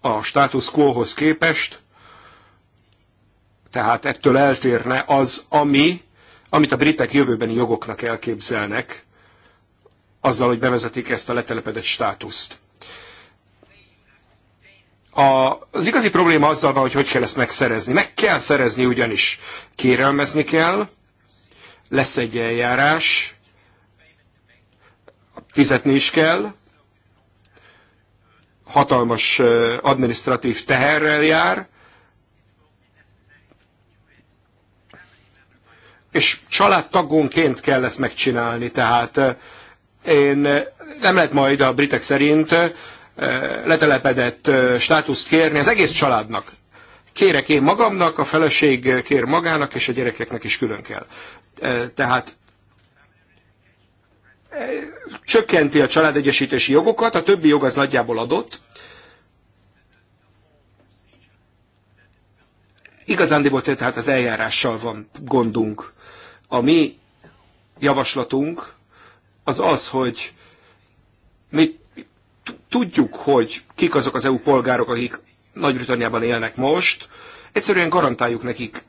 a status képest, tehát ettől eltérne az, ami, amit a britek jövőbeni jogoknak elképzelnek, azzal, hogy bevezetik ezt a letelepedett státuszt. A, az igazi probléma azzal van, hogy hogy kell ezt megszerezni. Meg kell szerezni ugyanis. Kérelmezni kell, lesz egy eljárás, fizetni is kell, hatalmas administratív teherrel jár, és családtagonként kell ezt megcsinálni, tehát eh, én eh, nem lehet majd a britek szerint eh, letelepedett státuszt kérni az egész családnak. Kérek én magamnak, a feleség kér magának, és a gyerekeknek is külön kell. Tehát csökkenti a családegyesítési jogokat, a többi jog az nagyjából adott. Igazándiból tehát az eljárással van gondunk. A mi javaslatunk az az, hogy mi tudjuk, hogy kik azok az EU polgárok, akik Nagy-Britanniában élnek most, egyszerűen garantáljuk nekik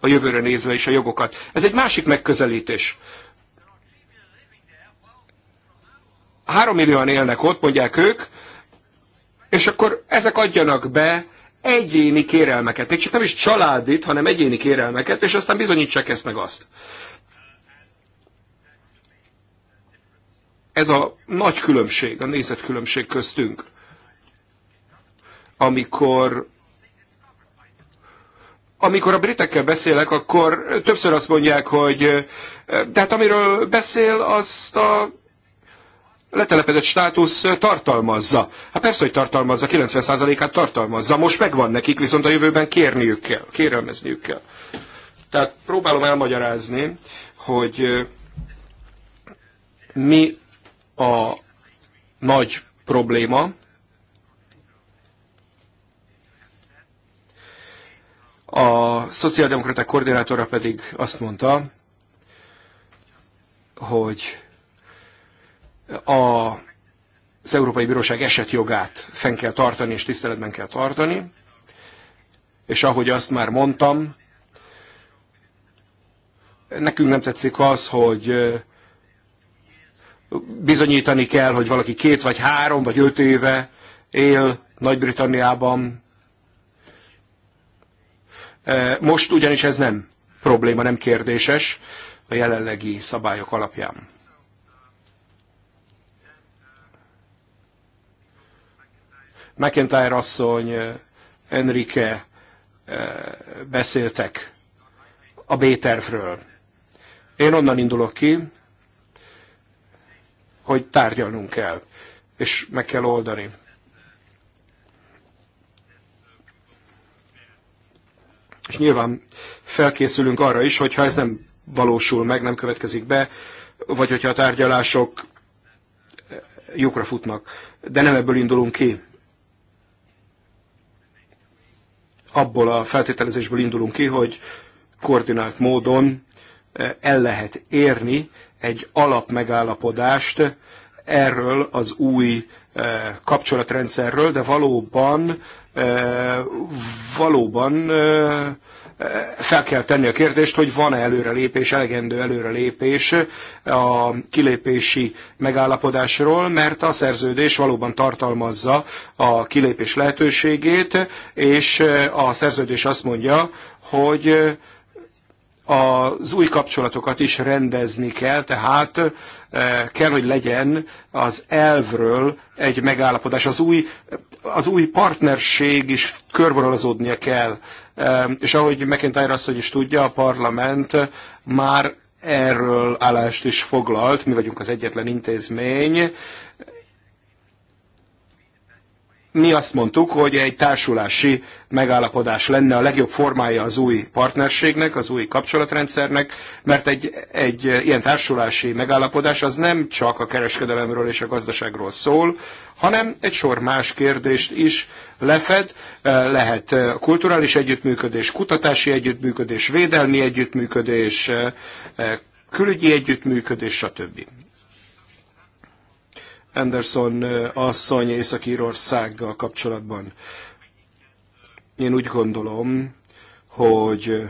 a jövőre nézve is a jogokat. Ez egy másik megközelítés. Három millióan élnek ott, mondják ők, és akkor ezek adjanak be egyéni kérelmeket, még csak nem is családit, hanem egyéni kérelmeket, és aztán bizonyítsák ezt meg azt. Ez a nagy különbség, a nézetkülönbség köztünk, amikor amikor a britekkel beszélek, akkor többször azt mondják, hogy de eh, hát amiről beszél, azt a letelepedett státusz tartalmazza. Hát persze, hogy tartalmazza, 90%-át tartalmazza. Most megvan nekik, viszont a jövőben kérniük kell, kérelmezniük kell. Tehát próbálom elmagyarázni, hogy mi a nagy probléma, A szociáldemokraták koordinátora pedig azt mondta, hogy a az Európai Bíróság esetjogát fenn kell tartani és tiszteletben kell tartani, és ahogy azt már mondtam, nekünk nem tetszik az, hogy bizonyítani kell, hogy valaki két vagy három vagy öt éve él Nagy-Britanniában. Most ugyanis ez nem probléma, nem kérdéses a jelenlegi szabályok alapján. McIntyre asszony, eh, Enrique eh, beszéltek a B-tervről. Én onnan indulok ki, hogy tárgyalnunk kell, és meg kell oldani. És nyilván felkészülünk arra is, hogyha ez nem valósul meg, nem következik be, vagy hogyha a tárgyalások eh, lyukra futnak. De nem ebből indulunk ki. abból a feltételezésből indulunk ki, hogy koordinált módon eh, el lehet érni egy alapmegállapodást erről az új eh, kapcsolatrendszerről, de valóban eh, valóban fel kell tenni a kérdést, hogy van-e előrelépés, elegendő előrelépés a kilépési megállapodásról, mert a szerződés valóban tartalmazza a kilépés lehetőségét, és a szerződés azt mondja, hogy az új kapcsolatokat is rendezni kell, tehát eh, kell, hogy legyen az elvről egy megállapodás. Az új, az új partnerség is körvonalazódnia kell Ehm, és ahogy McIntyre hogy is tudja, a parlament már erről állást is foglalt, mi vagyunk az egyetlen intézmény, mi azt mondtuk, hogy egy társulási megállapodás lenne a legjobb formája az új partnerségnek, az új kapcsolatrendszernek, mert egy, egy ilyen társulási megállapodás az nem csak a kereskedelemről és a gazdaságról szól, hanem egy sor más kérdést is lefed. Lehet kulturális együttműködés, kutatási együttműködés, védelmi együttműködés, külügyi együttműködés, stb. Anderson asszony Észak-Írországgal kapcsolatban. Én úgy gondolom, hogy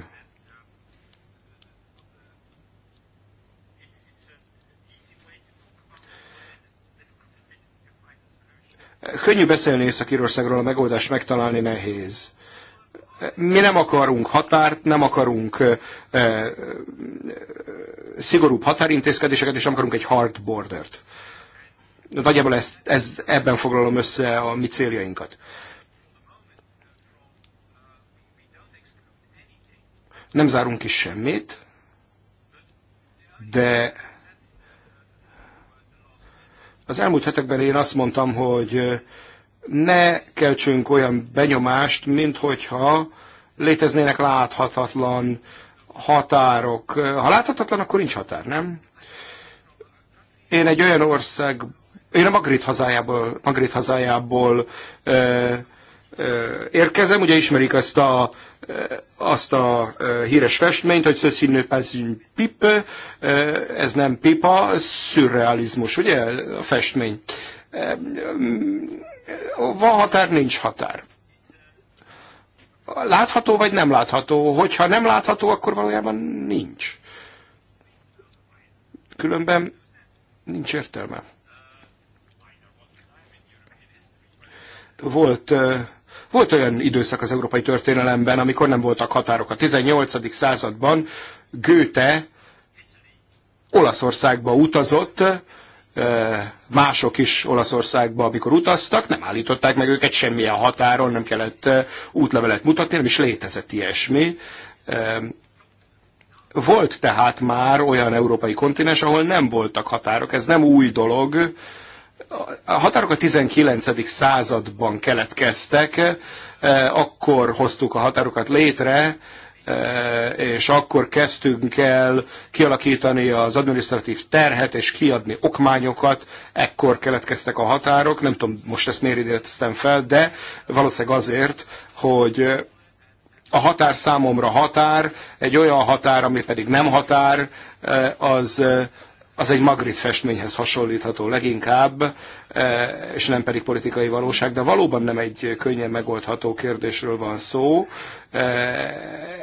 Könnyű beszélni Észak-Írországról, a megoldást megtalálni nehéz. Mi nem akarunk határt, nem akarunk e, e, szigorúbb határintézkedéseket, és nem akarunk egy hard bordert. E, Nagyjából ezt, ez, ebben foglalom össze a mi céljainkat. Nem zárunk ki semmit, de az elmúlt hetekben én azt mondtam, hogy ne keltsünk olyan benyomást, mint hogyha léteznének láthatatlan határok. Ha láthatatlan, akkor nincs határ, nem? Én egy olyan ország én a Magrét hazájából, Magrét hazájából ö, ö, érkezem, ugye ismerik azt a, azt a híres festményt, hogy ceci ne pas une pipe, ez nem pipa, szürrealizmus, ugye a festmény. Van határ, nincs határ látható vagy nem látható. Hogyha nem látható, akkor valójában nincs. Különben nincs értelme. volt, volt olyan időszak az európai történelemben, amikor nem voltak határok. A 18. században Göte Olaszországba utazott, mások is Olaszországba, amikor utaztak, nem állították meg őket semmilyen határon, nem kellett útlevelet mutatni, nem is létezett ilyesmi. Volt tehát már olyan európai kontinens, ahol nem voltak határok, ez nem új dolog, a határok a 19. században keletkeztek, e, akkor hoztuk a határokat létre, e, és akkor kezdtünk el kialakítani az administratív terhet és kiadni okmányokat, ekkor keletkeztek a határok, nem tudom, most ezt miért idéltem fel, de valószínűleg azért, hogy a határ számomra határ, egy olyan határ, ami pedig nem határ, e, az az egy Magritte festményhez hasonlítható leginkább, e, és nem pedig politikai valóság, de valóban nem egy könnyen megoldható kérdésről van szó, e,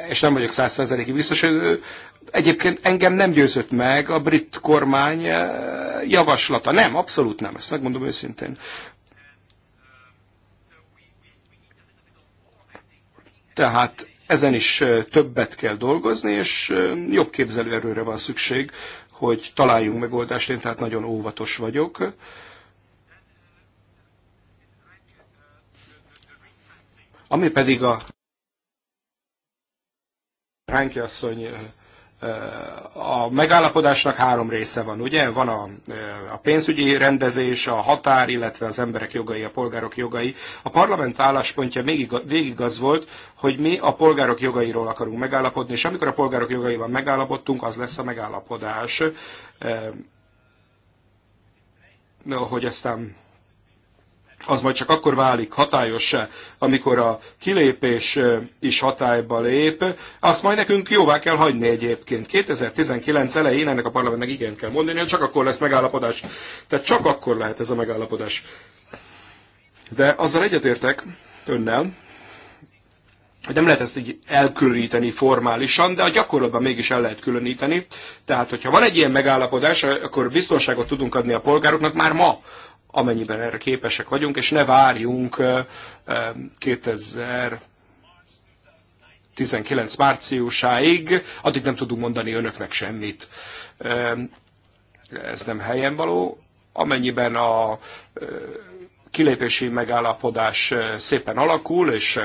és nem vagyok százszerzeléki biztos, hogy egyébként engem nem győzött meg a brit kormány e, javaslata. Nem, abszolút nem, ezt megmondom őszintén. Tehát ezen is többet kell dolgozni, és jobb képzelőerőre van szükség hogy találjunk megoldást, én tehát nagyon óvatos vagyok. Ami pedig a Ránki asszony a megállapodásnak három része van, ugye? Van a, a pénzügyi rendezés, a határ, illetve az emberek jogai, a polgárok jogai. A parlament álláspontja végig, végig az volt, hogy mi a polgárok jogairól akarunk megállapodni, és amikor a polgárok jogaival megállapodtunk, az lesz a megállapodás. Hogy aztán az majd csak akkor válik hatályos, amikor a kilépés is hatályba lép, azt majd nekünk jóvá kell hagyni egyébként. 2019 elején ennek a parlamentnek igen kell mondani, hogy csak akkor lesz megállapodás. Tehát csak akkor lehet ez a megállapodás. De azzal egyetértek önnel, hogy nem lehet ezt így elkülöníteni formálisan, de a gyakorlatban mégis el lehet különíteni. Tehát, hogyha van egy ilyen megállapodás, akkor biztonságot tudunk adni a polgároknak már ma amennyiben erre képesek vagyunk, és ne várjunk 2019 márciusáig, addig nem tudunk mondani önöknek semmit. Ez nem helyen való. Amennyiben a kilépési megállapodás szépen alakul, és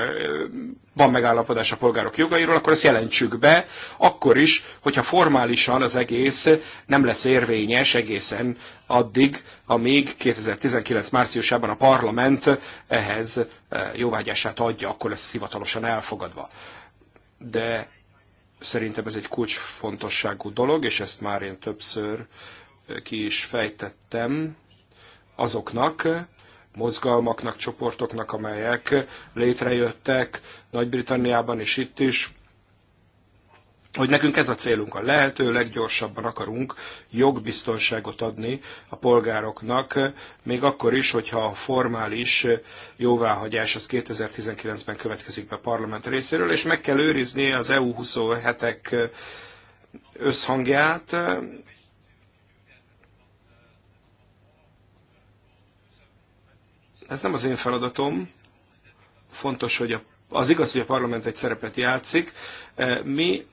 van megállapodás a polgárok jogairól, akkor ezt jelentsük be, akkor is, hogyha formálisan az egész nem lesz érvényes egészen addig, amíg 2019 márciusában a parlament ehhez jóvágyását adja, akkor lesz hivatalosan elfogadva. De szerintem ez egy kulcsfontosságú dolog, és ezt már én többször ki is fejtettem azoknak, mozgalmaknak, csoportoknak, amelyek létrejöttek Nagy-Britanniában és itt is, hogy nekünk ez a célunk, a lehető leggyorsabban akarunk jogbiztonságot adni a polgároknak, még akkor is, hogyha a formális jóváhagyás az 2019-ben következik be a parlament részéről, és meg kell őrizni az EU 27-ek összhangját, Ez nem az én feladatom. Fontos, hogy a, az igaz, hogy a parlament egy szerepet játszik. E, mi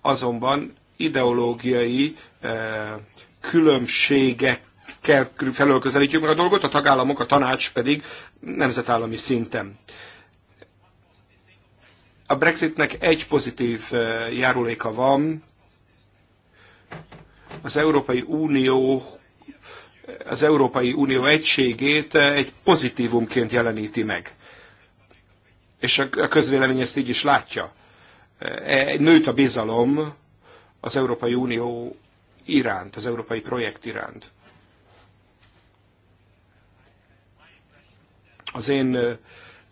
azonban ideológiai e, különbségek kell felől közelítjük meg a dolgot, a tagállamok, a tanács pedig nemzetállami szinten. A Brexitnek egy pozitív e, járuléka van, az Európai Unió az Európai Unió egységét eh, egy pozitívumként jeleníti meg. És a közvélemény ezt így is látja. Eh, nőtt a bizalom az Európai Unió iránt, az európai projekt iránt. Az én eh,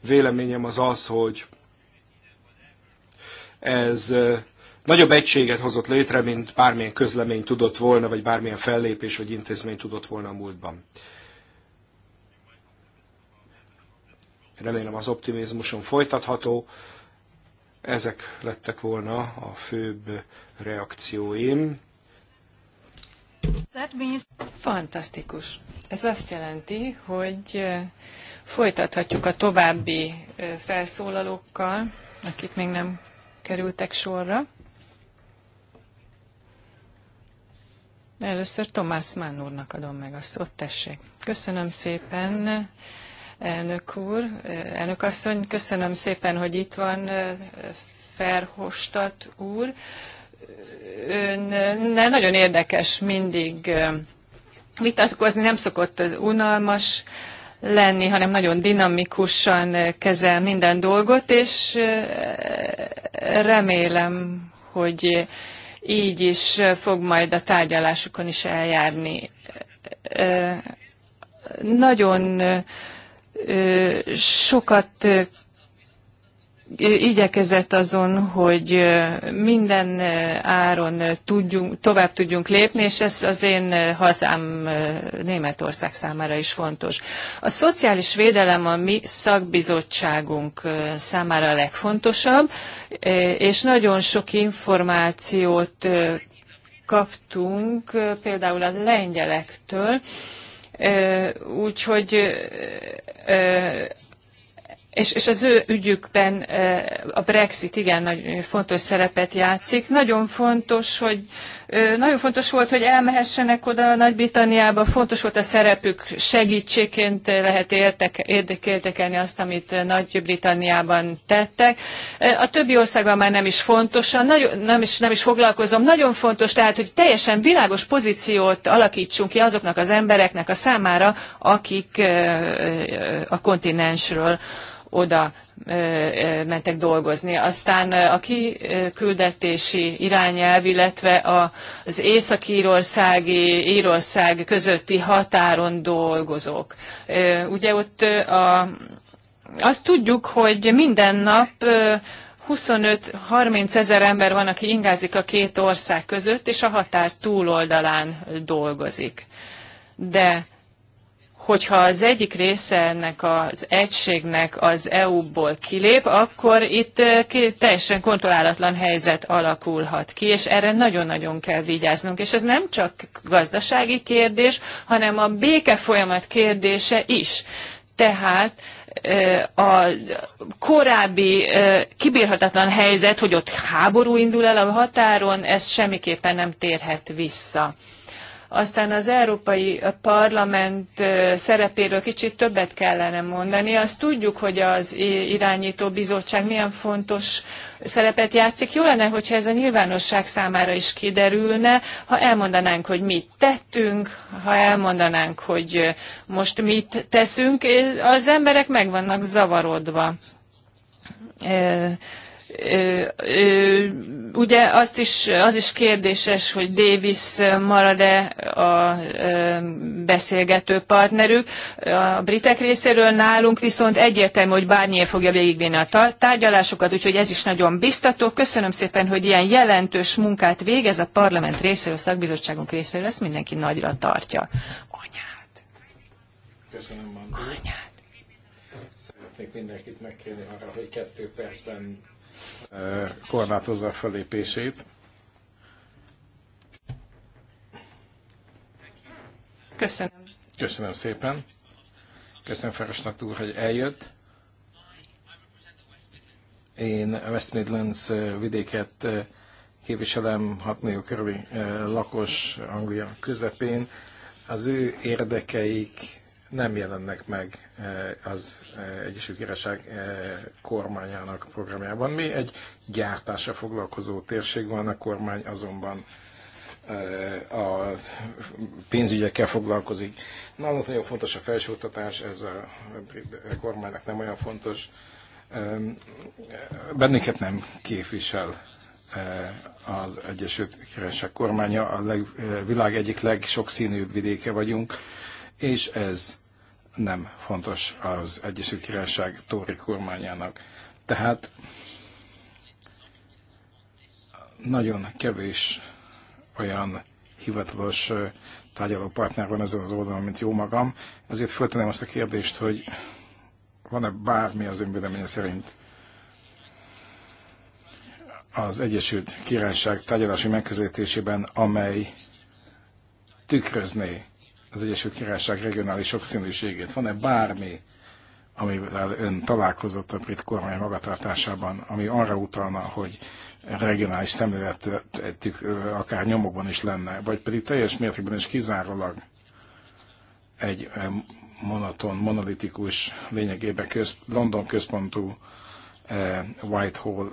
véleményem az az, hogy ez nagyobb egységet hozott létre, mint bármilyen közlemény tudott volna, vagy bármilyen fellépés, vagy intézmény tudott volna a múltban. Remélem az optimizmusom folytatható. Ezek lettek volna a főbb reakcióim. Fantasztikus. Ez azt jelenti, hogy folytathatjuk a további felszólalókkal, akik még nem kerültek sorra. Először Tomás Mann úrnak adom meg a szót, tessék. Köszönöm szépen, elnök úr, elnök asszony, köszönöm szépen, hogy itt van eh, Ferhostat úr. Ön nagyon érdekes mindig eh, vitatkozni, nem szokott unalmas lenni, hanem nagyon dinamikusan eh, kezel minden dolgot, és remélem, hogy így is fog majd a tárgyalásokon is eljárni. Nagyon sokat igyekezett azon, hogy minden áron tudjunk, tovább tudjunk lépni, és ez az én hazám Németország számára is fontos. A szociális védelem a mi szakbizottságunk számára a legfontosabb, és nagyon sok információt kaptunk, például a lengyelektől, Úgyhogy és, és az ő ügyükben eh, a Brexit igen nagy, fontos szerepet játszik. Nagyon fontos, hogy nagyon fontos volt, hogy elmehessenek oda Nagy-Britanniába, fontos volt a szerepük, segítségként lehet érdekelni azt, amit Nagy-Britanniában tettek. A többi országban már nem is fontos, nem is, nem is foglalkozom. Nagyon fontos tehát, hogy teljesen világos pozíciót alakítsunk ki azoknak az embereknek a számára, akik a kontinensről oda mentek dolgozni. Aztán a kiküldetési irányelv, illetve az észak-írországi Írország közötti határon dolgozók. Ugye ott a, azt tudjuk, hogy minden nap 25-30 ezer ember van, aki ingázik a két ország között, és a határ túloldalán dolgozik. De hogyha az egyik része ennek az egységnek az EU-ból kilép, akkor itt teljesen kontrollálatlan helyzet alakulhat ki, és erre nagyon-nagyon kell vigyáznunk. És ez nem csak gazdasági kérdés, hanem a béke folyamat kérdése is. Tehát a korábbi kibírhatatlan helyzet, hogy ott háború indul el a határon, ez semmiképpen nem térhet vissza. Aztán az Európai Parlament szerepéről kicsit többet kellene mondani. Azt tudjuk, hogy az irányító bizottság milyen fontos szerepet játszik. Jó lenne, hogyha ez a nyilvánosság számára is kiderülne, ha elmondanánk, hogy mit tettünk, ha elmondanánk, hogy most mit teszünk, az emberek meg vannak zavarodva ugye azt is, az is kérdéses, hogy Davis marad-e a beszélgető partnerük. A britek részéről nálunk viszont egyértelmű, hogy bármilyen fogja végigvinni a tárgyalásokat, úgyhogy ez is nagyon biztató. Köszönöm szépen, hogy ilyen jelentős munkát végez a parlament részéről, a szakbizottságunk részéről, ezt mindenki nagyra tartja. Anyát. Köszönöm, Mandó. Anyát! Szeretnék mindenkit megkérni arra, hogy kettő percben korlátozza a felépését. Köszönöm. Köszönöm szépen. Köszönöm Ferosnak úr, hogy eljött. Én West Midlands vidéket képviselem, 6 millió körüli lakos Anglia közepén. Az ő érdekeik nem jelennek meg eh, az eh, Egyesült Királyság eh, kormányának programjában. Mi egy gyártásra foglalkozó térség van, a kormány azonban a pénzügyekkel foglalkozik. Nálunk nagyon fontos a felsőoktatás, ez a kormánynak nem olyan fontos. Bennünket nem képvisel az Egyesült Királyság kormánya, a leg, világ egyik legsokszínűbb vidéke vagyunk és ez nem fontos az Egyesült Királyság Tóri kormányának. Tehát nagyon kevés olyan hivatalos tárgyalópartner van ezen az oldalon, mint jó magam, ezért föltenem azt a kérdést, hogy van-e bármi az önvéleménye szerint az Egyesült Királyság tárgyalási megközelítésében, amely tükrözné az Egyesült Királyság regionális sokszínűségét. Van-e bármi, amivel ön találkozott a brit kormány magatartásában, ami arra utalna, hogy regionális szemléletük akár nyomokban is lenne, vagy pedig teljes mértékben is kizárólag egy monoton, monolitikus, lényegében köz, London központú, Whitehall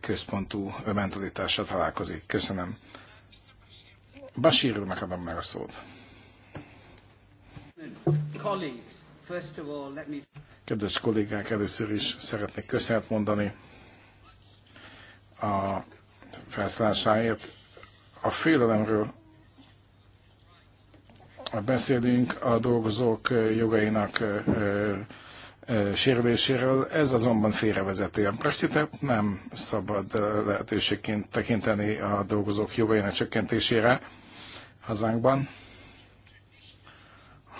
központú mentalitással találkozik. Köszönöm. Basír adom meg a szót. Kedves kollégák, először is szeretnék köszönet mondani a felszállásáért. A félelemről beszélünk a dolgozók jogainak sérüléséről, ez azonban félrevezető. A Brexitet nem szabad lehetőségként tekinteni a dolgozók jogainak csökkentésére hazánkban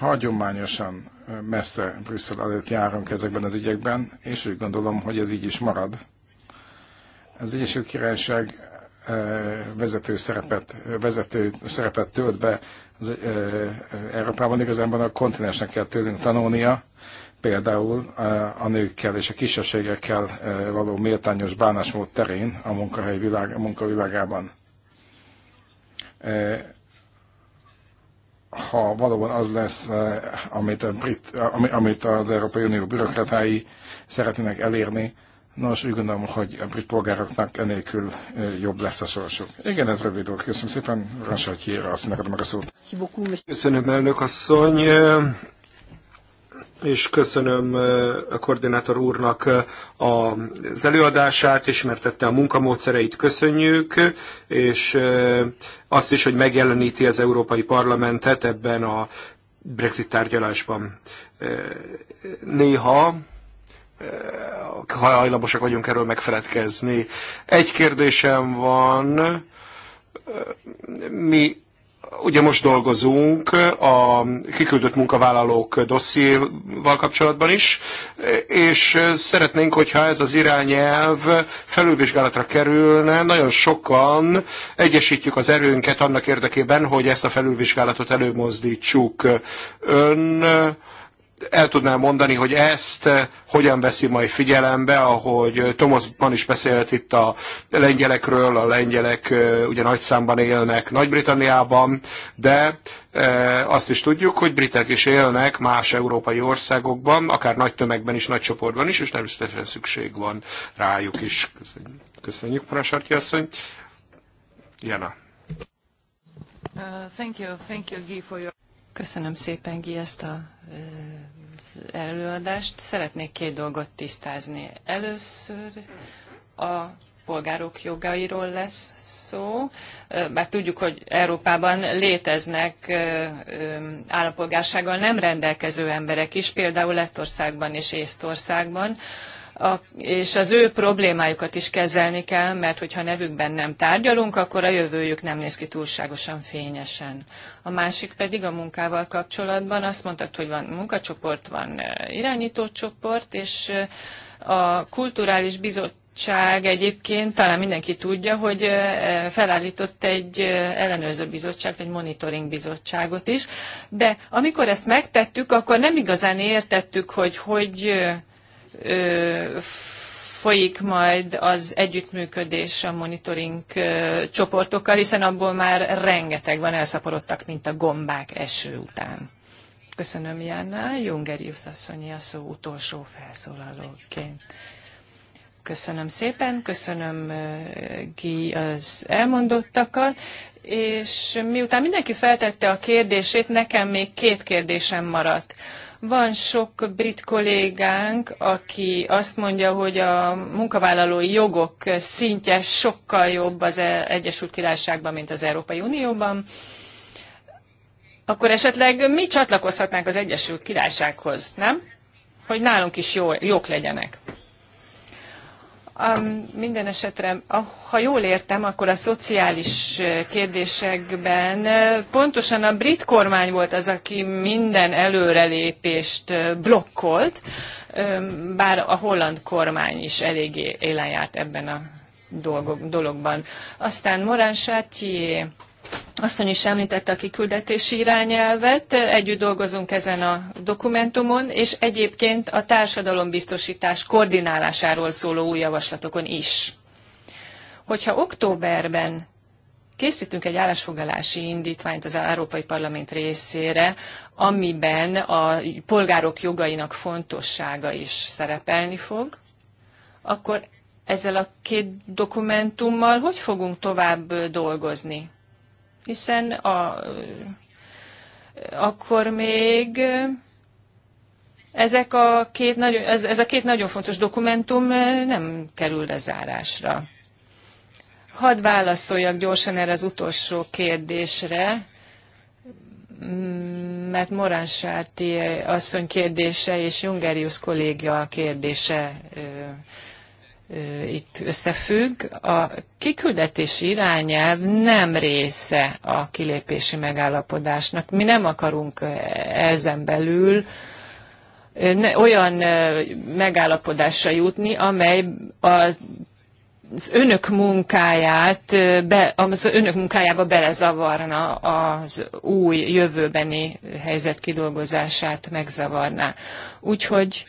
hagyományosan messze Brüsszel előtt járunk ezekben az ügyekben, és úgy gondolom, hogy ez így is marad. Az Egyesült Királyság vezető szerepet, vezető szerepet tölt be az Európában, igazából a kontinensnek kell tőlünk tanulnia, például a nőkkel és a kisebbségekkel való méltányos bánásmód terén a munkahely világ, a munkavilágában ha valóban az lesz, eh, amit, a brit, eh, amit az Európai Unió bürokratái szeretnének elérni, nos, úgy gondolom, hogy a brit polgároknak enélkül eh, jobb lesz a sorsuk. Igen, ez rövid volt. Köszönöm szépen. Ransajtjéra azt neked meg a szót. Köszönöm, elnök asszony és köszönöm eh, a koordinátor úrnak eh, az előadását, ismertette a munkamódszereit, köszönjük, és eh, azt is, hogy megjeleníti az Európai Parlamentet ebben a Brexit tárgyalásban. Néha hajlamosak vagyunk erről megfeledkezni. Egy kérdésem van, mi Ugye most dolgozunk a kiküldött munkavállalók dossziéval kapcsolatban is, és szeretnénk, hogyha ez az irányelv felülvizsgálatra kerülne. Nagyon sokan egyesítjük az erőnket annak érdekében, hogy ezt a felülvizsgálatot előmozdítsuk. Ön el tudnál mondani, hogy ezt eh, hogyan veszi majd figyelembe, ahogy eh, Tomasz Mann is beszélt itt a lengyelekről, a lengyelek eh, ugye nagy számban élnek Nagy-Britanniában, de azt is tudjuk, hogy britek is élnek más európai országokban, akár nagy tömegben is, nagy csoportban is, és természetesen szükség van rájuk is. Köszönjük, Parasarki asszony. Jana. Uh, Köszönöm szépen, Gi, ezt a előadást. Szeretnék két dolgot tisztázni. Először a polgárok jogairól lesz szó, bár tudjuk, hogy Európában léteznek állampolgársággal nem rendelkező emberek is, például Lettországban és Észtországban, a, és az ő problémájukat is kezelni kell, mert hogyha nevükben nem tárgyalunk, akkor a jövőjük nem néz ki túlságosan fényesen. A másik pedig a munkával kapcsolatban azt mondtad, hogy van munkacsoport, van irányítócsoport, és a kulturális bizottság egyébként, talán mindenki tudja, hogy felállított egy ellenőrző bizottságot, egy monitoring bizottságot is, de amikor ezt megtettük, akkor nem igazán értettük, hogy hogy folyik majd az együttműködés a monitoring csoportokkal, hiszen abból már rengeteg van elszaporodtak, mint a gombák eső után. Köszönöm, Jánna. Junger asszonyi a szó utolsó felszólalóként. Köszönöm szépen, köszönöm Gi az elmondottakat, és miután mindenki feltette a kérdését, nekem még két kérdésem maradt. Van sok brit kollégánk, aki azt mondja, hogy a munkavállalói jogok szintje sokkal jobb az e- Egyesült Királyságban, mint az Európai Unióban. Akkor esetleg mi csatlakozhatnánk az Egyesült Királysághoz, nem? Hogy nálunk is jó, jók legyenek. Um, minden esetre, ah, ha jól értem, akkor a szociális eh, kérdésekben eh, pontosan a brit kormány volt az, aki minden előrelépést eh, blokkolt, bár a holland kormány is eléggé élen járt ebben a dolgok, dologban. Aztán Morán Sátyié asszony is említette a kiküldetési irányelvet, együtt dolgozunk ezen a dokumentumon, és egyébként a társadalombiztosítás koordinálásáról szóló új javaslatokon is. Hogyha októberben készítünk egy állásfoglalási indítványt az Európai Parlament részére, amiben a polgárok jogainak fontossága is szerepelni fog, akkor ezzel a két dokumentummal hogy fogunk tovább dolgozni? hiszen a, akkor még ezek a két nagyon, ez, ez a két nagyon fontos dokumentum nem kerül lezárásra. Hadd válaszoljak gyorsan erre az utolsó kérdésre, mert Morán Sárti asszony kérdése és Jungerius kollégia kérdése itt összefügg. A kiküldetési irányelv nem része a kilépési megállapodásnak. Mi nem akarunk ezen belül olyan megállapodásra jutni, amely a az önök munkáját, be, az önök munkájába belezavarna az új jövőbeni helyzet kidolgozását, megzavarná. Úgyhogy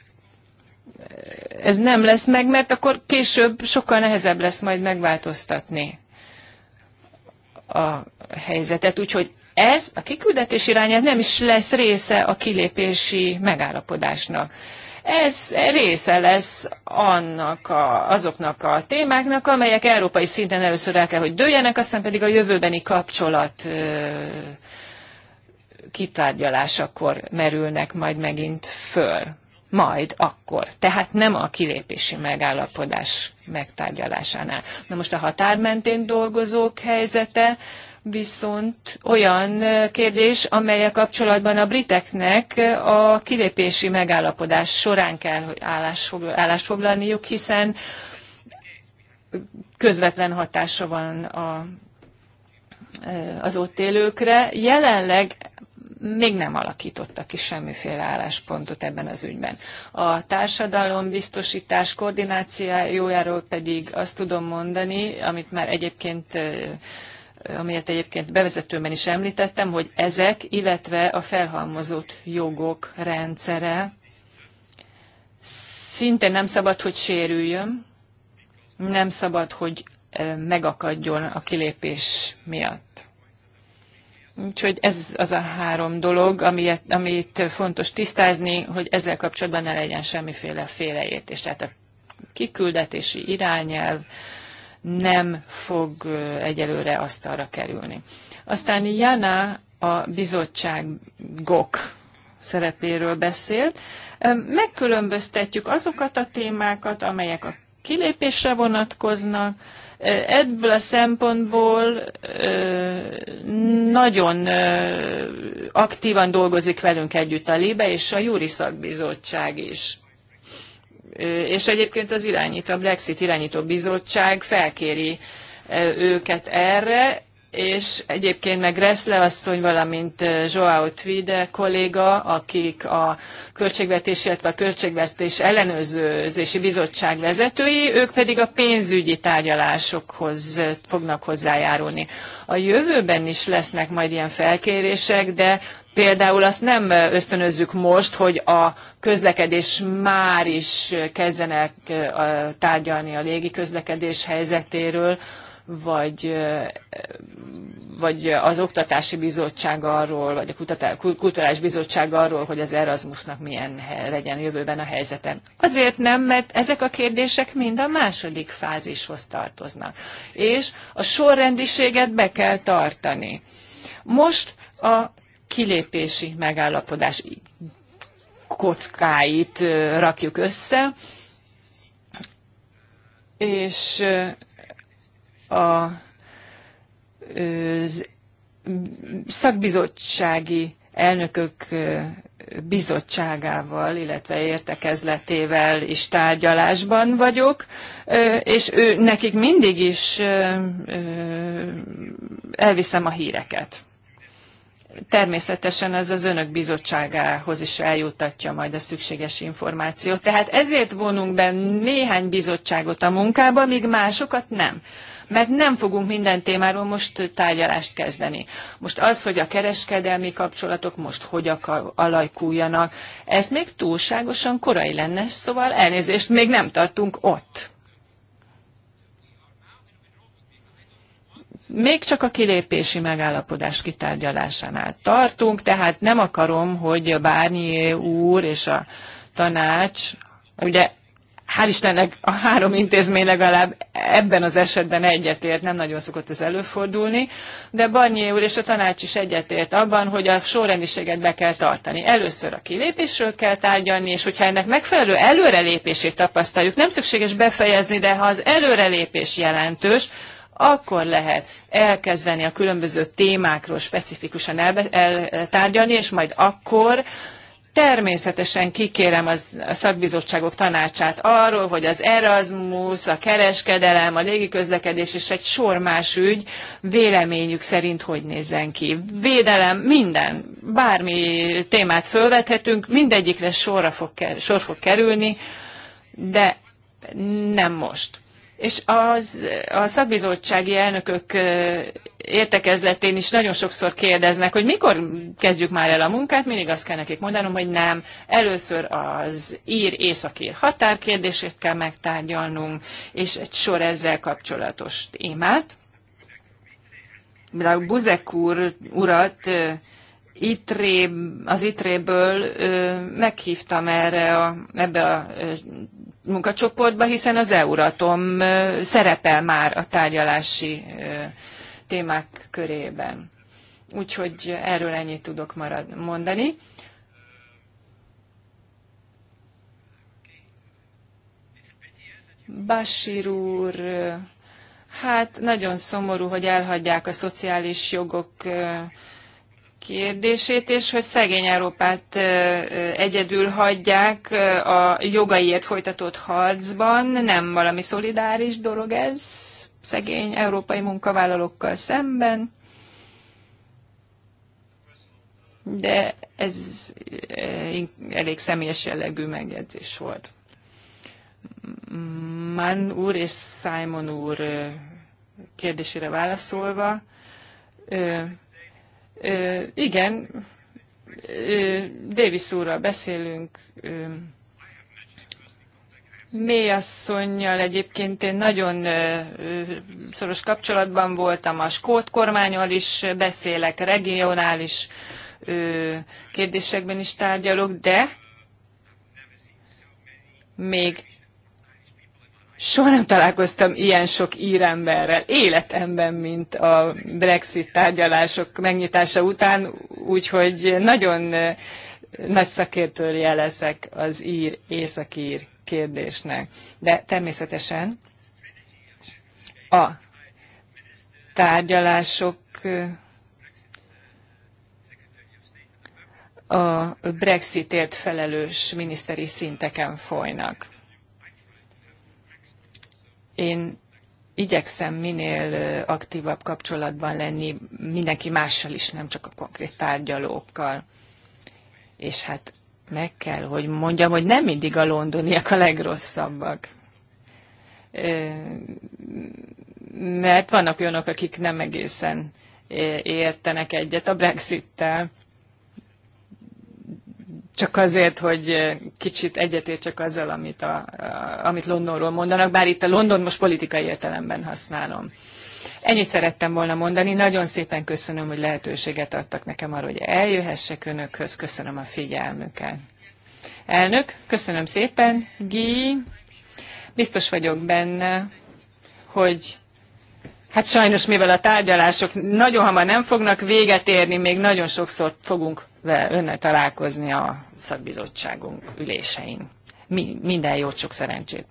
ez nem lesz meg, mert akkor később sokkal nehezebb lesz majd megváltoztatni a helyzetet. Úgyhogy ez a kiküldetés irányát nem is lesz része a kilépési megállapodásnak. Ez része lesz annak a, azoknak a témáknak, amelyek európai szinten először el kell, hogy dőljenek, aztán pedig a jövőbeni kapcsolat kitárgyalásakor merülnek majd megint föl majd akkor, tehát nem a kilépési megállapodás megtárgyalásánál. Na most a határ mentén dolgozók helyzete viszont olyan kérdés, amelyek kapcsolatban a briteknek a kilépési megállapodás során kell hogy állást foglalniuk, hiszen közvetlen hatása van a, az ott élőkre. Jelenleg még nem alakítottak ki semmiféle álláspontot ebben az ügyben. A biztosítás koordinációjáról pedig azt tudom mondani, amit már egyébként amelyet egyébként bevezetőben is említettem, hogy ezek, illetve a felhalmozott jogok rendszere szintén nem szabad, hogy sérüljön, nem szabad, hogy megakadjon a kilépés miatt. Úgyhogy ez az a három dolog, amit, amit fontos tisztázni, hogy ezzel kapcsolatban ne legyen semmiféle félreértés. Tehát a kiküldetési irányelv nem fog egyelőre asztalra kerülni. Aztán Jana a bizottságok szerepéről beszélt. Megkülönböztetjük azokat a témákat, amelyek a kilépésre vonatkoznak, Ebből a szempontból nagyon aktívan dolgozik velünk együtt a Libe és a Júri Szakbizottság is. És egyébként az irányító, a Brexit irányító bizottság felkéri őket erre, és egyébként meg Reszle asszony, valamint Joao Tvide kolléga, akik a költségvetés, illetve a költségvetés ellenőrzési bizottság vezetői, ők pedig a pénzügyi tárgyalásokhoz fognak hozzájárulni. A jövőben is lesznek majd ilyen felkérések, de Például azt nem ösztönözzük most, hogy a közlekedés már is kezdenek tárgyalni a légi közlekedés helyzetéről, vagy, vagy az Oktatási Bizottság arról, vagy a Kulturális Bizottság arról, hogy az Erasmusnak milyen legyen jövőben a helyzete. Azért nem, mert ezek a kérdések mind a második fázishoz tartoznak. És a sorrendiséget be kell tartani. Most a kilépési megállapodás kockáit rakjuk össze, és a szakbizottsági elnökök bizottságával, illetve értekezletével is tárgyalásban vagyok, és ő, nekik mindig is elviszem a híreket természetesen ez az önök bizottságához is eljutatja majd a szükséges információt. Tehát ezért vonunk be néhány bizottságot a munkába, míg másokat nem. Mert nem fogunk minden témáról most tárgyalást kezdeni. Most az, hogy a kereskedelmi kapcsolatok most hogy alakuljanak, ez még túlságosan korai lenne, szóval elnézést, még nem tartunk ott. még csak a kilépési megállapodás kitárgyalásánál tartunk, tehát nem akarom, hogy a Bárnyé úr és a tanács, ugye hál' Istennek a három intézmény legalább ebben az esetben egyetért, nem nagyon szokott ez előfordulni, de Barnyé úr és a tanács is egyetért abban, hogy a sorrendiséget be kell tartani. Először a kilépésről kell tárgyalni, és hogyha ennek megfelelő előrelépését tapasztaljuk, nem szükséges befejezni, de ha az előrelépés jelentős, akkor lehet elkezdeni a különböző témákról specifikusan eltárgyalni, és majd akkor Természetesen kikérem az, a szakbizottságok tanácsát arról, hogy az Erasmus, a kereskedelem, a légiközlekedés és egy sor más ügy véleményük szerint hogy nézzen ki. Védelem, minden, bármi témát felvethetünk, mindegyikre sorra fog, sor fog kerülni, de nem most és az, a szakbizottsági elnökök értekezletén is nagyon sokszor kérdeznek, hogy mikor kezdjük már el a munkát, mindig azt kell nekik mondanom, hogy nem. Először az ír-északír határkérdését kell megtárgyalnunk, és egy sor ezzel kapcsolatos témát. a Buzek úr urat ITRÉ, az itréből meghívtam erre a, ebbe a munkacsoportba, hiszen az Euratom szerepel már a tárgyalási témák körében. Úgyhogy erről ennyit tudok marad, mondani. Basir úr, hát nagyon szomorú, hogy elhagyják a szociális jogok kérdését, és hogy szegény Európát egyedül hagyják a jogaiért folytatott harcban. Nem valami szolidáris dolog ez szegény európai munkavállalókkal szemben. De ez elég személyes jellegű megjegyzés volt. Mann úr és Simon úr kérdésére válaszolva, igen, Davis úrral beszélünk, Mélyasszonynal egyébként én nagyon szoros kapcsolatban voltam, a skót kormányal is beszélek, regionális kérdésekben is tárgyalok, de még Soha nem találkoztam ilyen sok íremberrel életemben, mint a Brexit tárgyalások megnyitása után, úgyhogy nagyon nagy szakértője leszek az ír, északír kérdésnek. De természetesen a tárgyalások a Brexitért felelős miniszteri szinteken folynak én igyekszem minél aktívabb kapcsolatban lenni mindenki mással is, nem csak a konkrét tárgyalókkal. És hát meg kell, hogy mondjam, hogy nem mindig a londoniak a legrosszabbak. Mert vannak olyanok, akik nem egészen értenek egyet a Brexit-tel, csak azért, hogy eh, kicsit egyetértsek azzal, amit, a, a, amit Londonról mondanak, bár itt a London most politikai értelemben használom. Ennyit szerettem volna mondani. Nagyon szépen köszönöm, hogy lehetőséget adtak nekem arra, hogy eljöhessek önökhöz. Köszönöm a figyelmüket. Elnök, köszönöm szépen. Gi, biztos vagyok benne, hogy hát sajnos mivel a tárgyalások nagyon hamar nem fognak véget érni, még nagyon sokszor fogunk önnel találkozni a szakbizottságunk ülésein. Mi, minden jót, sok szerencsét!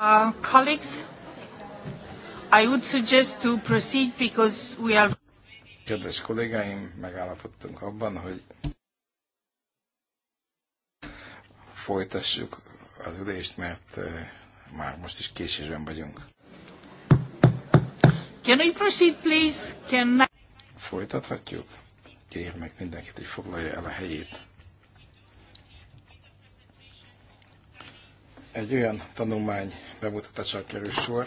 Uh, I would suggest to proceed because we Kedves kollégáim, megállapodtunk abban, hogy folytassuk az ülést, mert uh, már most is késésben vagyunk. Can we proceed, please? Can I... Folytathatjuk? Kérnek mindenkit, hogy foglalja el a helyét. egy olyan tanulmány bemutatása kerül sor,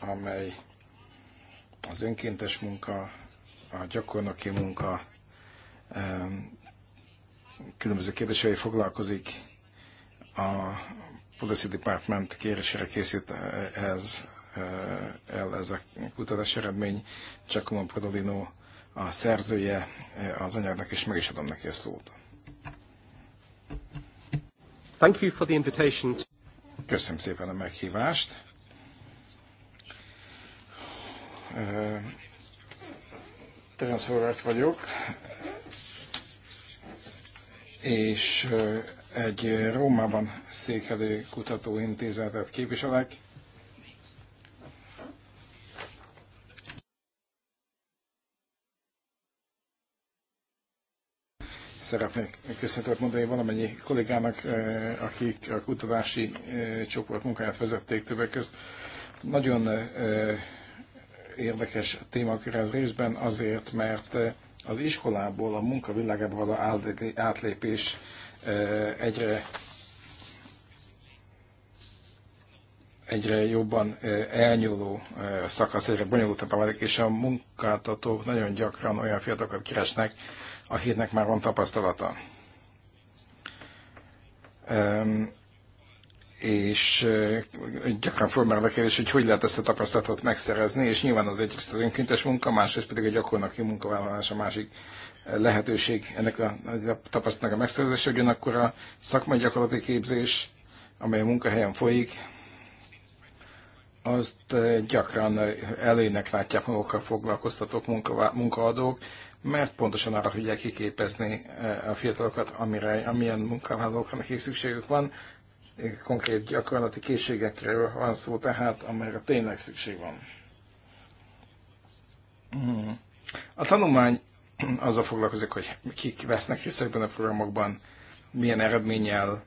amely az önkéntes munka, a gyakornoki munka különböző kérdései foglalkozik. A Policy Department kérésére készült ez, eh, eh, el ez a kutatás eredmény. Giacomo Prodolino a szerzője eh, az anyagnak, és meg is adom neki a szót. Thank you for the invitation. Köszönöm szépen a meghívást. Terence Horvath vagyok, és egy Rómában székelő kutatóintézetet képviselek. Szeretnék köszönetet mondani valamennyi kollégának, eh, akik a kutatási eh, csoport munkáját vezették többek közt. Nagyon eh, érdekes témakör ez részben azért, mert az iskolából a munka való átlépés egyre egyre jobban elnyúló szakasz, egyre bonyolultabb válik, és a munkáltatók nagyon gyakran olyan fiatalokat keresnek, a már van tapasztalata. És eh, gyakran formál a kérdés, hogy hogy lehet ezt a tapasztalatot megszerezni, és nyilván az egyrészt az önkéntes munka, másrészt pedig a gyakornoki munkavállalás a másik eh, lehetőség ennek a, a tapasztalatnak a megszerzése, ugyanakkor a szakmai gyakorlati képzés, amely a munkahelyen folyik, azt eh, gyakran előnynek látják magukkal foglalkoztatók, munkaadók, mert pontosan arra tudják kiképezni eh, a fiatalokat, amire, amilyen munkavállalókra nekik szükségük van. Konkrét gyakorlati készségekről van szó tehát, amelyre tényleg szükség van. Hmm. A tanulmány azzal foglalkozik, hogy kik vesznek részt ebben a programokban, milyen eredménnyel,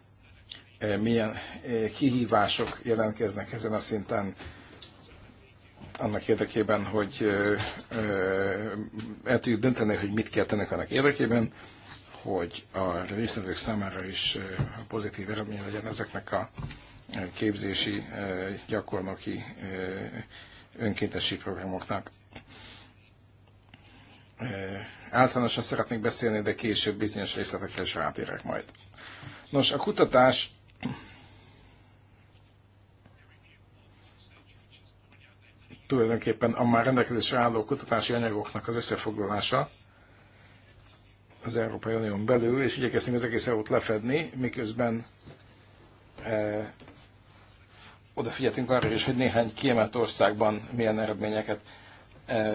eh, milyen eh, kihívások jelentkeznek ezen a szinten, annak érdekében, hogy el tudjuk dönteni, hogy mit kell tenni annak érdekében, hogy a résztvevők számára is pozitív eredmény legyen ezeknek a képzési, gyakornoki, önkéntesi programoknak. Általánosan szeretnék beszélni, de később bizonyos részletekre is rátérek majd. Nos, a kutatás tulajdonképpen a már rendelkezésre álló kutatási anyagoknak az összefoglalása az Európai Unión belül, és igyekeztünk az egész EU-t lefedni, miközben e, odafigyeltünk arra is, hogy néhány kiemelt országban milyen eredményeket e,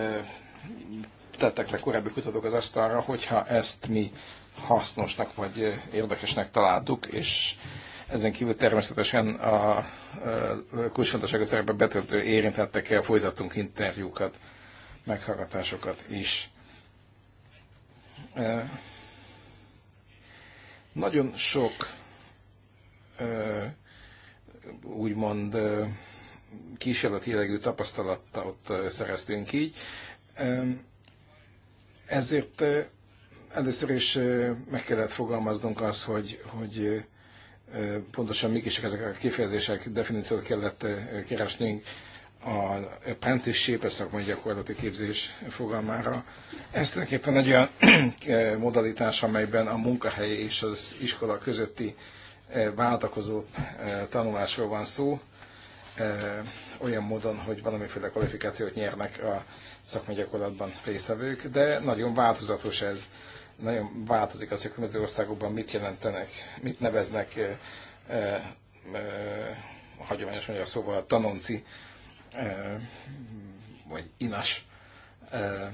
tettek le korábbi kutatók az asztalra, hogyha ezt mi hasznosnak vagy érdekesnek találtuk, és ezen kívül természetesen a kulcsfontosságú szerepe betöltő érintettekkel folytattunk interjúkat, meghallgatásokat is. Nagyon sok úgymond kísérleti jellegű tapasztalatot szereztünk így. Ezért először is meg kellett fogalmaznunk azt, hogy, hogy pontosan mik is ezek a kifejezések, definíciót kellett keresnünk a apprenticeship, a szakmai gyakorlati képzés fogalmára. Ez tulajdonképpen egy olyan modalitás, amelyben a munkahely és az iskola közötti váltakozó tanulásról van szó, olyan módon, hogy valamiféle kvalifikációt nyernek a szakmai gyakorlatban résztvevők, de nagyon változatos ez nagyon változik az, hogy különböző országokban mit jelentenek, mit neveznek e, e, a hagyományos magyar szóval tanonci, e, vagy inas e,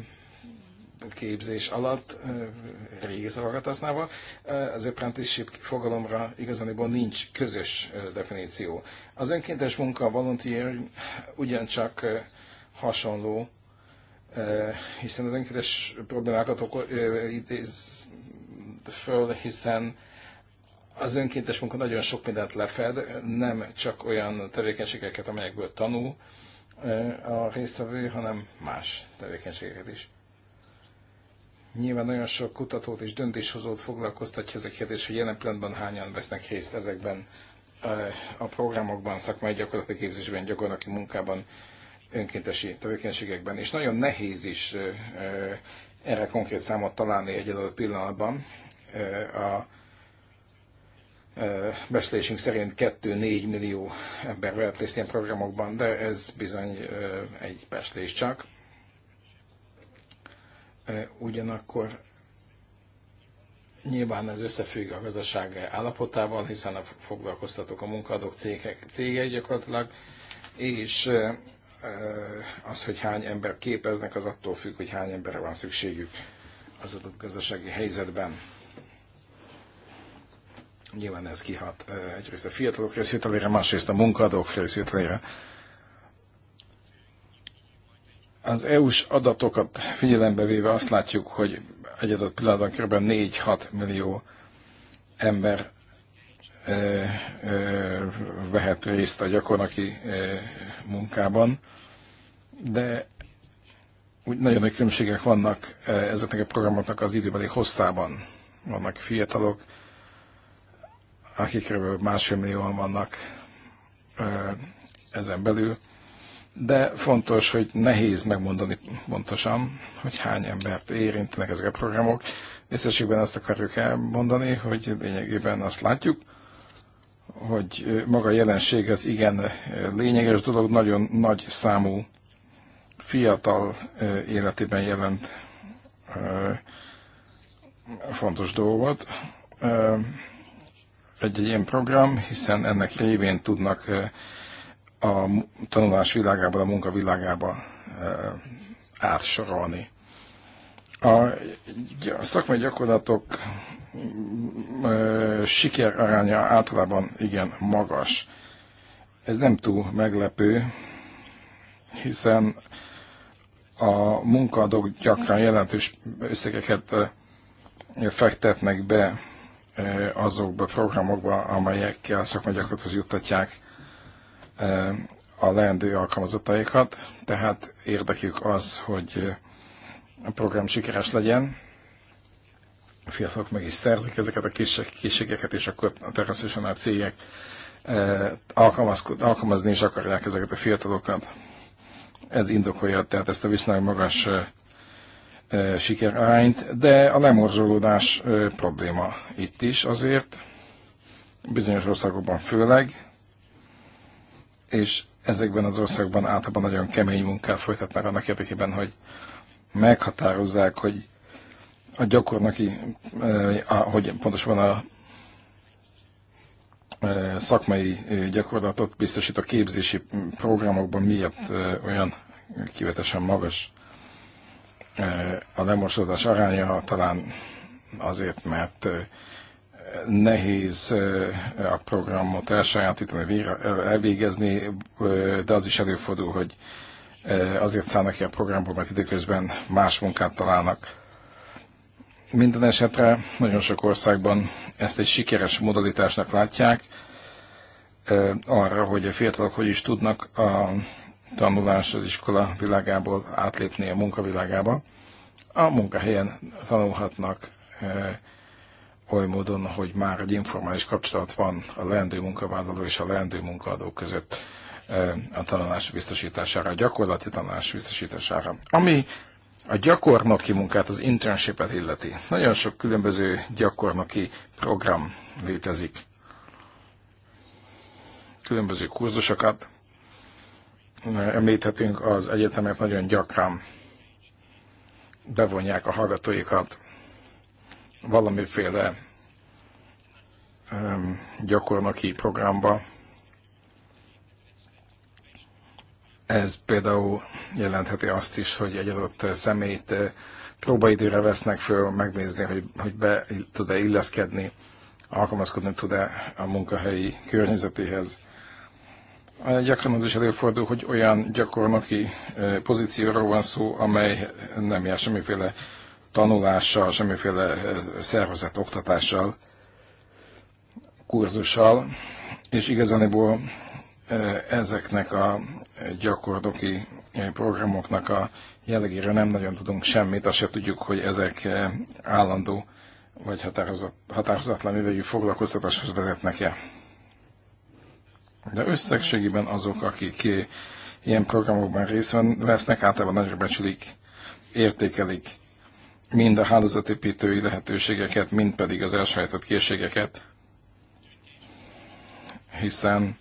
képzés alatt, e, régi szavakat használva. Az apprenticeship fogalomra igazániból nincs közös definíció. Az önkéntes munka, a volunteer ugyancsak hasonló Eh, hiszen az önkéntes problémákat eh, idéz föl, hiszen az önkéntes munka nagyon sok mindent lefed, nem csak olyan tevékenységeket, amelyekből tanul eh, a résztvevő, hanem más tevékenységeket is. Nyilván nagyon sok kutatót és döntéshozót foglalkoztatja ez a kérdés, hogy jelen pillanatban hányan vesznek részt ezekben a programokban, szakmai gyakorlati képzésben, gyakorlati munkában, önkéntesi tevékenységekben, és nagyon nehéz is erre konkrét számot találni egy adott pillanatban. A beszélésünk szerint 2-4 millió ember vehet részt ilyen programokban, de ez bizony egy beszélés csak. Ugyanakkor nyilván ez összefügg a gazdaság állapotával, hiszen a foglalkoztatók, a munkadók cégek, cégek gyakorlatilag, és az, hogy hány ember képeznek, az attól függ, hogy hány emberre van szükségük az adott gazdasági helyzetben. Nyilván ez kihat egyrészt a fiatalok részvételére, másrészt a munkadók részvételére. Az EU-s adatokat figyelembe véve azt látjuk, hogy egy adott pillanatban kb. 4-6 millió ember ö, ö, vehet részt a gyakornoki ö, munkában de úgy nagyon nagy különbségek vannak e, ezeknek a programoknak az időbeli hosszában. Vannak fiatalok, akik kb. másfél millióan vannak e, ezen belül, de fontos, hogy nehéz megmondani pontosan, hogy hány embert érintenek ezek a programok. Összességben azt akarjuk elmondani, hogy lényegében azt látjuk, hogy maga a jelenség ez igen lényeges dolog, nagyon nagy számú fiatal életében jelent fontos dolgot egy-egy ilyen program, hiszen ennek révén tudnak a tanulás világába, a munka világába átsorolni. A szakmai gyakorlatok sikeraránya általában igen magas. Ez nem túl meglepő, hiszen a munkaadók gyakran jelentős összegeket fektetnek be azokba a programokba, amelyekkel gyakorlathoz juttatják a leendő alkalmazataikat, tehát érdekük az, hogy a program sikeres legyen, a fiatalok meg is szerzik ezeket a készségeket, és akkor természetesen a cégek alkalmazni is akarják ezeket a fiatalokat. Ez indokolja tehát ezt a viszonylag magas sikerányt, de a lemorzsolódás probléma itt is azért, bizonyos országokban főleg, és ezekben az országokban általában nagyon kemény munkát folytatnak annak érdekében, hogy meghatározzák, hogy a gyakornoki, hogy pontosan a szakmai gyakorlatot biztosít a képzési programokban, miért olyan kivetesen magas a lemosódás aránya, talán azért, mert nehéz a programot elsajátítani, elvégezni, de az is előfordul, hogy azért szállnak ki a programból, mert időközben más munkát találnak. Minden esetre nagyon sok országban ezt egy sikeres modalitásnak látják, arra, hogy a fiatalok hogy is tudnak a tanulás az iskola világából átlépni a munkavilágába. A munkahelyen tanulhatnak oly módon, hogy már egy informális kapcsolat van a leendő munkavállaló és a leendő munkaadó között a tanulás biztosítására, a gyakorlati tanulás biztosítására. Ami a gyakornoki munkát, az internshipet illeti. Nagyon sok különböző gyakornoki program létezik. Különböző kurzusokat említhetünk, az egyetemek nagyon gyakran bevonják a hallgatóikat valamiféle gyakornoki programba, Ez például jelentheti azt is, hogy egy adott személyt eh, próbaidőre vesznek föl, megnézni, hogy, hogy be tud-e illeszkedni, alkalmazkodni tud-e a munkahelyi környezetéhez. Eh, gyakran az is előfordul, hogy olyan gyakornoki eh, pozícióról van szó, amely nem jár semmiféle tanulással, semmiféle szervezett oktatással, kurzussal, és igazániból ezeknek a gyakornoki programoknak a jellegére nem nagyon tudunk semmit, azt se tudjuk, hogy ezek állandó vagy határozatlan idejű foglalkoztatáshoz vezetnek-e. De összegségében azok, akik ilyen programokban részt vesznek, általában nagyra becsülik, értékelik mind a hálózatépítői lehetőségeket, mind pedig az elsajátett készségeket, hiszen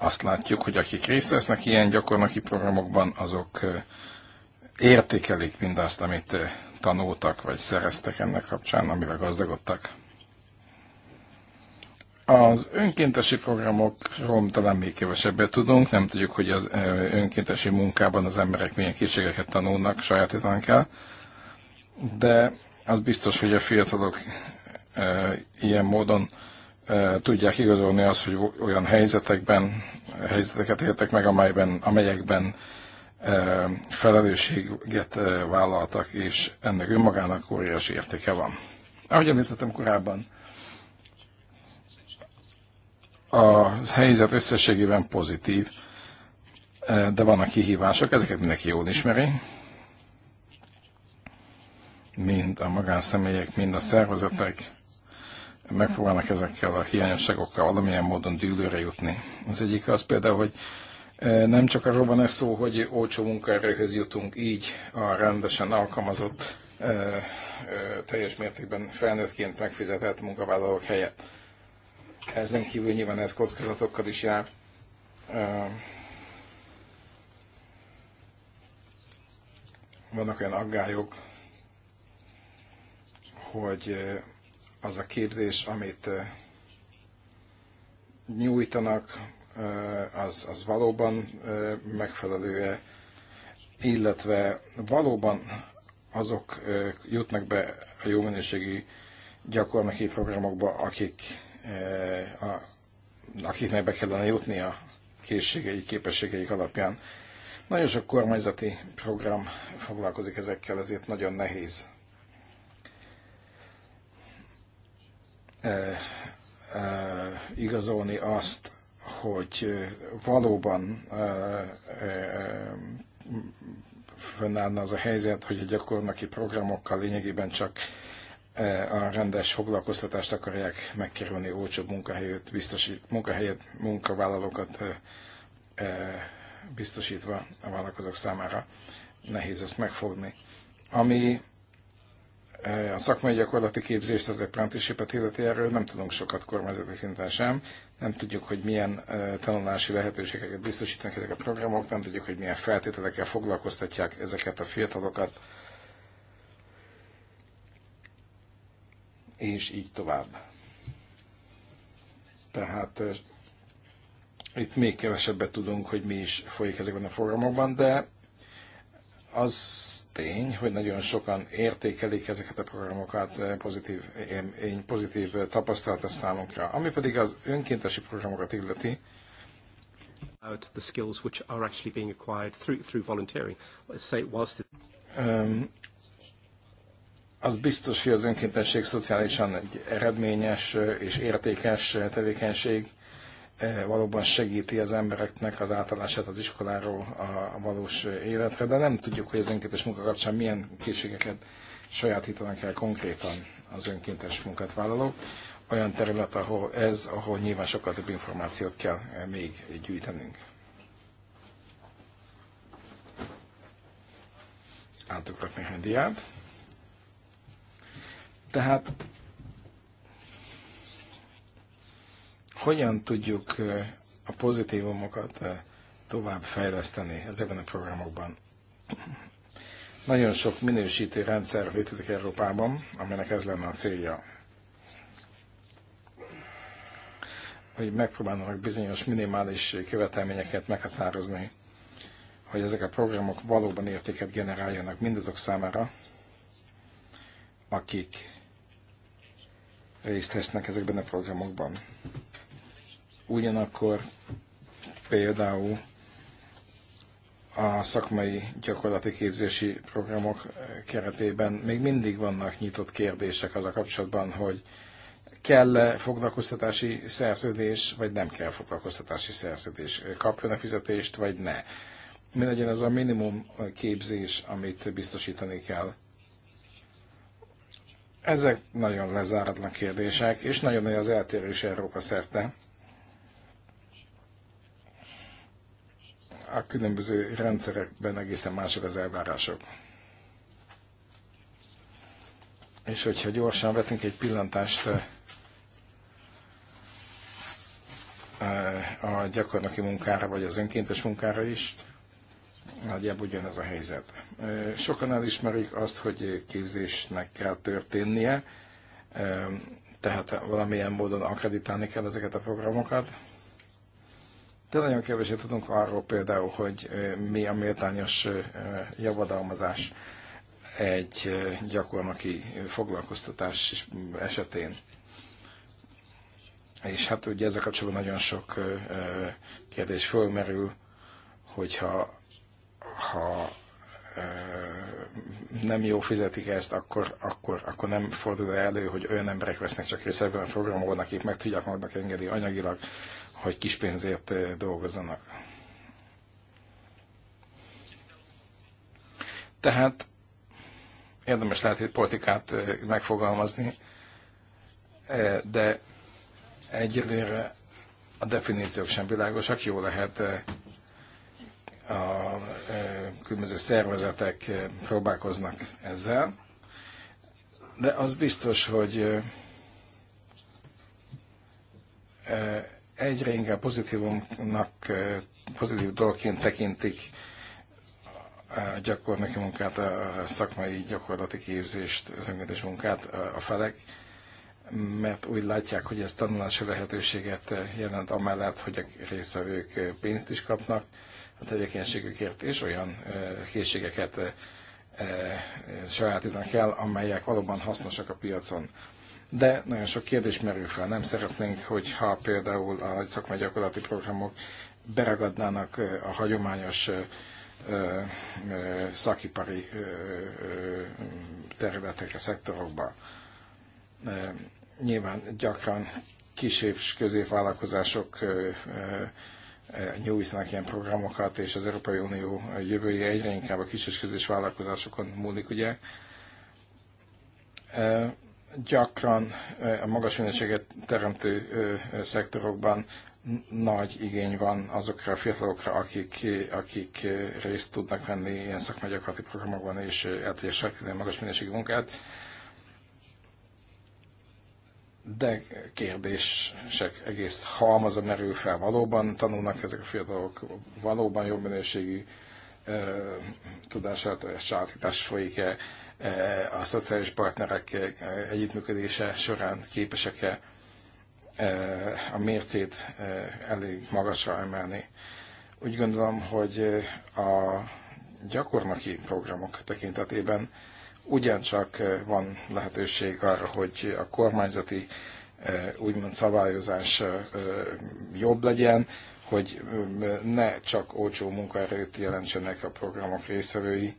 azt látjuk, hogy akik részt vesznek ilyen gyakornoki programokban, azok értékelik mindazt, amit tanultak vagy szereztek ennek kapcsán, amivel gazdagodtak. Az önkéntesi programokról talán még kevesebbet tudunk, nem tudjuk, hogy az önkéntesi munkában az emberek milyen készségeket tanulnak, sajátítanak el, de az biztos, hogy a fiatalok ilyen módon tudják igazolni azt, hogy olyan helyzetekben, helyzeteket éltek meg, amelyben, amelyekben felelősséget vállaltak, és ennek önmagának óriási értéke van. Ahogy említettem korábban, a helyzet összességében pozitív, de vannak kihívások, ezeket mindenki jól ismeri, mind a magánszemélyek, mind a szervezetek, megpróbálnak ezekkel a hiányosságokkal valamilyen módon dűlőre jutni. Az egyik az például, hogy e, nem csak arról van ez szó, hogy olcsó munkaerőhöz jutunk így a rendesen alkalmazott, e, e, teljes mértékben felnőttként megfizetett munkavállalók helyett. Ezen kívül nyilván ez kockázatokkal is jár. Vannak olyan aggályok, hogy az a képzés, amit nyújtanak, az, az valóban megfelelő-e, illetve valóban azok jutnak be a jó minőségi gyakornoki programokba, akik, akiknek be kellene jutni a készségei, képességeik alapján. Nagyon sok kormányzati program foglalkozik ezekkel, ezért nagyon nehéz igazolni azt, hogy valóban fönnállna az a helyzet, hogy a gyakornoki programokkal lényegében csak a rendes foglalkoztatást akarják megkerülni, olcsóbb munkahelyet, biztosít, munkahelyet, munkavállalókat biztosítva a vállalkozók számára. Nehéz ezt megfogni. Ami Eh, a szakmai gyakorlati képzést, az apprenticeship-et illeti erről nem tudunk sokat kormányzati szinten sem. Nem tudjuk, hogy milyen eh, tanulási lehetőségeket biztosítanak ezek a programok, nem tudjuk, hogy milyen feltételekkel foglalkoztatják ezeket a fiatalokat, és így tovább. Tehát eh, itt még kevesebbet tudunk, hogy mi is folyik ezekben a programokban, de az tény, hogy nagyon sokan értékelik ezeket a programokat, eh, pozitív, eh, pozitív eh, tapasztalat a számunkra. Ami pedig az önkéntesi programokat illeti, the skills which are actually being acquired through, through volunteering. say whilst um, ehm, az biztos, hogy az önkéntesség szociálisan egy eredményes és értékes tevékenység, E, valóban segíti az embereknek az átállását az iskoláról a valós életre, de nem tudjuk, hogy az önkéntes munka kapcsán milyen készségeket sajátítanak el konkrétan az önkéntes munkát vállalók. Olyan terület, ahol ez, ahol nyilván sokkal több információt kell e, még gyűjtenünk. Átugrok néhány diát. Tehát Hogyan tudjuk a pozitívumokat tovább fejleszteni ezekben a programokban? Nagyon sok minősítő rendszer létezik Európában, aminek ez lenne a célja. Hogy megpróbálnak bizonyos minimális követelményeket meghatározni, hogy ezek a programok valóban értéket generáljanak mindazok számára, akik részt vesznek ezekben a programokban. Ugyanakkor például a szakmai gyakorlati képzési programok keretében még mindig vannak nyitott kérdések az a kapcsolatban, hogy kell-e foglalkoztatási szerződés, vagy nem kell foglalkoztatási szerződés, kapjon-e fizetést, vagy ne. Mi legyen az a minimum képzés, amit biztosítani kell. Ezek nagyon lezáratlan kérdések, és nagyon nagy az eltérés Európa szerte. a különböző rendszerekben egészen mások az elvárások. És hogyha gyorsan vetünk egy pillantást eh, eh, a gyakornoki munkára, vagy az önkéntes munkára is, nagyjából ugyanez a helyzet. Eh, sokan elismerik azt, hogy képzésnek kell történnie, tehát valamilyen módon akreditálni kell ezeket a programokat, de nagyon keveset tudunk arról például, hogy mi a méltányos javadalmazás egy gyakornoki foglalkoztatás esetén. És hát ugye ezzel kapcsolatban nagyon sok kérdés fölmerül, hogyha ha nem jó fizetik ezt, akkor, akkor, akkor nem fordul elő, hogy olyan emberek vesznek csak részt ebben a programban, akik meg tudják magnak engedni anyagilag, hogy kis pénzért eh, dolgozzanak. Tehát érdemes lehet egy politikát eh, megfogalmazni, eh, de egyelőre a definíciók sem világosak. Jó lehet a különböző szervezetek próbálkoznak ezzel, de az biztos, hogy egyre inkább pozitívumnak, eh, pozitív dologként tekintik a eh, gyakornoki munkát, a szakmai gyakorlati képzést, az önkéntes munkát a felek, mert úgy látják, hogy ez tanulási lehetőséget eh, jelent, amellett, hogy a résztvevők pénzt is kapnak a tevékenységükért, és olyan készségeket sajátítanak el, amelyek valóban hasznosak a piacon de nagyon sok kérdés merül fel. Nem szeretnénk, hogyha például a szakmai gyakorlati programok beragadnának a hagyományos szakipari területekre, szektorokba. Nyilván gyakran kis és középvállalkozások nyújtanak ilyen programokat, és az Európai Unió jövője egyre inkább a kis és közés vállalkozásokon múlik, ugye gyakran a magas minőséget teremtő szektorokban nagy igény van azokra a fiatalokra, akik, akik részt tudnak venni ilyen szakmai gyakorlati programokban, és el tudják sajtani a magas minőségi munkát. De kérdések egész halmaza merül fel. Valóban tanulnak ezek a fiatalok, valóban jobb minőségű tudását, sajátítás folyik-e, E, a szociális partnerek e, együttműködése során képesek-e e, a mércét elég magasra emelni. Úgy gondolom, hogy a gyakornoki programok tekintetében ugyancsak van lehetőség arra, hogy a kormányzati úgymond szabályozás jobb legyen, hogy ne csak olcsó munkaerőt jelentsenek a programok részvevői,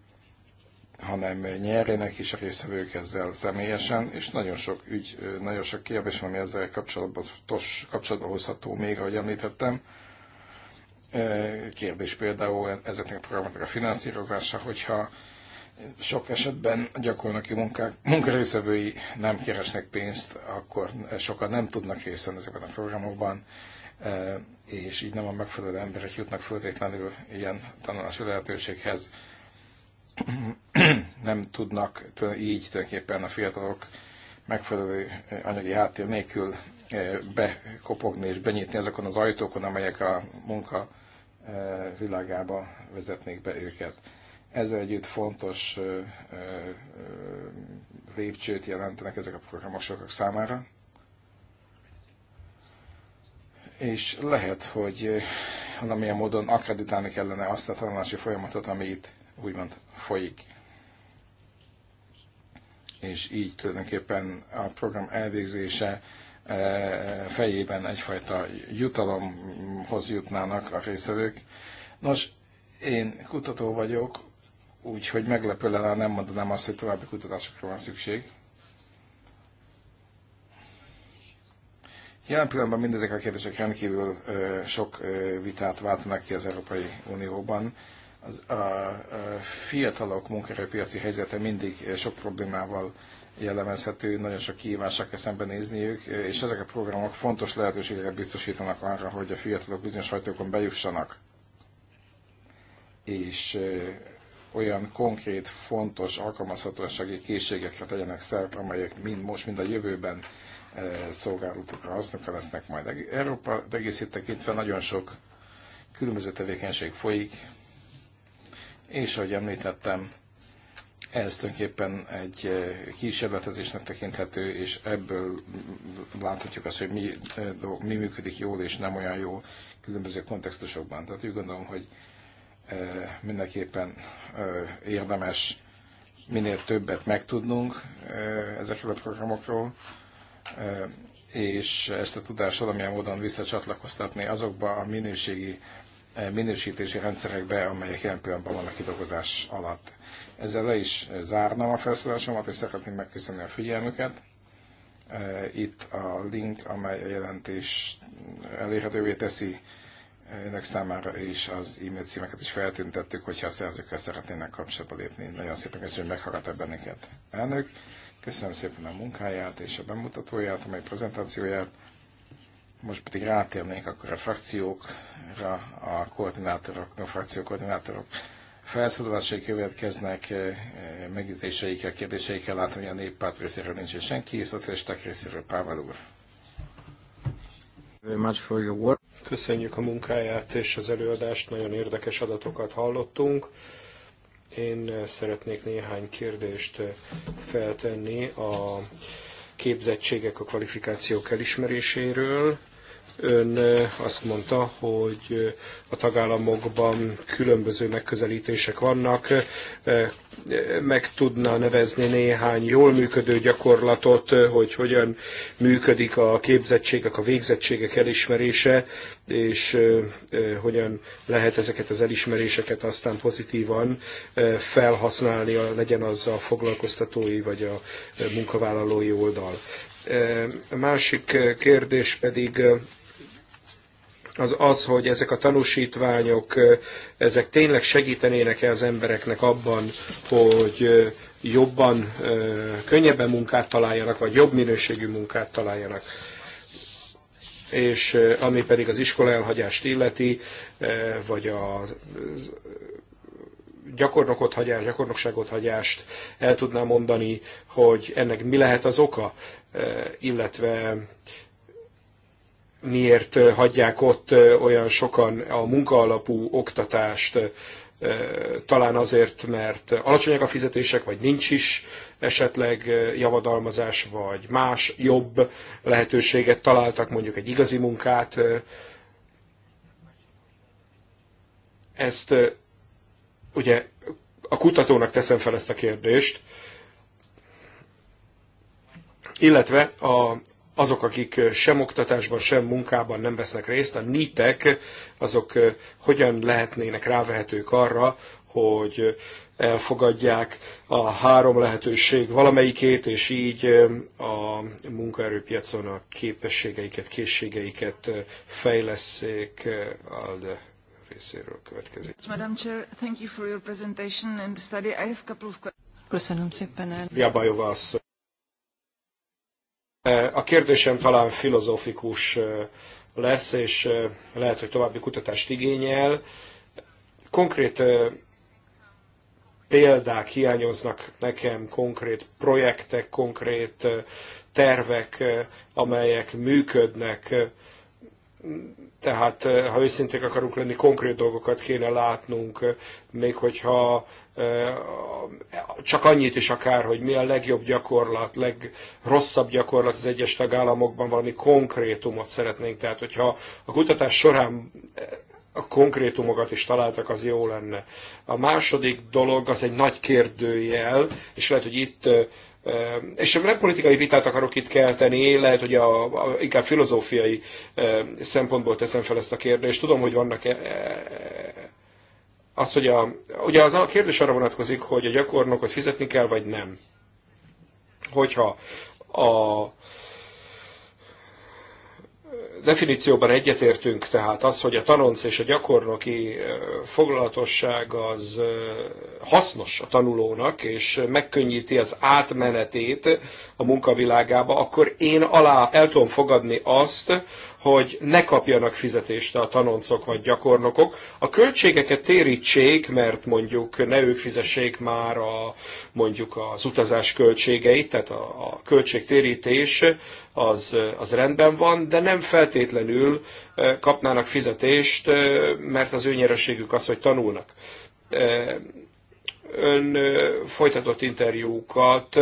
hanem nyerjenek is a részvevők ezzel személyesen, és nagyon sok ügy, nagyon sok kérdés, ami ezzel kapcsolatban, tos, kapcsolatban hozható még, ahogy említettem. Kérdés például ezeknek a programoknak a finanszírozása, hogyha sok esetben gyakornoki munkák, munkarészevői nem keresnek pénzt, akkor sokan nem tudnak részen ezekben a programokban, és így nem a megfelelő emberek jutnak föltétlenül ilyen tanulási lehetőséghez nem tudnak így tulajdonképpen a fiatalok megfelelő anyagi háttér nélkül eh, bekopogni és benyitni azokon az ajtókon, amelyek a munka eh, világába vezetnék be őket. Ezzel együtt fontos eh, lépcsőt jelentenek ezek a programok sokak számára. És lehet, hogy valamilyen módon akreditálni kellene azt a tanulási folyamatot, ami itt úgymond folyik. És így tulajdonképpen a program elvégzése eh, fejében egyfajta jutalomhoz jutnának a részvevők. Nos, én kutató vagyok, úgyhogy meglepő lenne, nem mondanám azt, hogy további kutatásokra van szükség. Jelen pillanatban mindezek a kérdések rendkívül sok vitát váltanak ki az Európai Unióban az, a, a fiatalok munkaerőpiaci helyzete mindig sok problémával jellemezhető, nagyon sok kihívással kell szembenézniük, és ezek a programok fontos lehetőségeket biztosítanak arra, hogy a fiatalok bizonyos sajtókon bejussanak, és olyan konkrét, fontos alkalmazhatósági készségekre tegyenek szert, amelyek mind most, mind a jövőben szolgálatokra, hasznokra lesznek majd. Európa egészét tekintve nagyon sok különböző tevékenység folyik, és ahogy említettem, ez tulajdonképpen egy eh, kísérletezésnek tekinthető, és ebből láthatjuk azt, hogy mi, eh, mi működik jól és nem olyan jó különböző kontextusokban. Tehát úgy gondolom, hogy eh, mindenképpen érdemes minél többet megtudnunk ezekről a programokról, és ezt a tudást valamilyen módon visszacsatlakoztatni azokba a minőségi minősítési rendszerekbe, amelyek jelen pillanatban vannak kidolgozás alatt. Ezzel le is zárnám a felszólásomat, és szeretném megköszönni a figyelmüket. Eh, itt a link, amely a jelentés elérhetővé teszi önök számára, és az e-mail címeket is feltüntettük, hogyha a szerzőkkel szeretnének kapcsolatba lépni. Nagyon szépen köszönöm, hogy meghallgattak bennünket. Elnök, köszönöm szépen a munkáját és a bemutatóját, amely prezentációját. Most pedig rátérnék akkor a frakciókra, a koordinátorok, a frakció koordinátorok felszólalásai következnek, eh, eh, megjegyzéseikkel, kérdéseikkel látom, hogy a néppárt részéről nincs senki, szocialisták részéről Pável úr. Köszönjük a munkáját és az előadást, nagyon érdekes adatokat hallottunk. Én eh, szeretnék néhány kérdést feltenni a képzettségek, a kvalifikációk elismeréséről. Ön azt mondta, hogy a tagállamokban különböző megközelítések vannak. Meg tudna nevezni néhány jól működő gyakorlatot, hogy hogyan működik a képzettségek, a végzettségek elismerése, és hogyan lehet ezeket az elismeréseket aztán pozitívan felhasználni, legyen az a foglalkoztatói vagy a munkavállalói oldal. A másik kérdés pedig az az, hogy ezek a tanúsítványok, ezek tényleg segítenének-e az embereknek abban, hogy jobban, könnyebben munkát találjanak, vagy jobb minőségű munkát találjanak. És ami pedig az iskola elhagyást illeti, vagy a gyakornokot hagyást, gyakornokságot hagyást el tudná mondani, hogy ennek mi lehet az oka, illetve miért hagyják ott olyan sokan a munkaalapú oktatást, talán azért, mert alacsonyak a fizetések, vagy nincs is esetleg javadalmazás, vagy más jobb lehetőséget találtak, mondjuk egy igazi munkát. Ezt ugye a kutatónak teszem fel ezt a kérdést, illetve a azok, akik sem oktatásban, sem munkában nem vesznek részt, a nitek, azok hogyan lehetnének rávehetők arra, hogy elfogadják a három lehetőség valamelyikét, és így a munkaerőpiacon a képességeiket, készségeiket fejleszék Alde részéről következik. Madam Chair, thank you for your presentation and study. I have a couple of questions. Köszönöm szépen. El. Jabajova asszony. A kérdésem talán filozófikus lesz, és lehet, hogy további kutatást igényel. Konkrét példák hiányoznak nekem, konkrét projektek, konkrét tervek, amelyek működnek. Tehát, ha őszinték akarunk lenni, konkrét dolgokat kéne látnunk, még hogyha csak annyit is akár, hogy mi a legjobb gyakorlat, legrosszabb gyakorlat az egyes tagállamokban, valami konkrétumot szeretnénk. Tehát, hogyha a kutatás során a konkrétumokat is találtak, az jó lenne. A második dolog az egy nagy kérdőjel, és lehet, hogy itt és nem politikai vitát akarok itt kelteni, lehet, hogy a, a, inkább filozófiai szempontból teszem fel ezt a kérdést. Tudom, hogy vannak e, e, az, hogy a, ugye az a kérdés arra vonatkozik, hogy a gyakornokot fizetni kell, vagy nem. Hogyha a definícióban egyetértünk, tehát az, hogy a tanonc és a gyakornoki foglalatosság az hasznos a tanulónak, és megkönnyíti az átmenetét a munkavilágába, akkor én alá el tudom fogadni azt, hogy ne kapjanak fizetést a tanoncok vagy gyakornokok. A költségeket térítsék, mert mondjuk ne ők fizessék már a, mondjuk az utazás költségeit, tehát a, a költségtérítés az, az rendben van, de nem feltétlenül kapnának fizetést, mert az ő nyereségük az, hogy tanulnak ön folytatott interjúkat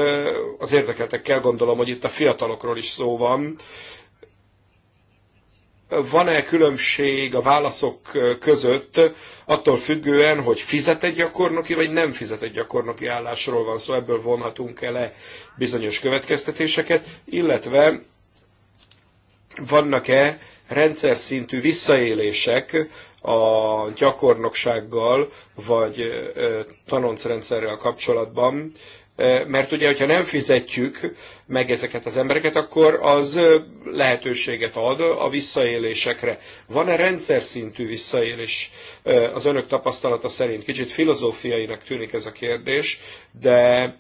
az érdekeltekkel, gondolom, hogy itt a fiatalokról is szó van, van-e különbség a válaszok között attól függően, hogy fizet egy gyakornoki, vagy nem fizet egy gyakornoki állásról van szó, szóval ebből vonhatunk -e bizonyos következtetéseket, illetve vannak-e rendszer szintű visszaélések a gyakornoksággal, vagy tanoncrendszerrel kapcsolatban, mert ugye, hogyha nem fizetjük meg ezeket az embereket, akkor az lehetőséget ad a visszaélésekre. Van-e rendszer szintű visszaélés az önök tapasztalata szerint? Kicsit filozófiainak tűnik ez a kérdés, de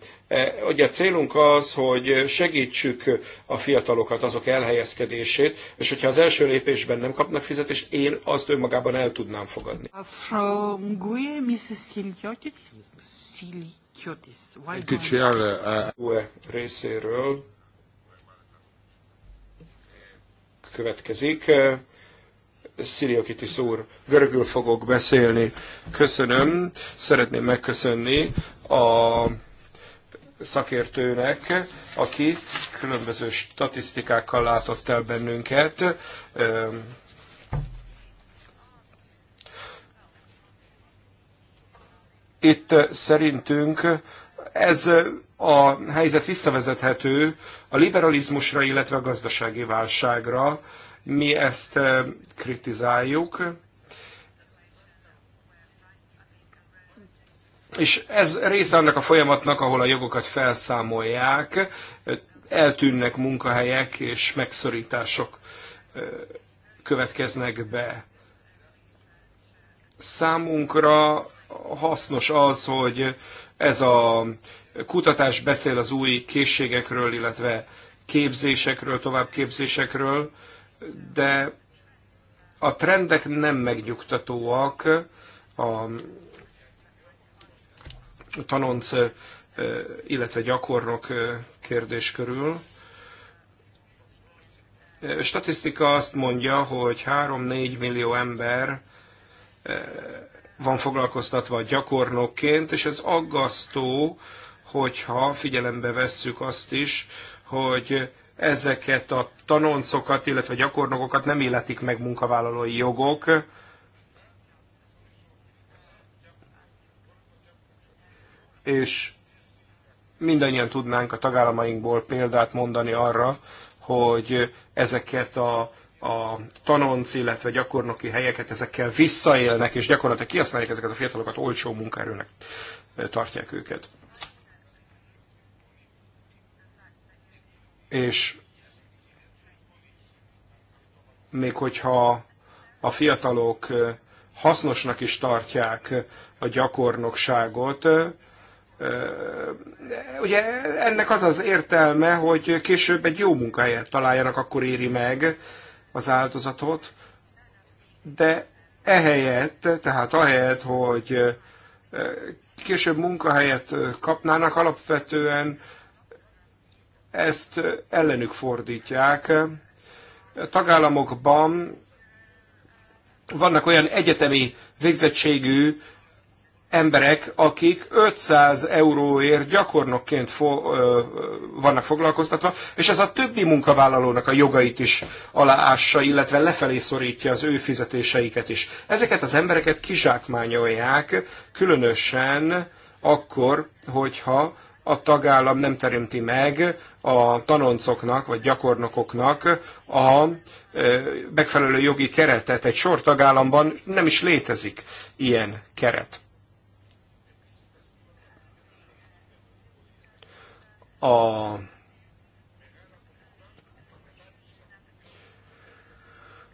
ugye a célunk az, hogy segítsük a fiatalokat, azok elhelyezkedését, és hogyha az első lépésben nem kapnak fizetést, én azt önmagában el tudnám fogadni. From Gue, Mrs. Hintyot, Sili. Kicsiel e részéről következik. Sziriokitis úr, görögül fogok beszélni. Köszönöm, szeretném megköszönni a szakértőnek, aki különböző statisztikákkal látott el bennünket Itt szerintünk ez a helyzet visszavezethető a liberalizmusra, illetve a gazdasági válságra. Mi ezt kritizáljuk. És ez része annak a folyamatnak, ahol a jogokat felszámolják, eltűnnek munkahelyek és megszorítások következnek be. Számunkra hasznos az, hogy ez a kutatás beszél az új készségekről, illetve képzésekről, továbbképzésekről, de a trendek nem megnyugtatóak. A tanonc, illetve gyakornok kérdés körül. Statisztika azt mondja, hogy 3-4 millió ember van foglalkoztatva gyakornokként, és ez aggasztó, hogyha figyelembe vesszük azt is, hogy ezeket a tanoncokat, illetve gyakornokokat nem illetik meg munkavállalói jogok. És mindannyian tudnánk a tagállamainkból példát mondani arra, hogy ezeket a a tanonc, illetve gyakornoki helyeket ezekkel visszaélnek, és gyakorlatilag kihasználják ezeket a fiatalokat, olcsó munkaerőnek tartják őket. És még hogyha a fiatalok hasznosnak is tartják a gyakornokságot, ugye ennek az az értelme, hogy később egy jó munkahelyet találjanak, akkor éri meg, az áldozatot, de ehelyett, tehát ahelyett, hogy később munkahelyet kapnának, alapvetően ezt ellenük fordítják. A tagállamokban vannak olyan egyetemi végzettségű emberek, akik 500 euróért gyakornokként fo- ö, vannak foglalkoztatva, és ez a többi munkavállalónak a jogait is aláássa, illetve lefelé szorítja az ő fizetéseiket is. Ezeket az embereket kizsákmányolják, különösen akkor, hogyha a tagállam nem teremti meg a tanoncoknak vagy gyakornokoknak a megfelelő jogi keretet. Egy sor tagállamban nem is létezik ilyen keret. a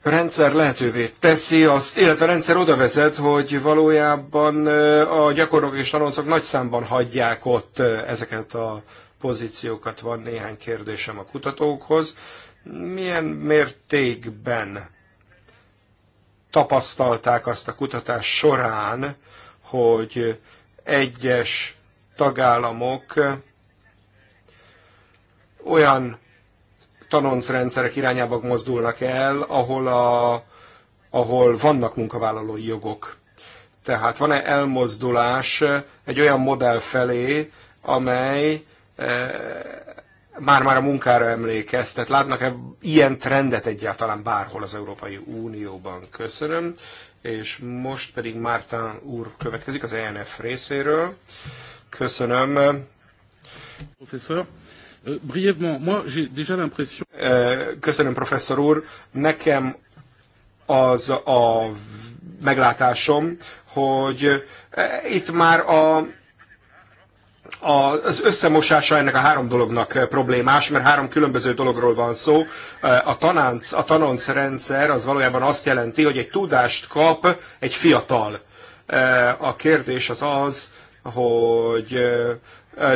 rendszer lehetővé teszi, azt, illetve a rendszer oda vezet, hogy valójában a gyakornok és tanulcok nagy számban hagyják ott ezeket a pozíciókat. Van néhány kérdésem a kutatókhoz. Milyen mértékben tapasztalták azt a kutatás során, hogy egyes tagállamok olyan tanoncrendszerek irányába mozdulnak el, ahol, a, ahol vannak munkavállalói jogok. Tehát van-e elmozdulás egy olyan modell felé, amely eh, már-már a munkára emlékeztet. Látnak-e ilyen trendet egyáltalán bárhol az Európai Unióban? Köszönöm. És most pedig Mártán úr következik az ENF részéről. Köszönöm. Professor Euh, brièvement, moi j'ai déjà l'impression... Euh, köszönöm, professzor úr. Nekem az a meglátásom, hogy eh, itt már a, az összemosása ennek a három dolognak eh, problémás, mert három különböző dologról van szó. Eh, a, tanánc, a tanonc rendszer az valójában azt jelenti, hogy egy tudást kap egy fiatal. A kérdés az az, hogy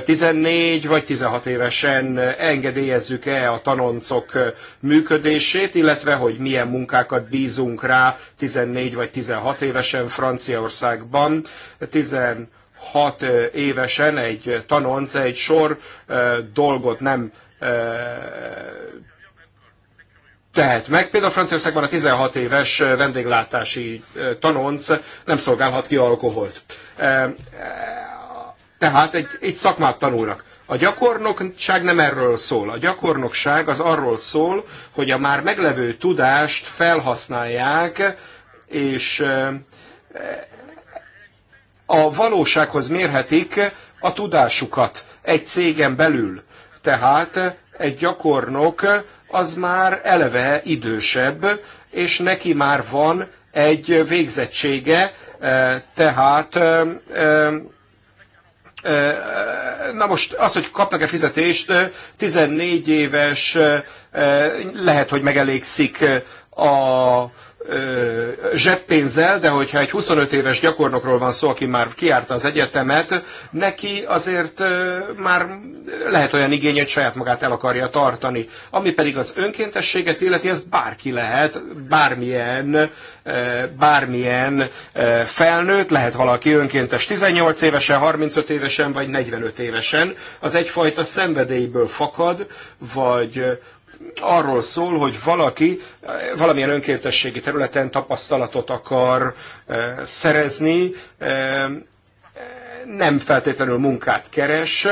14 vagy 16 évesen engedélyezzük-e a tanoncok működését, illetve hogy milyen munkákat bízunk rá 14 vagy 16 évesen Franciaországban. 16 évesen egy tanonc egy sor dolgot nem tehet meg. Például Franciaországban a 16 éves vendéglátási tanonc nem szolgálhat ki alkoholt tehát egy, egy szakmát tanulnak. A gyakornokság nem erről szól. A gyakornokság az arról szól, hogy a már meglevő tudást felhasználják, és a valósághoz mérhetik a tudásukat egy cégen belül. Tehát egy gyakornok az már eleve idősebb, és neki már van egy végzettsége, tehát Na most az, hogy kapnak-e fizetést, 14 éves lehet, hogy megelégszik a zseppénzzel, de hogyha egy 25 éves gyakornokról van szó, aki már kiárta az egyetemet, neki azért már lehet olyan igény, hogy saját magát el akarja tartani. Ami pedig az önkéntességet illeti, ez bárki lehet, bármilyen, bármilyen felnőtt, lehet valaki önkéntes 18 évesen, 35 évesen, vagy 45 évesen. Az egyfajta szenvedélyből fakad, vagy arról szól, hogy valaki eh, valamilyen önkéntességi területen tapasztalatot akar eh, szerezni, eh, nem feltétlenül munkát keres,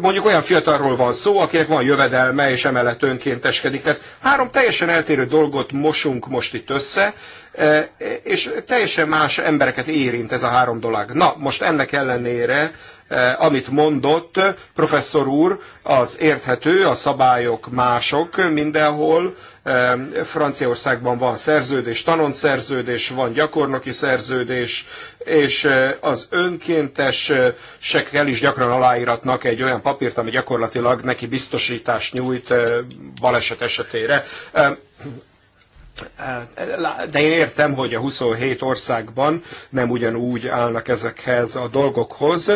mondjuk olyan fiatalról van szó, akinek van jövedelme, és emellett önkénteskedik. Tehát három teljesen eltérő dolgot mosunk most itt össze, és teljesen más embereket érint ez a három dolog. Na, most ennek ellenére, amit mondott professzor úr, az érthető, a szabályok mások mindenhol. Franciaországban van szerződés, tanonszerződés, van gyakornoki szerződés, és az önkéntesekkel is gyakran aláíratnak egy olyan papírt, ami gyakorlatilag neki biztosítást nyújt baleset esetére de én értem, hogy a 27 országban nem ugyanúgy állnak ezekhez a dolgokhoz.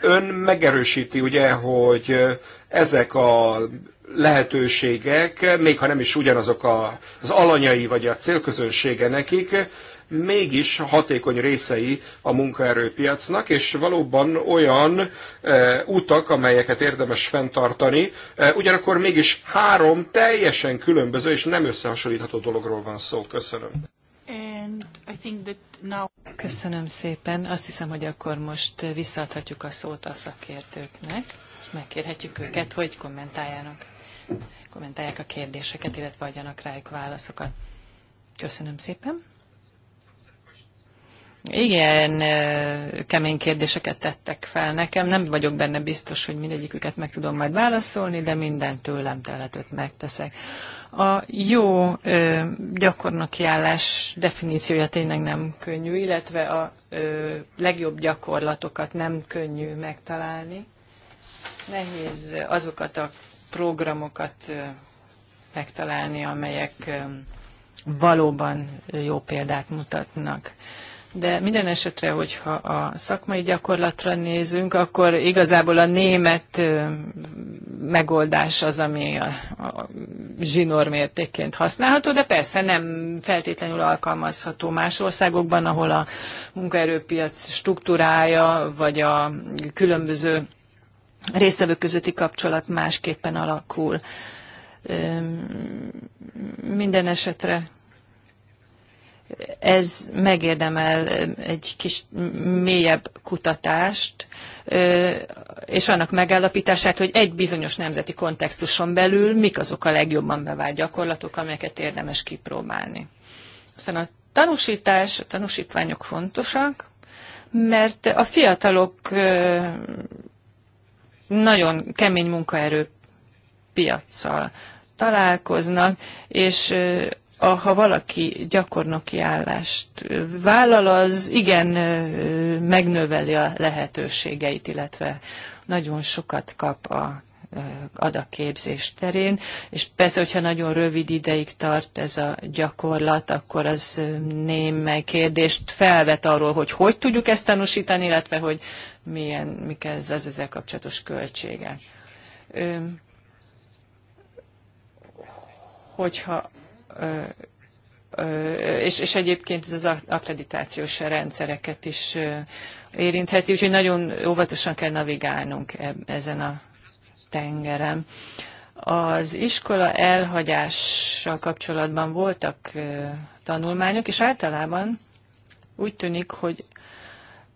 Ön megerősíti ugye, hogy ezek a lehetőségek, még ha nem is ugyanazok az alanyai vagy a célközönsége nekik, mégis hatékony részei a munkaerőpiacnak, és valóban olyan e, utak, amelyeket érdemes fenntartani, e, ugyanakkor mégis három teljesen különböző és nem összehasonlítható dologról van szó. Köszönöm. Now... Köszönöm szépen. Azt hiszem, hogy akkor most visszaadhatjuk a szót a szakértőknek, és megkérhetjük őket, hogy kommentáljanak, kommentálják a kérdéseket, illetve adjanak rájuk válaszokat. Köszönöm szépen igen, kemény kérdéseket tettek fel nekem. Nem vagyok benne biztos, hogy mindegyiküket meg tudom majd válaszolni, de minden tőlem telhetőt megteszek. A jó gyakornoki állás definíciója tényleg nem könnyű, illetve a legjobb gyakorlatokat nem könnyű megtalálni. Nehéz azokat a programokat megtalálni, amelyek valóban jó példát mutatnak de minden esetre, hogyha a szakmai gyakorlatra nézünk, akkor igazából a német megoldás az, ami a, a zsinórmértékként használható, de persze nem feltétlenül alkalmazható más országokban, ahol a munkaerőpiac struktúrája, vagy a különböző résztvevők közötti kapcsolat másképpen alakul. Minden esetre ez megérdemel egy kis mélyebb kutatást, és annak megállapítását, hogy egy bizonyos nemzeti kontextuson belül mik azok a legjobban bevált gyakorlatok, amelyeket érdemes kipróbálni. Aztán a tanúsítás, a tanúsítványok fontosak, mert a fiatalok nagyon kemény munkaerő piaccal találkoznak, és a, ha valaki gyakornoki állást vállal, az igen megnöveli a lehetőségeit, illetve nagyon sokat kap a ad a képzés terén, és persze, hogyha nagyon rövid ideig tart ez a gyakorlat, akkor az némely kérdést felvet arról, hogy hogy tudjuk ezt tanúsítani, illetve hogy milyen, mik ez az ezzel kapcsolatos költsége. Hogyha és, és egyébként ez az akkreditációs rendszereket is érintheti, úgyhogy nagyon óvatosan kell navigálnunk e- ezen a tengeren. Az iskola elhagyással kapcsolatban voltak tanulmányok, és általában úgy tűnik, hogy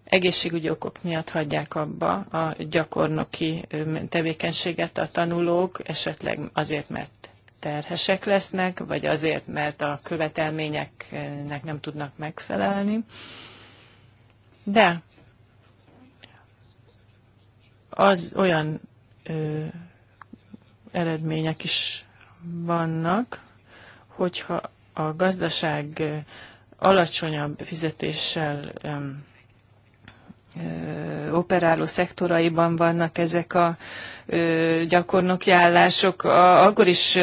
egészségügyi okok miatt hagyják abba a gyakornoki tevékenységet a tanulók, esetleg azért, mert terhesek lesznek, vagy azért, mert a követelményeknek nem tudnak megfelelni. De az olyan ö, eredmények is vannak, hogyha a gazdaság alacsonyabb fizetéssel ö, operáló szektoraiban vannak ezek a gyakornoki állások, akkor is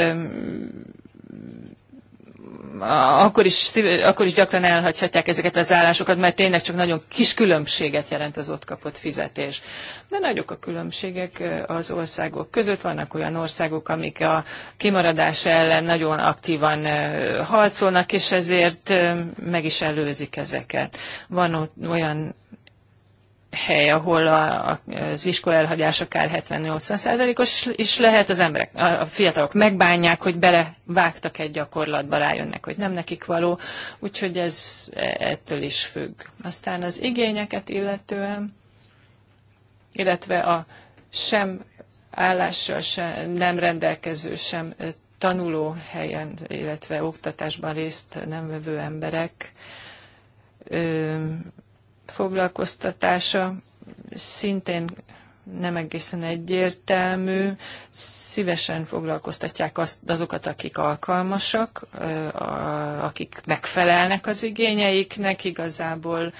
akkor is, akkor is gyakran elhagyhatják ezeket az állásokat, mert tényleg csak nagyon kis különbséget jelent az ott kapott fizetés. De nagyok a különbségek az országok között. Vannak olyan országok, amik a kimaradás ellen nagyon aktívan harcolnak, és ezért meg is előzik ezeket. Van olyan hely, ahol a, az iskola elhagyás akár 70-80%-os is lehet, az emberek, a fiatalok megbánják, hogy belevágtak egy gyakorlatba, rájönnek, hogy nem nekik való, úgyhogy ez e, ettől is függ. Aztán az igényeket illetően, illetve a sem állással sem, nem rendelkező, sem e, tanuló helyen illetve oktatásban részt nem vevő emberek, foglalkoztatása szintén nem egészen egyértelmű. Szívesen foglalkoztatják azt, azokat, akik alkalmasak, akik megfelelnek az igényeiknek. Igazából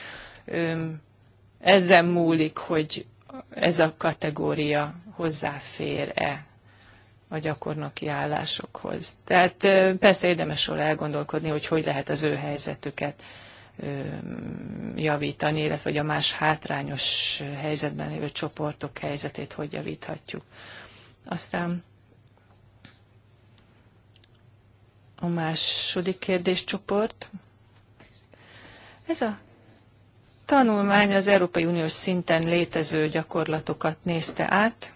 ezen múlik, hogy ez a kategória hozzáfér-e a gyakornoki állásokhoz. Tehát persze érdemes róla elgondolkodni, hogy hogy lehet az ő helyzetüket javítani, illetve hogy a más hátrányos helyzetben lévő csoportok helyzetét hogy javíthatjuk. Aztán a második kérdéscsoport. Ez a tanulmány az Európai Uniós szinten létező gyakorlatokat nézte át,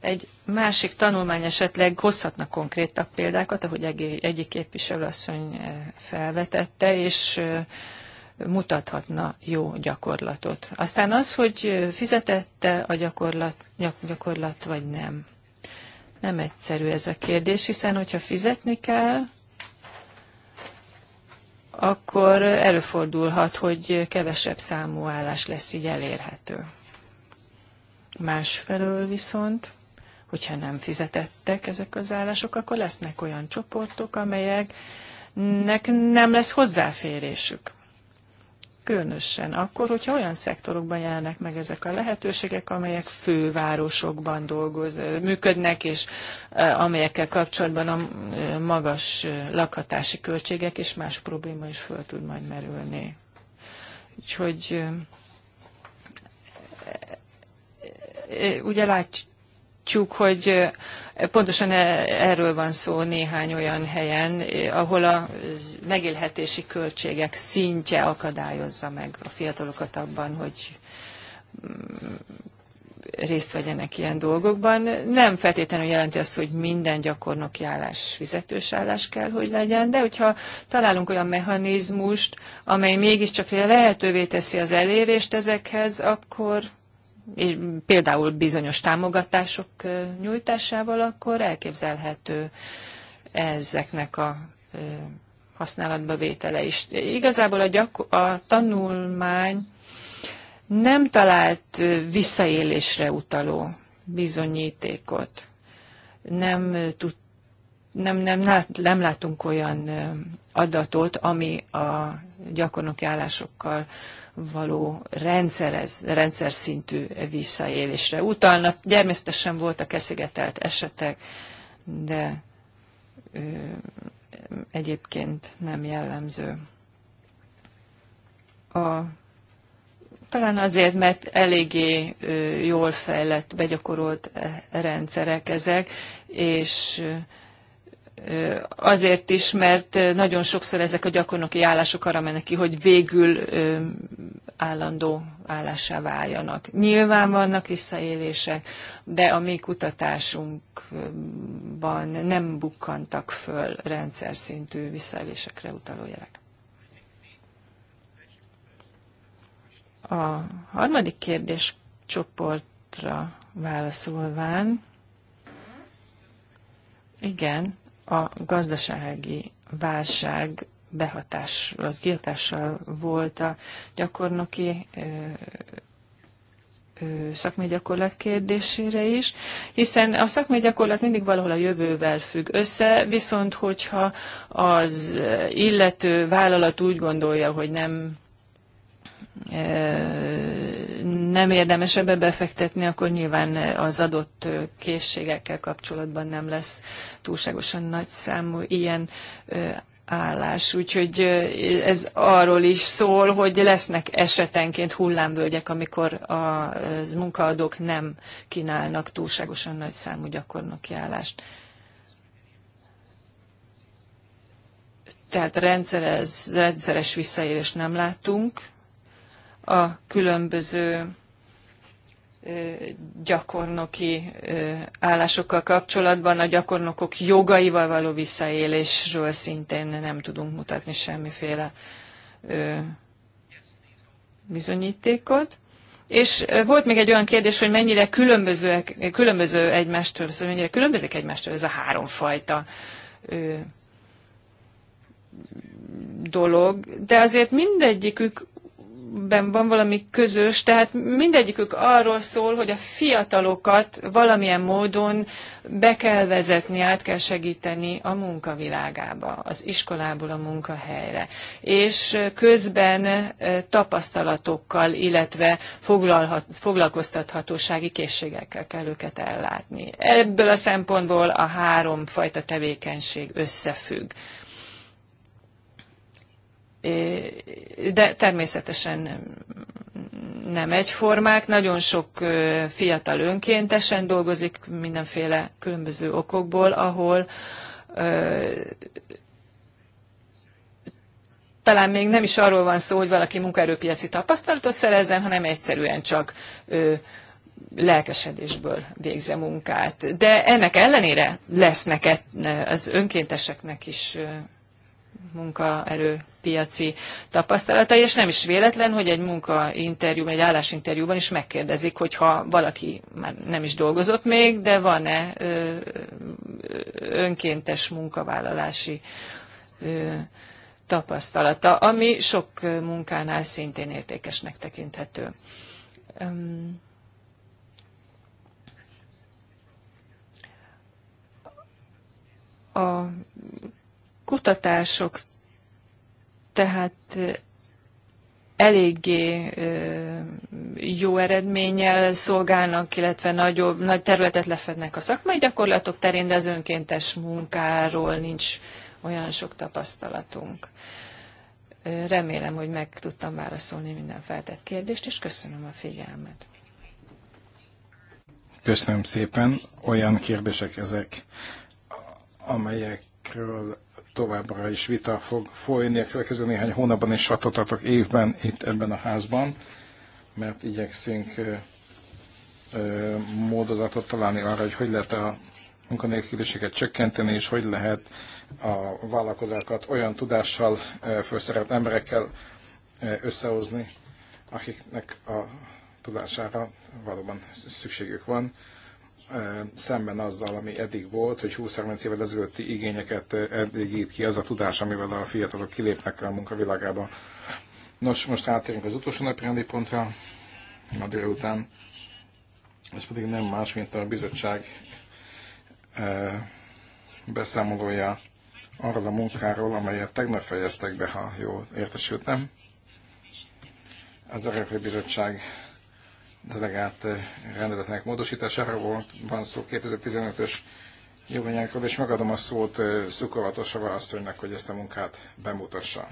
Egy másik tanulmány esetleg hozhatna konkrétabb példákat, ahogy egyik képviselőasszony eh, felvetette, és eh, mutathatna jó gyakorlatot. Aztán az, hogy fizetette a gyakorlat, gyakorlat vagy nem. Nem egyszerű ez a kérdés, hiszen hogyha fizetni kell, akkor előfordulhat, hogy kevesebb számú állás lesz így elérhető. Másfelől viszont hogyha nem fizetettek ezek az állások, akkor lesznek olyan csoportok, amelyeknek nem lesz hozzáférésük. Különösen akkor, hogyha olyan szektorokban jelennek meg ezek a lehetőségek, amelyek fővárosokban dolgoz, működnek, és amelyekkel kapcsolatban a magas lakhatási költségek és más probléma is föl tud majd merülni. Úgyhogy ugye látjuk, látjuk, hogy pontosan e, erről van szó néhány olyan helyen, ahol a megélhetési költségek szintje akadályozza meg a fiatalokat abban, hogy mm, részt vegyenek ilyen dolgokban. Nem feltétlenül jelenti azt, hogy minden gyakornoki állás fizetős állás kell, hogy legyen, de hogyha találunk olyan mechanizmust, amely mégiscsak lehetővé teszi az elérést ezekhez, akkor és például bizonyos támogatások nyújtásával, akkor elképzelhető ezeknek a használatba vétele is. Igazából a, gyakor- a tanulmány nem talált visszaélésre utaló bizonyítékot. Nem tud nem, nem, nem látunk olyan adatot, ami a gyakornoki állásokkal való rendszerez, rendszer szintű visszaélésre utalna. Természetesen voltak eszigetelt esetek, de ö, egyébként nem jellemző. A, talán azért, mert eléggé ö, jól fejlett, begyakorolt e, rendszerek ezek, és ö, azért is, mert nagyon sokszor ezek a gyakornoki állások arra mennek ki, hogy végül állandó állássá váljanak. Nyilván vannak visszaélések, de a mi kutatásunkban nem bukkantak föl rendszer szintű visszaélésekre utaló jelek. A harmadik kérdés csoportra válaszolván, igen, a gazdasági válság behatás, kihatással volt a gyakornoki szakmai gyakorlat kérdésére is, hiszen a szakmai gyakorlat mindig valahol a jövővel függ össze, viszont hogyha az illető vállalat úgy gondolja, hogy nem nem érdemes ebbe befektetni, akkor nyilván az adott készségekkel kapcsolatban nem lesz túlságosan nagy számú ilyen állás. Úgyhogy ez arról is szól, hogy lesznek esetenként hullámvölgyek, amikor a munkaadók nem kínálnak túlságosan nagy számú gyakornoki állást. Tehát rendszeres, rendszeres nem látunk a különböző gyakornoki állásokkal kapcsolatban, a gyakornokok jogaival való visszaélésről szintén nem tudunk mutatni semmiféle bizonyítékot. És volt még egy olyan kérdés, hogy mennyire különbözőek, különböző egymástól, szóval mennyire különbözik egymástól ez a háromfajta dolog, de azért mindegyikük ben van valami közös, tehát mindegyikük arról szól, hogy a fiatalokat valamilyen módon be kell vezetni, át kell segíteni a munkavilágába, az iskolából a munkahelyre. És közben tapasztalatokkal, illetve foglalkoztathatósági készségekkel kell őket ellátni. Ebből a szempontból a három fajta tevékenység összefügg de természetesen nem egyformák. Nagyon sok fiatal önkéntesen dolgozik mindenféle különböző okokból, ahol talán még nem is arról van szó, hogy valaki munkaerőpiaci tapasztalatot szerezzen, hanem egyszerűen csak ö, lelkesedésből végze munkát. De ennek ellenére lesznek e- az önkénteseknek is munkaerőpiaci tapasztalatai, és nem is véletlen, hogy egy munkainterjú, egy állásinterjúban is megkérdezik, hogyha valaki már nem is dolgozott még, de van-e önkéntes munkavállalási tapasztalata, ami sok munkánál szintén értékesnek tekinthető. A kutatások tehát eléggé jó eredménnyel szolgálnak, illetve nagyobb, nagy területet lefednek a szakmai gyakorlatok terén, de az önkéntes munkáról nincs olyan sok tapasztalatunk. Remélem, hogy meg tudtam válaszolni minden feltett kérdést, és köszönöm a figyelmet. Köszönöm szépen. Olyan kérdések ezek, amelyekről továbbra is vita fog folyni a következő néhány hónapban és satotatok évben itt ebben a házban, mert igyekszünk módozatot találni arra, hogy hogy lehet a munkanélküliséget csökkenteni, és hogy lehet a vállalkozókat olyan tudással, felszerelt emberekkel összehozni, akiknek a tudására valóban szükségük van szemben azzal, ami eddig volt, hogy 20-30 évvel ezelőtti igényeket eddig ki az a tudás, amivel a fiatalok kilépnek a munkavilágába. Nos, most átérünk az utolsó napi pontra, ma délután. Ez pedig nem más, mint a bizottság beszámolója arról a munkáról, amelyet tegnap fejeztek be, ha jól értesültem. Az Európai Bizottság delegált eh, rendeletnek módosítására volt, van szó 2015-ös joganyagról, és megadom a szót eh, Szukovatosava asszonynak, hogy ezt a munkát bemutassa.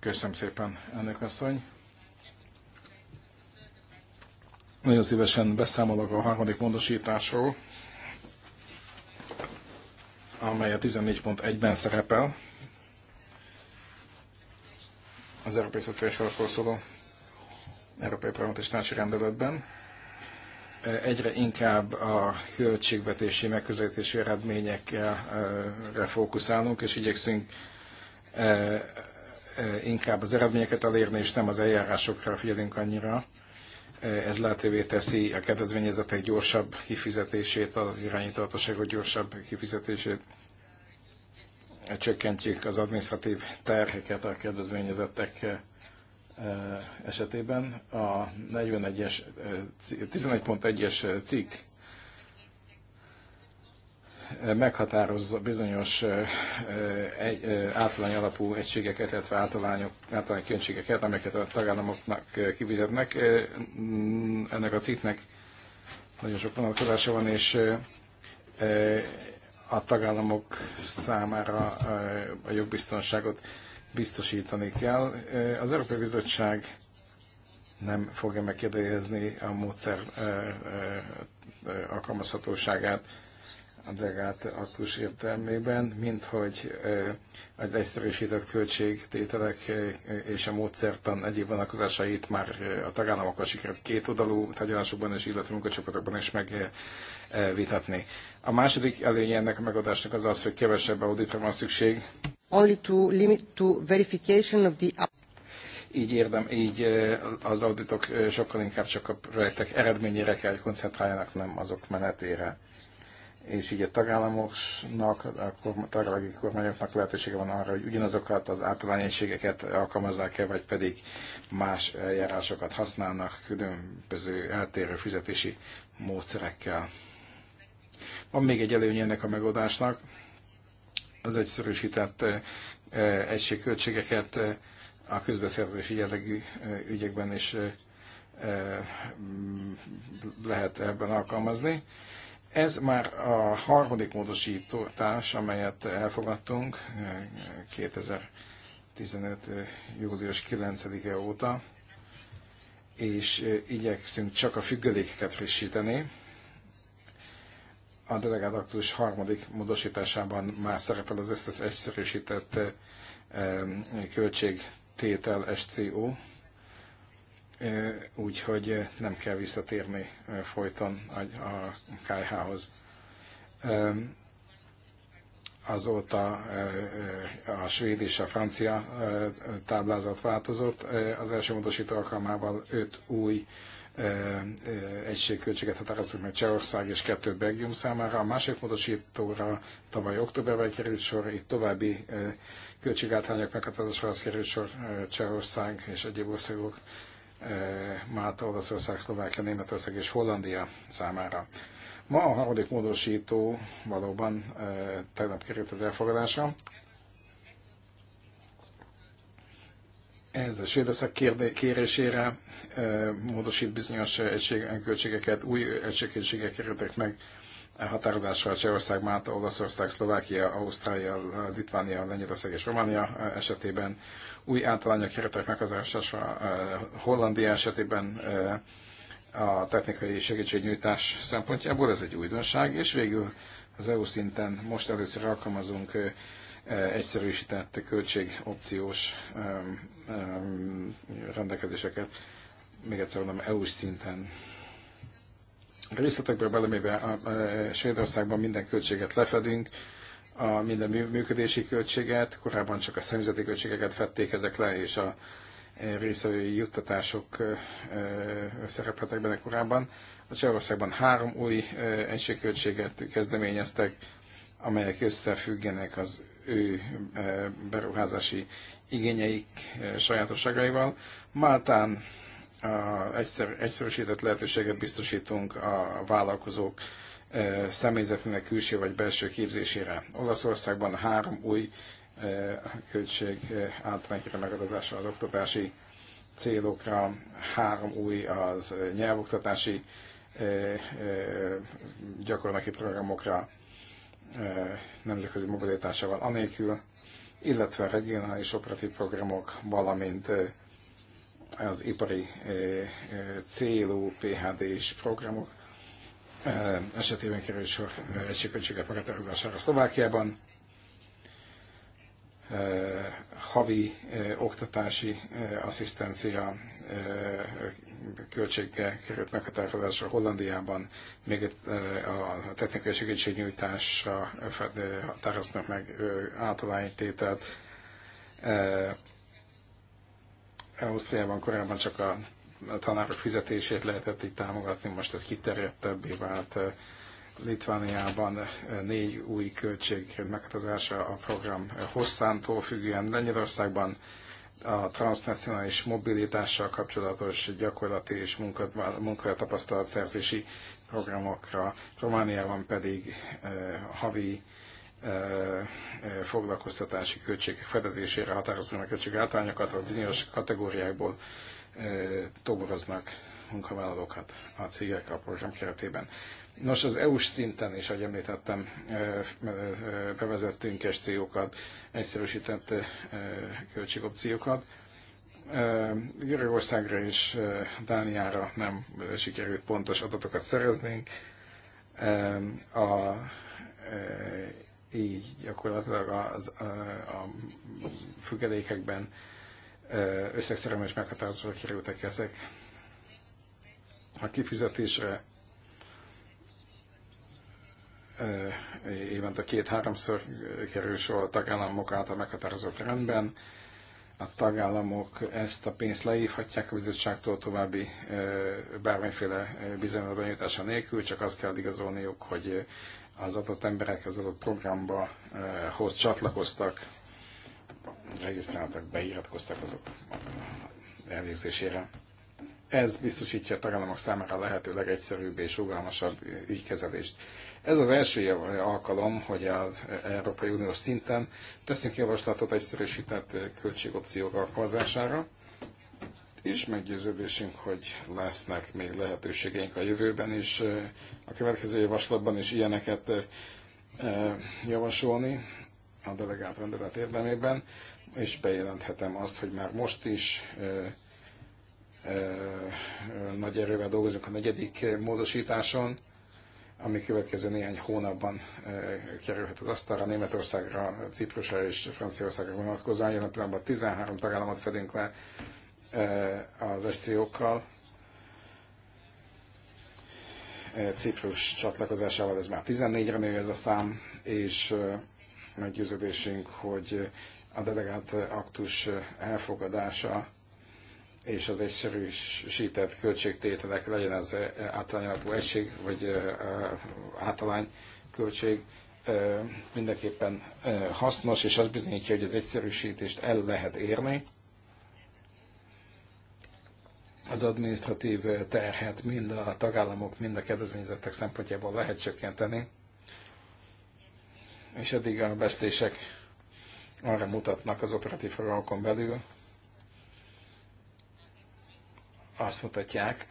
Köszönöm szépen, elnök asszony. Nagyon szívesen beszámolok a harmadik módosításról, amely a 14.1-ben szerepel az Európai Szociális Alapról szóló Európai Parlamenti Tanácsi Rendeletben. Egyre inkább a költségvetési megközelítési eredményekre fókuszálunk, és igyekszünk inkább az eredményeket elérni, és nem az eljárásokra figyelünk annyira. Ez lehetővé teszi a kedvezményezetek gyorsabb kifizetését, az irányítatóságok gyorsabb kifizetését csökkentjük az administratív terheket a kedvezményezettek eh, eh, esetében. A 41-es, 11.1-es eh, cikk meghatározza bizonyos általány alapú egységeket, illetve általány költségeket, amelyeket a tagállamoknak kivizetnek mm, Ennek a cikknek nagyon sok vonatkozása van, és a tagállamok számára eh, a jogbiztonságot biztosítani kell. Eh, az Európai Bizottság nem fogja megkérdezni a módszer eh, alkalmazhatóságát a delegált aktus értelmében, mint hogy az egyszerűsített költségtételek és a módszertan egyéb vonatkozásait már a tagállamokkal sikerült két oldalú tárgyalásokban és illetve munkacsoportokban is megvitatni. A második előnye ennek a megoldásnak az az, hogy kevesebb auditra van szükség. Only to limit to verification of the így érdem, így az auditok sokkal inkább csak a projektek eredményére kell, hogy koncentráljanak, nem azok menetére. És így a tagállamoknak, a tagállami kormányoknak lehetősége van arra, hogy ugyanazokat az általányegységeket alkalmazzák-e, vagy pedig más eljárásokat használnak különböző eltérő fizetési módszerekkel. Van még egy előnye ennek a megoldásnak, az egyszerűsített eh, eh, egységköltségeket eh, a közbeszerzési jellegű ügyekben is lehet ebben alkalmazni. Ez már a harmadik módosítás, amelyet elfogadtunk 2015. július 9-e óta, és igyekszünk csak a függelékeket frissíteni a delegált aktus harmadik módosításában már szerepel az ezt az egyszerűsített eh, költségtétel SCO, eh, úgyhogy eh, nem kell visszatérni folyton a KH-hoz. Azóta a svéd és a francia táblázat változott. Az első módosító alkalmával öt új egységköltséget határozunk meg Csehország és kettő Belgium számára. A másik módosítóra tavaly októberben került sor, itt további költségáthányok meghatározásához került sor Csehország és egyéb országok Málta, Olaszország, Szlovákia, Németország és Hollandia számára. Ma a harmadik módosító valóban tegnap került az elfogadása. ez a Sérdeszek kérésére módosít bizonyos egység, költségeket, új egységköltségek kerültek meg határozásra Csehország, Máta, Olaszország, Szlovákia, Ausztrália, Litvánia, Lengyelország és Románia esetében, új általányok az meghatározásra Hollandia esetében a technikai segítségnyújtás szempontjából, ez egy újdonság, és végül az EU szinten most először alkalmazunk egyszerűsített költségopciós rendelkezéseket, még egyszer mondom, EU-s szinten. Részletekből belemébe a Svédországban minden költséget lefedünk, a minden működési költséget, korábban csak a szemzeti költségeket fették ezek le, és a e, részvevői juttatások szerepeltek benne korábban. A Csehországban három új egységköltséget kezdeményeztek, amelyek összefüggenek az ő beruházási igényeik sajátosságaival. Máltán egyszer, egyszerűsített lehetőséget biztosítunk a vállalkozók személyzetének külső vagy belső képzésére. Olaszországban három új költség átrendkére megadozása az oktatási célokra, három új az nyelvoktatási gyakornoki programokra, Eh, nemzetközi mobilitásával anélkül, illetve a regionális operatív programok, valamint eh, az ipari eh, célú PHD-s programok esetében kerül sor egységköltségek a Szlovákiában havi oktatási asszisztencia költsége került meghatározásra Hollandiában, még a technikai segítségnyújtásra határoznak meg általánytételt. Ausztriában korábban csak a tanárok fizetését lehetett így támogatni, most ez kiterjedtebbé vált Litvániában eh, négy új költség meghatározása a program eh, hosszántól függően Lengyelországban a transnacionális mobilitással kapcsolatos gyakorlati és munkatapasztalatszerzési programokra, Romániában pedig eh, havi foglalkoztatási költségek fedezésére határozunk meg költség általányokat, vagy bizonyos kategóriákból toboroznak munkavállalókat a cégek a program keretében. Nos, az EU-s szinten is, ahogy említettem, bevezettünk és célokat, egyszerűsített költségopciókat. Görögországra és Dániára nem sikerült pontos adatokat szereznünk. A, így gyakorlatilag az, a, a függelékekben összegszerűen is meghatározásra kerültek ezek. A kifizetésre évente két-háromszor kerül sor a tagállamok által meghatározott rendben. A tagállamok ezt a pénzt leívhatják a bizottságtól további bármiféle bizonyítása nélkül, csak azt kell igazolniuk, hogy az adott emberek az adott programba hoz csatlakoztak, regisztráltak, beiratkoztak azok elvégzésére. Ez biztosítja a tagállamok számára a lehető legegyszerűbb és rugalmasabb ügykezelést. Ez az első alkalom, hogy az Európai Uniós szinten teszünk javaslatot egyszerűsített költségopciók alkalmazására, és meggyőződésünk, hogy lesznek még lehetőségeink a jövőben is, a következő javaslatban is ilyeneket eh, javasolni a delegált rendelet érdemében, és bejelenthetem azt, hogy már most is eh, eh, nagy erővel dolgozunk a negyedik módosításon, ami következő néhány hónapban kerülhet az asztalra, Németországra, Ciprusra és Franciaországra vonatkozóan. Jelen pillanatban 13 tagállamot fedünk le az SCO-kkal. Ciprus csatlakozásával ez már 14-re nő ez a szám, és meggyőződésünk, hogy a delegált aktus elfogadása és az egyszerűsített költségtételek legyen az eh, általányalapú egység, vagy eh, eh, általány költség, mindenképpen hasznos, és az bizonyítja, hogy az egyszerűsítést el lehet érni. Az administratív terhet mind a tagállamok, mind a kedvezményezettek szempontjából lehet csökkenteni, és eddig a beszélések arra mutatnak az operatív programokon belül, azt mutatják,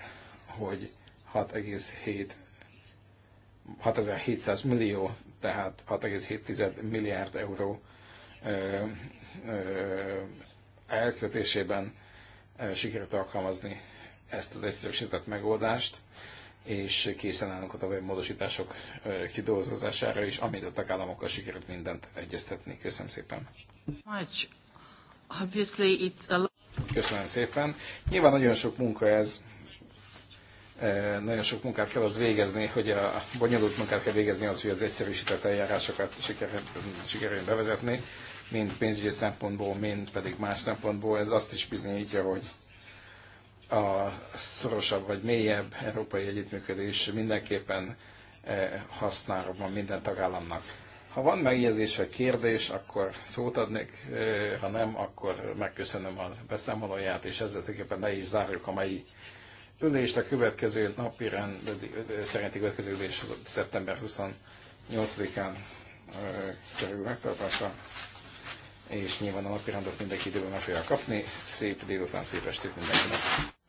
hogy 6,7 millió, tehát 6,7 milliárd euró ö, ö, elkötésében ö, sikerült alkalmazni ezt az egyszerűsített megoldást, és készen állunk a további módosítások kidolgozására is, amit a tagállamokkal sikerült mindent egyeztetni. Köszönöm szépen. Much. Obviously it Köszönöm szépen. Nyilván nagyon sok munka ez, eh, nagyon sok munkát kell az végezni, hogy a bonyolult munkát kell végezni az, hogy az egyszerűsített eljárásokat sikerüljön bevezetni, mind pénzügyi szempontból, mind pedig más szempontból. Ez azt is bizonyítja, hogy a szorosabb vagy mélyebb európai együttműködés mindenképpen eh, hasznára van minden tagállamnak. Ha van megjegyzése, kérdés, akkor szót adnék, ha nem, akkor megköszönöm a beszámolóját, és ezzel tulajdonképpen le is zárjuk a mai ülést. A következő napi rend, szerinti következő ülés az szeptember 28-án kerül megtartásra, és nyilván a napi rendet mindenki időben meg fogja kapni. Szép délután, szép estét mindenkinek!